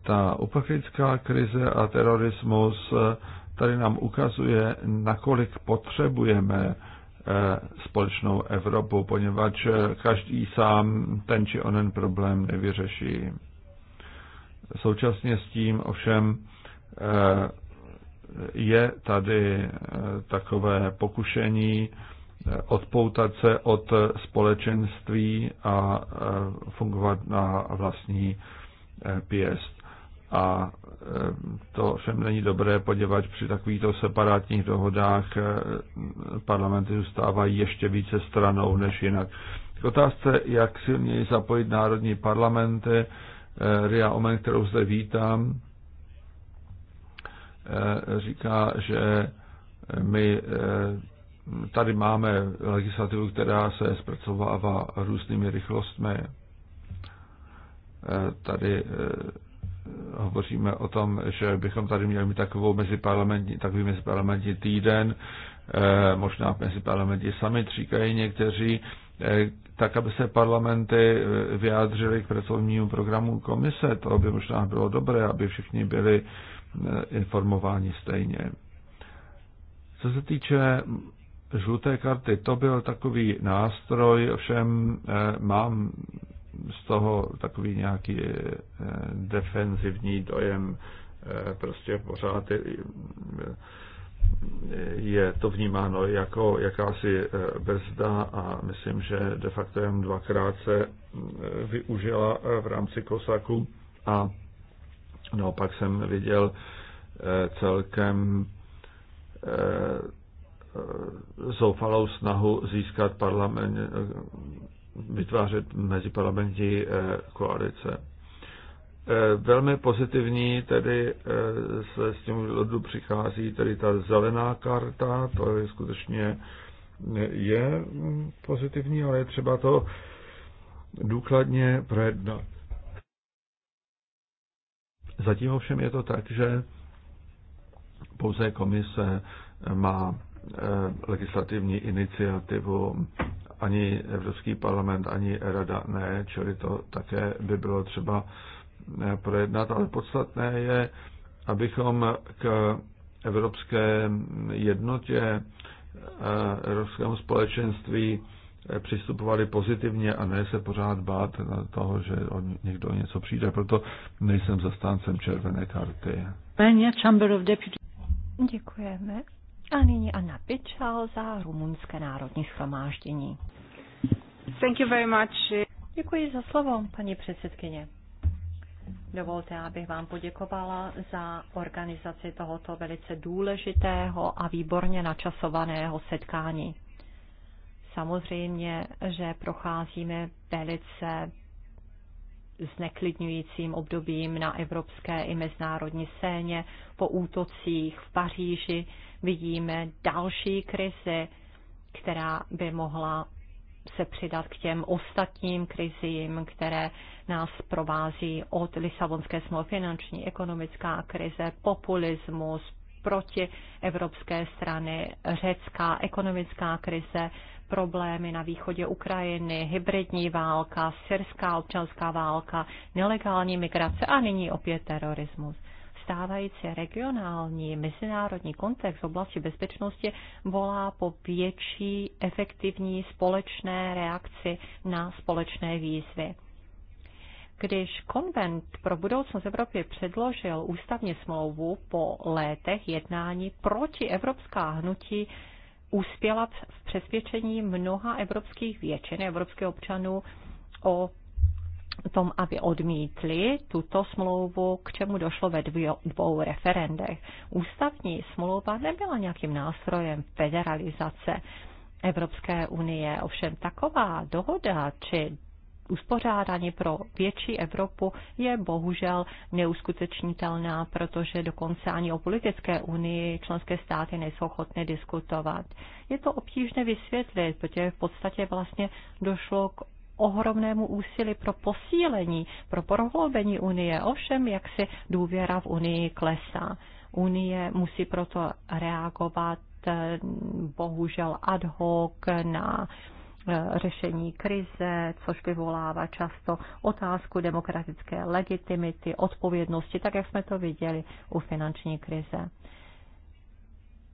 ta uprchlická krize a terorismus eh, tady nám ukazuje, nakolik potřebujeme eh, společnou Evropu, poněvadž eh, každý sám ten či onen problém nevyřeší. Současně s tím ovšem je tady takové pokušení odpoutat se od společenství a fungovat na vlastní Eh, pěst. A eh, to všem není dobré, podívat při takovýchto separátních dohodách eh, parlamenty zůstávají ještě více stranou než jinak. K otázce, jak silněji zapojit národní parlamenty, Ria Omen, kterou zde vítám, říká, že my tady máme legislativu, která se zpracovává různými rychlostmi Eh, tady eh, hovoříme o tom, že bychom tady měli mít takovou meziparlamentní, takový meziparlamentní týden, eh, možná meziparlamentní summit, říkají někteří, tak, aby se parlamenty vyjádřily k pracovnímu programu komise. To by možná bylo dobré, aby všichni byli informováni stejně. Co se týče žluté karty, to byl takový nástroj, ovšem mám z toho takový nějaký eh, defenzivní dojem eh, prostě pořád je, eh, je to vnímáno jako jakási bezda a myslím, že de facto jen dvakrát se využila v rámci Kosaku a naopak jsem viděl celkem zoufalou snahu získat parlament, vytvářet meziparlamentní eh, koalice. Eh, velmi pozitivní tedy eh, se s tím lodu přichází tedy ta zelená karta, to je skutečně je mm, pozitivní, ale je třeba to důkladně projednat. Zatím ovšem je to tak, že pouze komise má legislativní iniciativu ani Evropský parlament, ani Rada ne, čili to také by bylo třeba eh, projednat, ale podstatné je, abychom k evropské jednotě, eh, evropskému společenství eh, přistupovali pozitivně a ne se pořád bát na toho, že o někdo něco přijde. Proto nejsem zastáncem červené karty. Děkujeme. A nyní Anna Pičal za rumunské národní schromáždění. Thank you very much. Děkuji za slovo, paní předsedkyně. Dovolte, abych vám poděkovala za organizaci tohoto velice důležitého a výborně načasovaného setkání. Samozřejmě, že procházíme velice zneklidňujícím obdobím na evropské i mezinárodní scéně po útocích v Paříži vidíme další krizi, která by mohla se přidat k těm ostatním krizím, které nás provází od Lisabonské smlouvy finanční, ekonomická krize, populismus, proti evropské strany, řecká ekonomická krize, problémy na východě Ukrajiny, hybridní válka, syrská občanská válka, nelegální migrace a nyní opět terorismus stávající regionální mezinárodní kontext v oblasti bezpečnosti volá po větší efektivní společné reakci na společné výzvy. Když konvent pro budoucnost Evropy předložil ústavně smlouvu po létech jednání proti evropská hnutí, uspěla v přesvědčení mnoha evropských většin, evropských občanů o tom, aby odmítli tuto smlouvu, k čemu došlo ve dvou referendech. Ústavní smlouva nebyla nějakým nástrojem federalizace Evropské unie, ovšem taková dohoda či uspořádání pro větší Evropu je bohužel neuskutečnitelná, protože dokonce ani o politické unii členské státy nejsou ochotné diskutovat. Je to obtížné vysvětlit, protože v podstatě vlastně došlo k ohromnému úsilí pro posílení, pro prohloubení Unie. Ovšem, jak se důvěra v Unii klesá. Unie musí proto reagovat eh, bohužel ad hoc na eh, řešení krize, což vyvolává často otázku demokratické legitimity, odpovědnosti, tak jak jsme to viděli u finanční krize.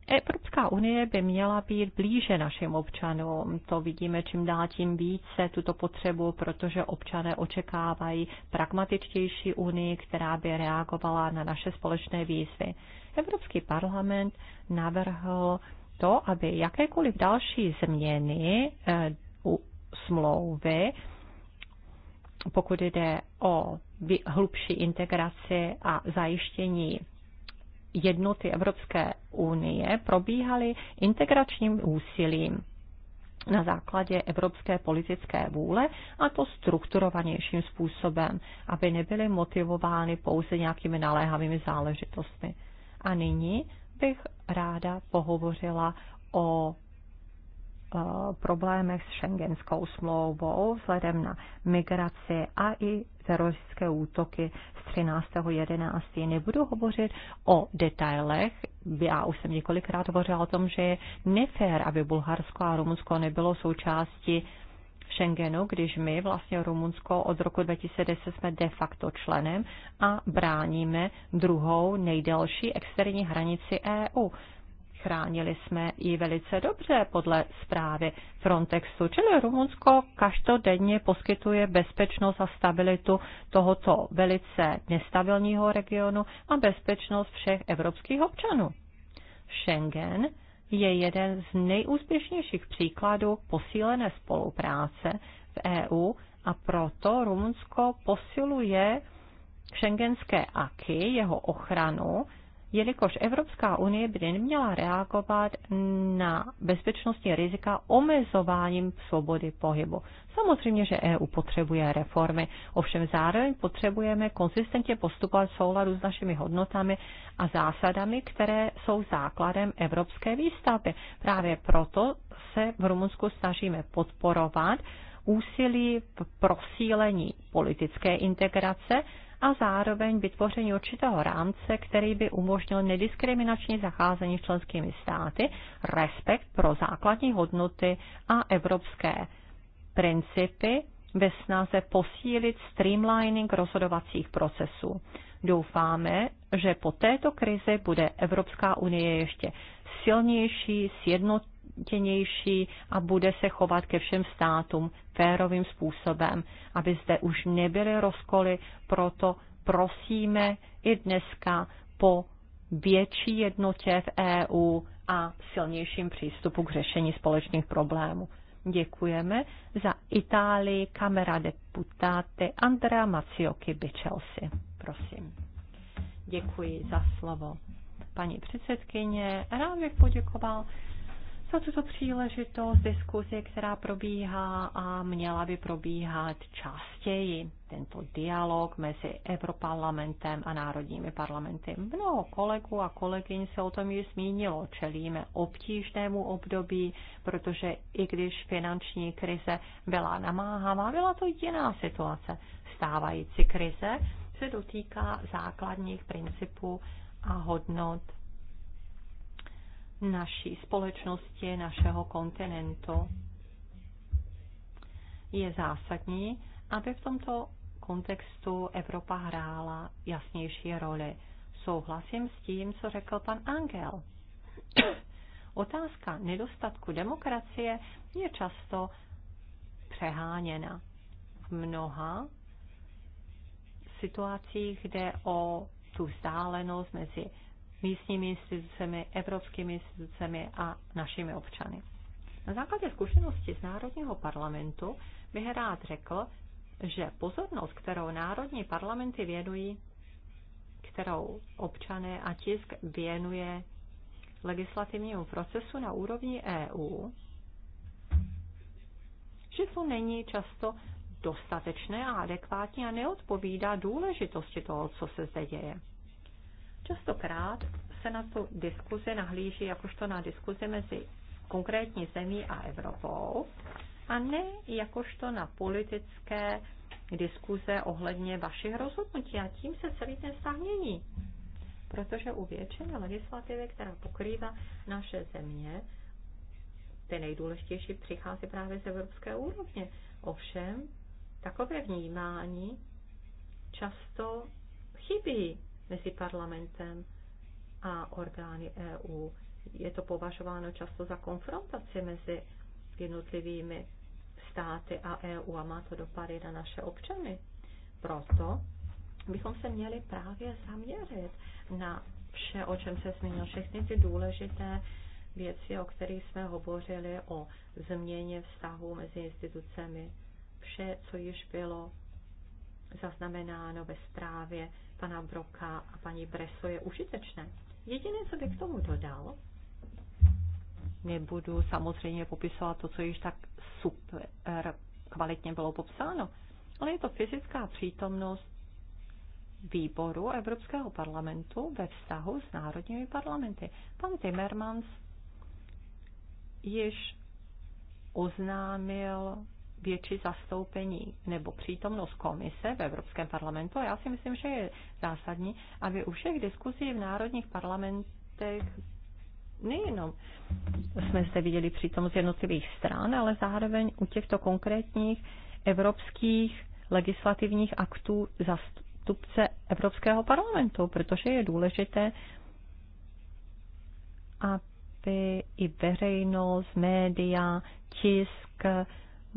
Evropská unie by měla být blíže našim občanům. To vidíme čím dál tím více, tuto potřebu, protože občané očekávají pragmatičtější unii, která by reagovala na naše společné výzvy. Evropský parlament navrhl to, aby jakékoliv další změny eh, u smlouvy, pokud jde o hlubší integraci a zajištění jednoty Evropské unie probíhaly integračním úsilím na základě evropské politické vůle a to strukturovanějším způsobem, aby nebyly motivovány pouze nějakými naléhavými záležitostmi. A nyní bych ráda pohovořila o Eh, problémech s šengenskou smlouvou vzhledem na migraci a i teroristické útoky z 13.11. Nebudu hovořit o detailech, já už jsem několikrát hovořila o tom, že je nefér, aby Bulharsko a Rumunsko nebylo součástí Schengenu, když my vlastně Rumunsko od roku 2010 jsme de facto členem a bráníme druhou nejdelší externí hranici EU chránili jsme ji velice dobře podle zprávy Frontexu. Čili Rumunsko každodenně poskytuje bezpečnost a stabilitu tohoto velice nestabilního regionu a bezpečnost všech evropských občanů. Schengen je jeden z nejúspěšnějších příkladů posílené spolupráce v EU a proto Rumunsko posiluje Schengenské aky, jeho ochranu jelikož Evropská unie by neměla reagovat na bezpečnostní rizika omezováním svobody pohybu. Samozřejmě, že EU potřebuje reformy, ovšem zároveň potřebujeme konsistentně postupovat v souladu s našimi hodnotami a zásadami, které jsou základem evropské výstavby. Právě proto se v Rumunsku snažíme podporovat úsilí v prosílení politické integrace a zároveň vytvoření určitého rámce, který by umožnil nediskriminační zacházení členskými státy, respekt pro základní hodnoty a evropské principy ve snaze posílit streamlining rozhodovacích procesů. Doufáme, že po této krizi bude Evropská unie ještě silnější, sjednotnější, vyváženější a bude se chovat ke všem státům férovým způsobem, aby zde už nebyly rozkoly, proto prosíme i dneska po větší jednotě v EU a silnějším přístupu k řešení společných problémů. Děkujeme za Itálii kamera deputáte Andrea Macioki by Prosím. Děkuji za slovo. Paní předsedkyně, rád bych poděkoval za tuto příležitost diskuzi, která probíhá a měla by probíhat častěji. Tento dialog mezi Europarlamentem a národními parlamenty. Mnoho kolegů a kolegyň se o tom již zmínilo. Čelíme obtížnému období, protože i když finanční krize byla namáhavá, byla to jiná situace. Stávající krize se dotýká základních principů a hodnot naší společnosti, našeho kontinentu. Je zásadní, aby v tomto kontextu Evropa hrála jasnější roli. Souhlasím s tím, co řekl pan Angel. Otázka nedostatku demokracie je často přeháněna. V mnoha situacích jde o tu vzdálenost mezi místními institucemi, evropskými institucemi a našimi občany. Na základě zkušenosti z Národního parlamentu bych rád řekl, že pozornost, kterou národní parlamenty věnují, kterou občané a tisk věnuje legislativnímu procesu na úrovni EU, že to není často dostatečné a adekvátní a neodpovídá důležitosti toho, co se zde děje. Častokrát se na tu diskuzi nahlíží jakožto na diskuzi mezi konkrétní zemí a Evropou a ne jakožto na politické diskuze ohledně vašich rozhodnutí a tím se celý ten vztah mění. Protože u většiny legislativy, která pokrývá naše země, ty nejdůležitější přichází právě z evropské úrovně. Ovšem, takové vnímání často chybí mezi parlamentem a orgány EU. Je to považováno často za konfrontaci mezi jednotlivými státy a EU a má to dopady na naše občany. Proto bychom se měli právě zaměřit na vše, o čem se zmínil, všechny ty důležité věci, o kterých jsme hovořili, o změně vztahu mezi institucemi, vše, co již bylo zaznamenáno ve zprávě pana Broka a paní Breso je užitečné. Jediné, co bych k tomu dodal, nebudu samozřejmě popisovat to, co již tak super kvalitně bylo popsáno, ale je to fyzická přítomnost výboru Evropského parlamentu ve vztahu s národními parlamenty. Pan Timmermans již oznámil větší zastoupení nebo přítomnost komise v Evropském parlamentu. A já si myslím, že je zásadní, aby u všech diskuzí v národních parlamentech nejenom jsme zde viděli přítomnost jednotlivých stran, ale zároveň u těchto konkrétních evropských legislativních aktů zastupce Evropského parlamentu, protože je důležité, aby i veřejnost, média, tisk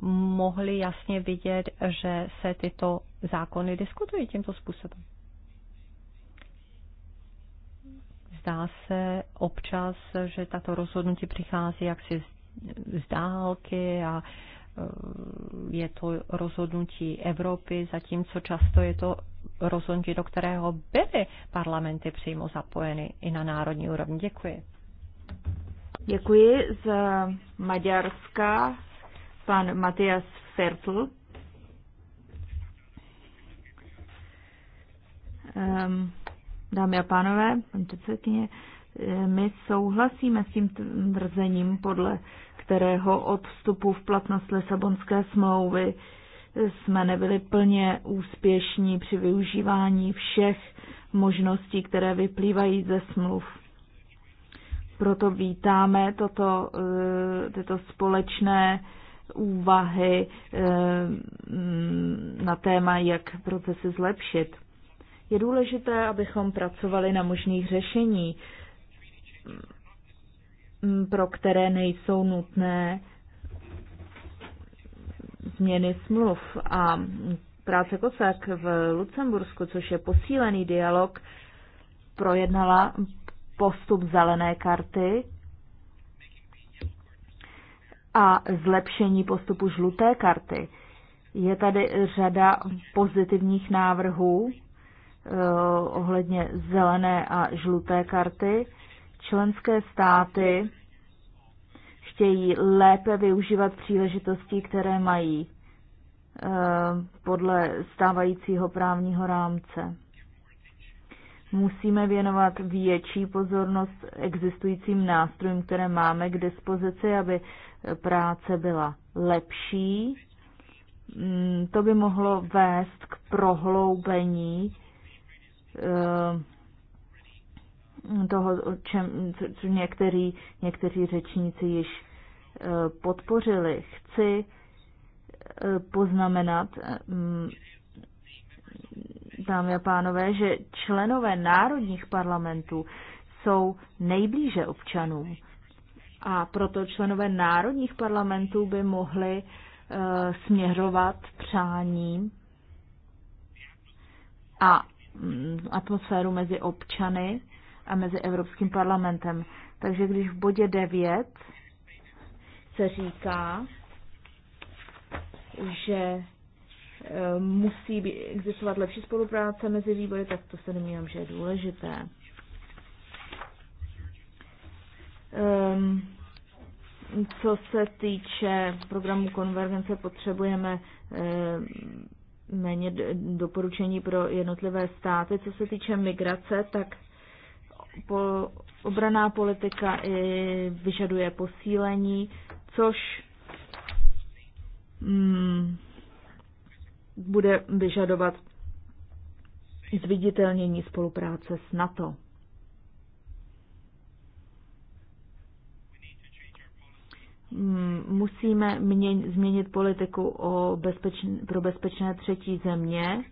mohli jasně vidět, že se tyto zákony diskutují tímto způsobem. Zdá se občas, že tato rozhodnutí přichází jaksi z dálky a e, je to rozhodnutí Evropy, zatímco často je to rozhodnutí, do kterého byly parlamenty přímo zapojeny i na národní úrovni. Děkuji. Děkuji z Maďarska pan Matias Fertl. Um, dámy a pánové, paní předsedkyně, eh, my souhlasíme s tím tvrzením, podle kterého od vstupu v platnost Lisabonské smlouvy jsme nebyli plně úspěšní při využívání všech možností, které vyplývají ze smluv. Proto vítáme toto, eh, tyto společné úvahy eh, mm, na téma, jak procesy zlepšit. Je důležité, abychom pracovali na možných řešení, mm, pro které nejsou nutné změny smluv. A práce Kosák v Lucembursku, což je posílený dialog, projednala postup zelené karty a zlepšení postupu žluté karty. Je tady řada pozitivních návrhů eh, ohledně zelené a žluté karty. Členské státy chtějí lépe využívat příležitosti, které mají eh, podle stávajícího právního rámce. Musíme věnovat větší pozornost existujícím nástrojům, které máme k dispozici, aby práce byla lepší. Mm, to by mohlo vést k prohloubení eh, toho, o čem co někteří, někteří řečníci již eh, podpořili. Chci eh, poznamenat, mm, dámy a pánové, že členové národních parlamentů jsou nejblíže občanům a proto členové národních parlamentů by mohli eh, směřovat přání a mm, atmosféru mezi občany a mezi Evropským parlamentem. Takže když v bodě 9 se říká, že eh, musí existovat lepší spolupráce mezi výbory, tak to se domnívám, že je důležité. Um, co se týče programu konvergence, potřebujeme ehm, méně doporučení pro jednotlivé státy. Co se týče migrace, tak po, obraná politika i vyžaduje posílení, což um, bude vyžadovat zviditelnění spolupráce s NATO. Mm, musíme měn, změnit politiku o bezpečn, pro bezpečné třetí země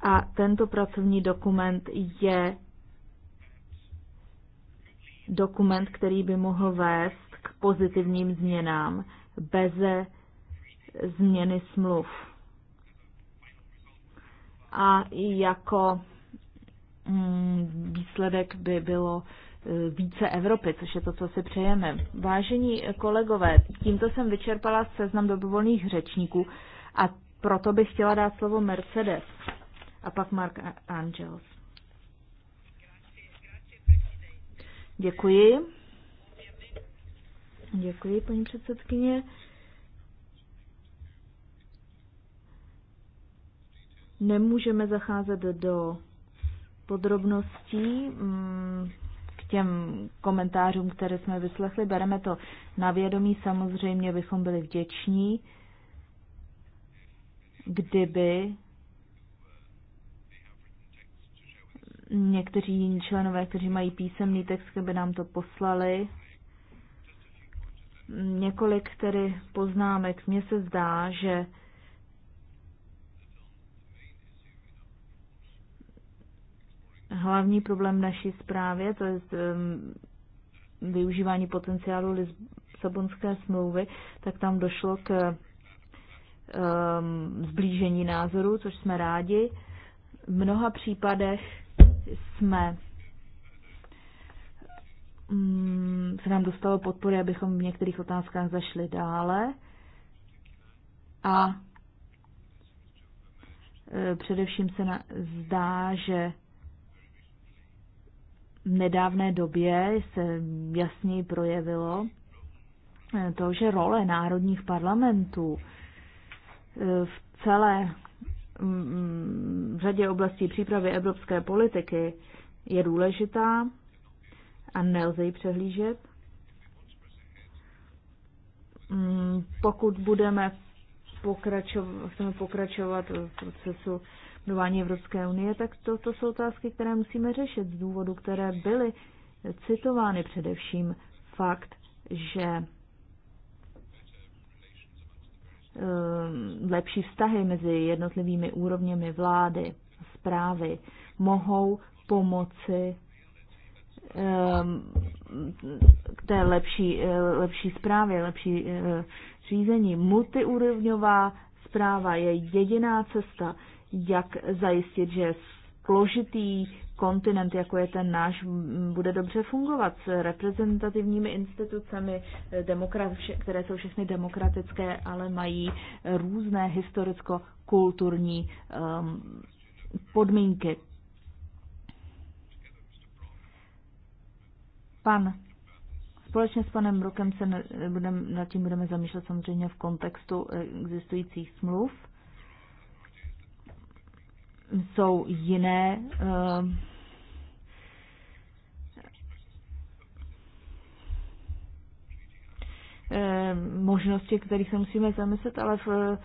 a tento pracovní dokument je dokument, který by mohl vést k pozitivním změnám bez změny smluv. A jako mm, výsledek by bylo Eh, více Evropy, což je to, co si přejeme. Vážení kolegové, tímto jsem vyčerpala seznam dobrovolných řečníků a proto bych chtěla dát slovo Mercedes a pak Mark Angels. Děkuji. Děkuji, paní předsedkyně. Nemůžeme zacházet do podrobností mm, těm komentářům, které jsme vyslechli. Bereme to na vědomí. Samozřejmě bychom byli vděční, kdyby někteří členové, kteří mají písemný text, kdyby nám to poslali. Několik tedy poznámek. Mně se zdá, že hlavní problém naší zprávě, to je um, využívání potenciálu Lisabonské smlouvy, tak tam došlo k um, zblížení názorů, což jsme rádi. V mnoha případech jsme um, se nám dostalo podpory, abychom v některých otázkách zašli dále. A e, především se na, zdá, že nedávné době se jasněji projevilo eh, to, že role národních parlamentů eh, v celé mm, mm, řadě oblastí přípravy evropské politiky je důležitá a nelze ji přehlížet. Mm, pokud budeme pokračovat, chceme pokračovat v procesu budování Evropské unie, tak to, to jsou otázky, které musíme řešit z důvodu, které byly citovány především fakt, že ehm, lepší vztahy mezi jednotlivými úrovněmi vlády a zprávy mohou pomoci k ehm, té lepší, eh, lepší zprávě, lepší eh, řízení. Multiúrovňová zpráva je jediná cesta, jak zajistit, že složitý kontinent, jako je ten náš, bude dobře fungovat s reprezentativními institucemi, které jsou všechny demokratické, ale mají různé historicko-kulturní um, podmínky. Pan, společně s panem Brokem se budem, nad tím budeme zamýšlet samozřejmě v kontextu existujících smluv jsou jiné ehm, ehm, možnosti, kterých se musíme zamyslet, ale v,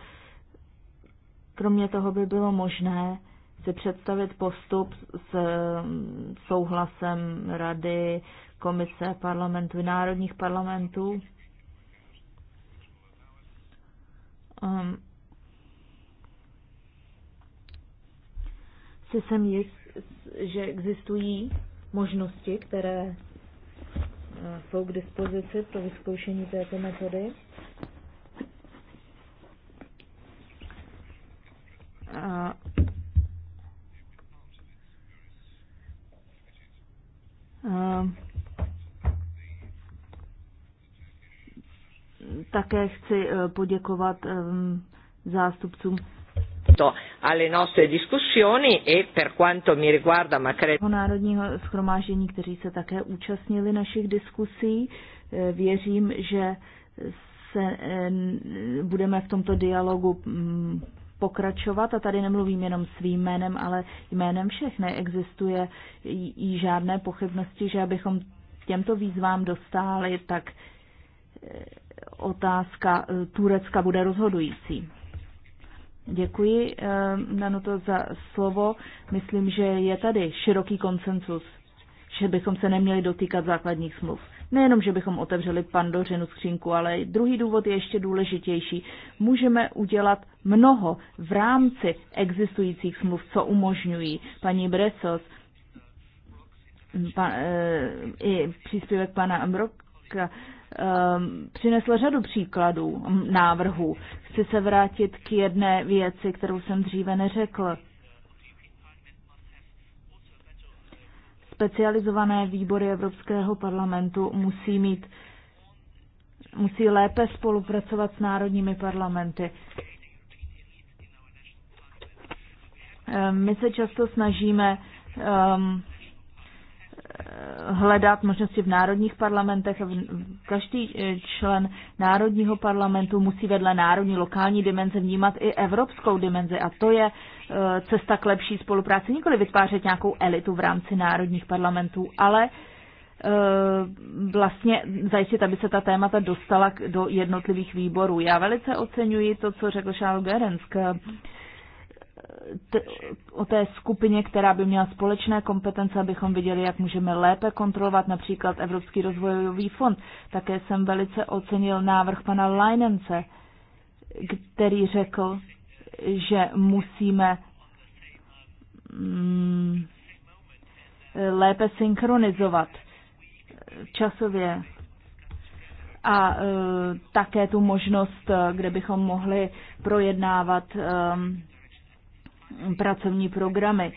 kromě toho by bylo možné si představit postup s ehm, souhlasem Rady, Komise parlamentu, národních parlamentů. Um, si jsem jist, že existují možnosti, které eh, jsou k dispozici pro vyzkoušení této metody. A také chci eh, poděkovat eh, zástupcům appunto alle nostre discussioni e per quanto mi riguarda ma credo národního schromáždění, kteří se také účastnili našich diskusí. Eh, věřím, že se eh, budeme v tomto dialogu mm, pokračovat a tady nemluvím jenom svým jménem, ale jménem všech. Neexistuje i žádné pochybnosti, že abychom těmto výzvám dostáli, tak eh, otázka Turecka bude rozhodující. Děkuji, eh, to za slovo. Myslím, že je tady široký konsensus, že bychom se neměli dotýkat základních smluv. Nejenom, že bychom otevřeli pandořinu skřínku, ale druhý důvod je ještě důležitější. Můžeme udělat mnoho v rámci existujících smluv, co umožňují. Paní Bresos, pa, e, i příspěvek pana Ambroka, Ehm, přinesl řadu příkladů, návrhů. Chci se vrátit k jedné věci, kterou jsem dříve neřekl. Specializované výbory Evropského parlamentu musí mít musí lépe spolupracovat s národními parlamenty. Ehm, my se často snažíme um, hledat možnosti v národních parlamentech. Každý eh, člen národního parlamentu musí vedle národní lokální dimenze vnímat i evropskou dimenzi a to je eh, cesta k lepší spolupráci. Nikoli vytvářet nějakou elitu v rámci národních parlamentů, ale eh, vlastně zajistit, aby se ta témata dostala do jednotlivých výborů. Já velice oceňuji to, co řekl Charles Gerensk o té skupině, která by měla společné kompetence, abychom viděli, jak můžeme lépe kontrolovat například Evropský rozvojový fond. Také jsem velice ocenil návrh pana Leinence, který řekl, že musíme mm, lépe synchronizovat časově a e, také tu možnost, e, kde bychom mohli projednávat e, pracovní programy.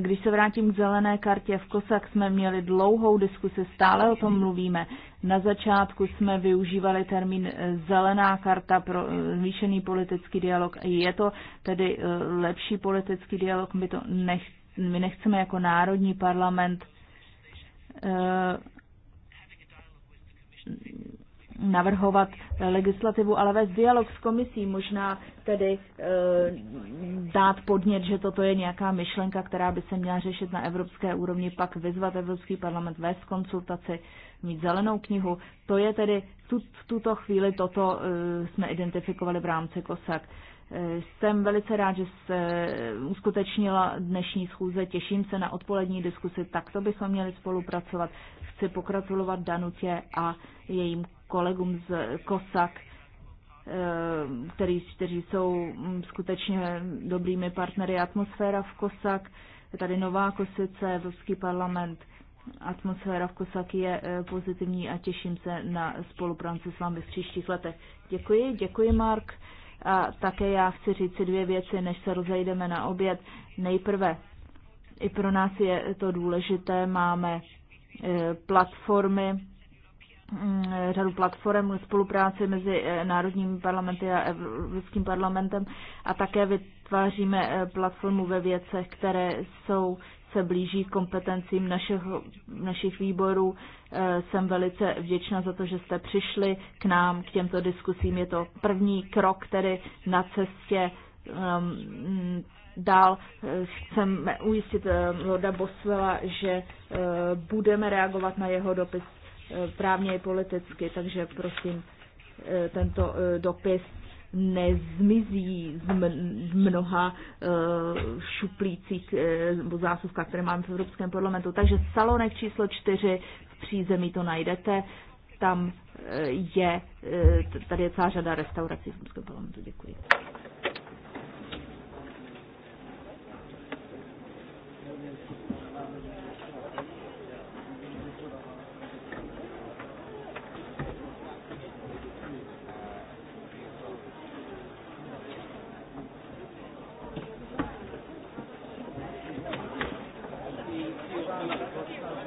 Když se vrátím k zelené kartě v Kosak, jsme měli dlouhou diskusi, stále o tom mluvíme. Na začátku jsme využívali termín eh, zelená karta pro eh, zvýšený politický dialog. Je to tedy eh, lepší politický dialog? My to nech, my nechceme jako národní parlament navrhovat legislativu, ale vést dialog s komisí, možná tedy e, dát podnět, že toto je nějaká myšlenka, která by se měla řešit na evropské úrovni, pak vyzvat Evropský parlament, vést konsultaci, mít zelenou knihu. To je tedy tu, v tuto chvíli toto e, jsme identifikovali v rámci COSAC. Eh, jsem velice rád, že se uskutečnila dnešní schůze. Těším se na odpolední diskusi. Takto bychom měli spolupracovat. Chci pokratulovat Danutě a jejím kolegům z COSAC, eh, který, kteří jsou mm, skutečně dobrými partnery. Atmosféra v COSAC, tady nová kosice, Evropský parlament, atmosféra v Kosaky je eh, pozitivní a těším se na spolupráci s vámi v příštích letech. Děkuji, děkuji Mark. A také já chci říct si dvě věci, než se rozejdeme na oběd. Nejprve, i pro nás je to důležité, máme eh, platformy Mm, řadu platform spolupráci mezi eh, národními parlamenty a Evropským parlamentem a také vytváříme eh, platformu ve věcech, které jsou se blíží kompetencím našich, našich výborů. Eh, jsem velice vděčná za to, že jste přišli k nám, k těmto diskusím. Je to první krok, který na cestě um, dál. Chceme ujistit Lorda Boswella, že budeme reagovat na jeho dopis právně i politicky, takže prosím, eh, tento eh, dopis nezmizí z mnoha eh, šuplících zásuvkách, které máme v Evropském parlamentu. Takže salonek číslo čtyři v přízemí to najdete. Tam je, tady je celá řada restaurací v Evropském parlamentu. Děkuji.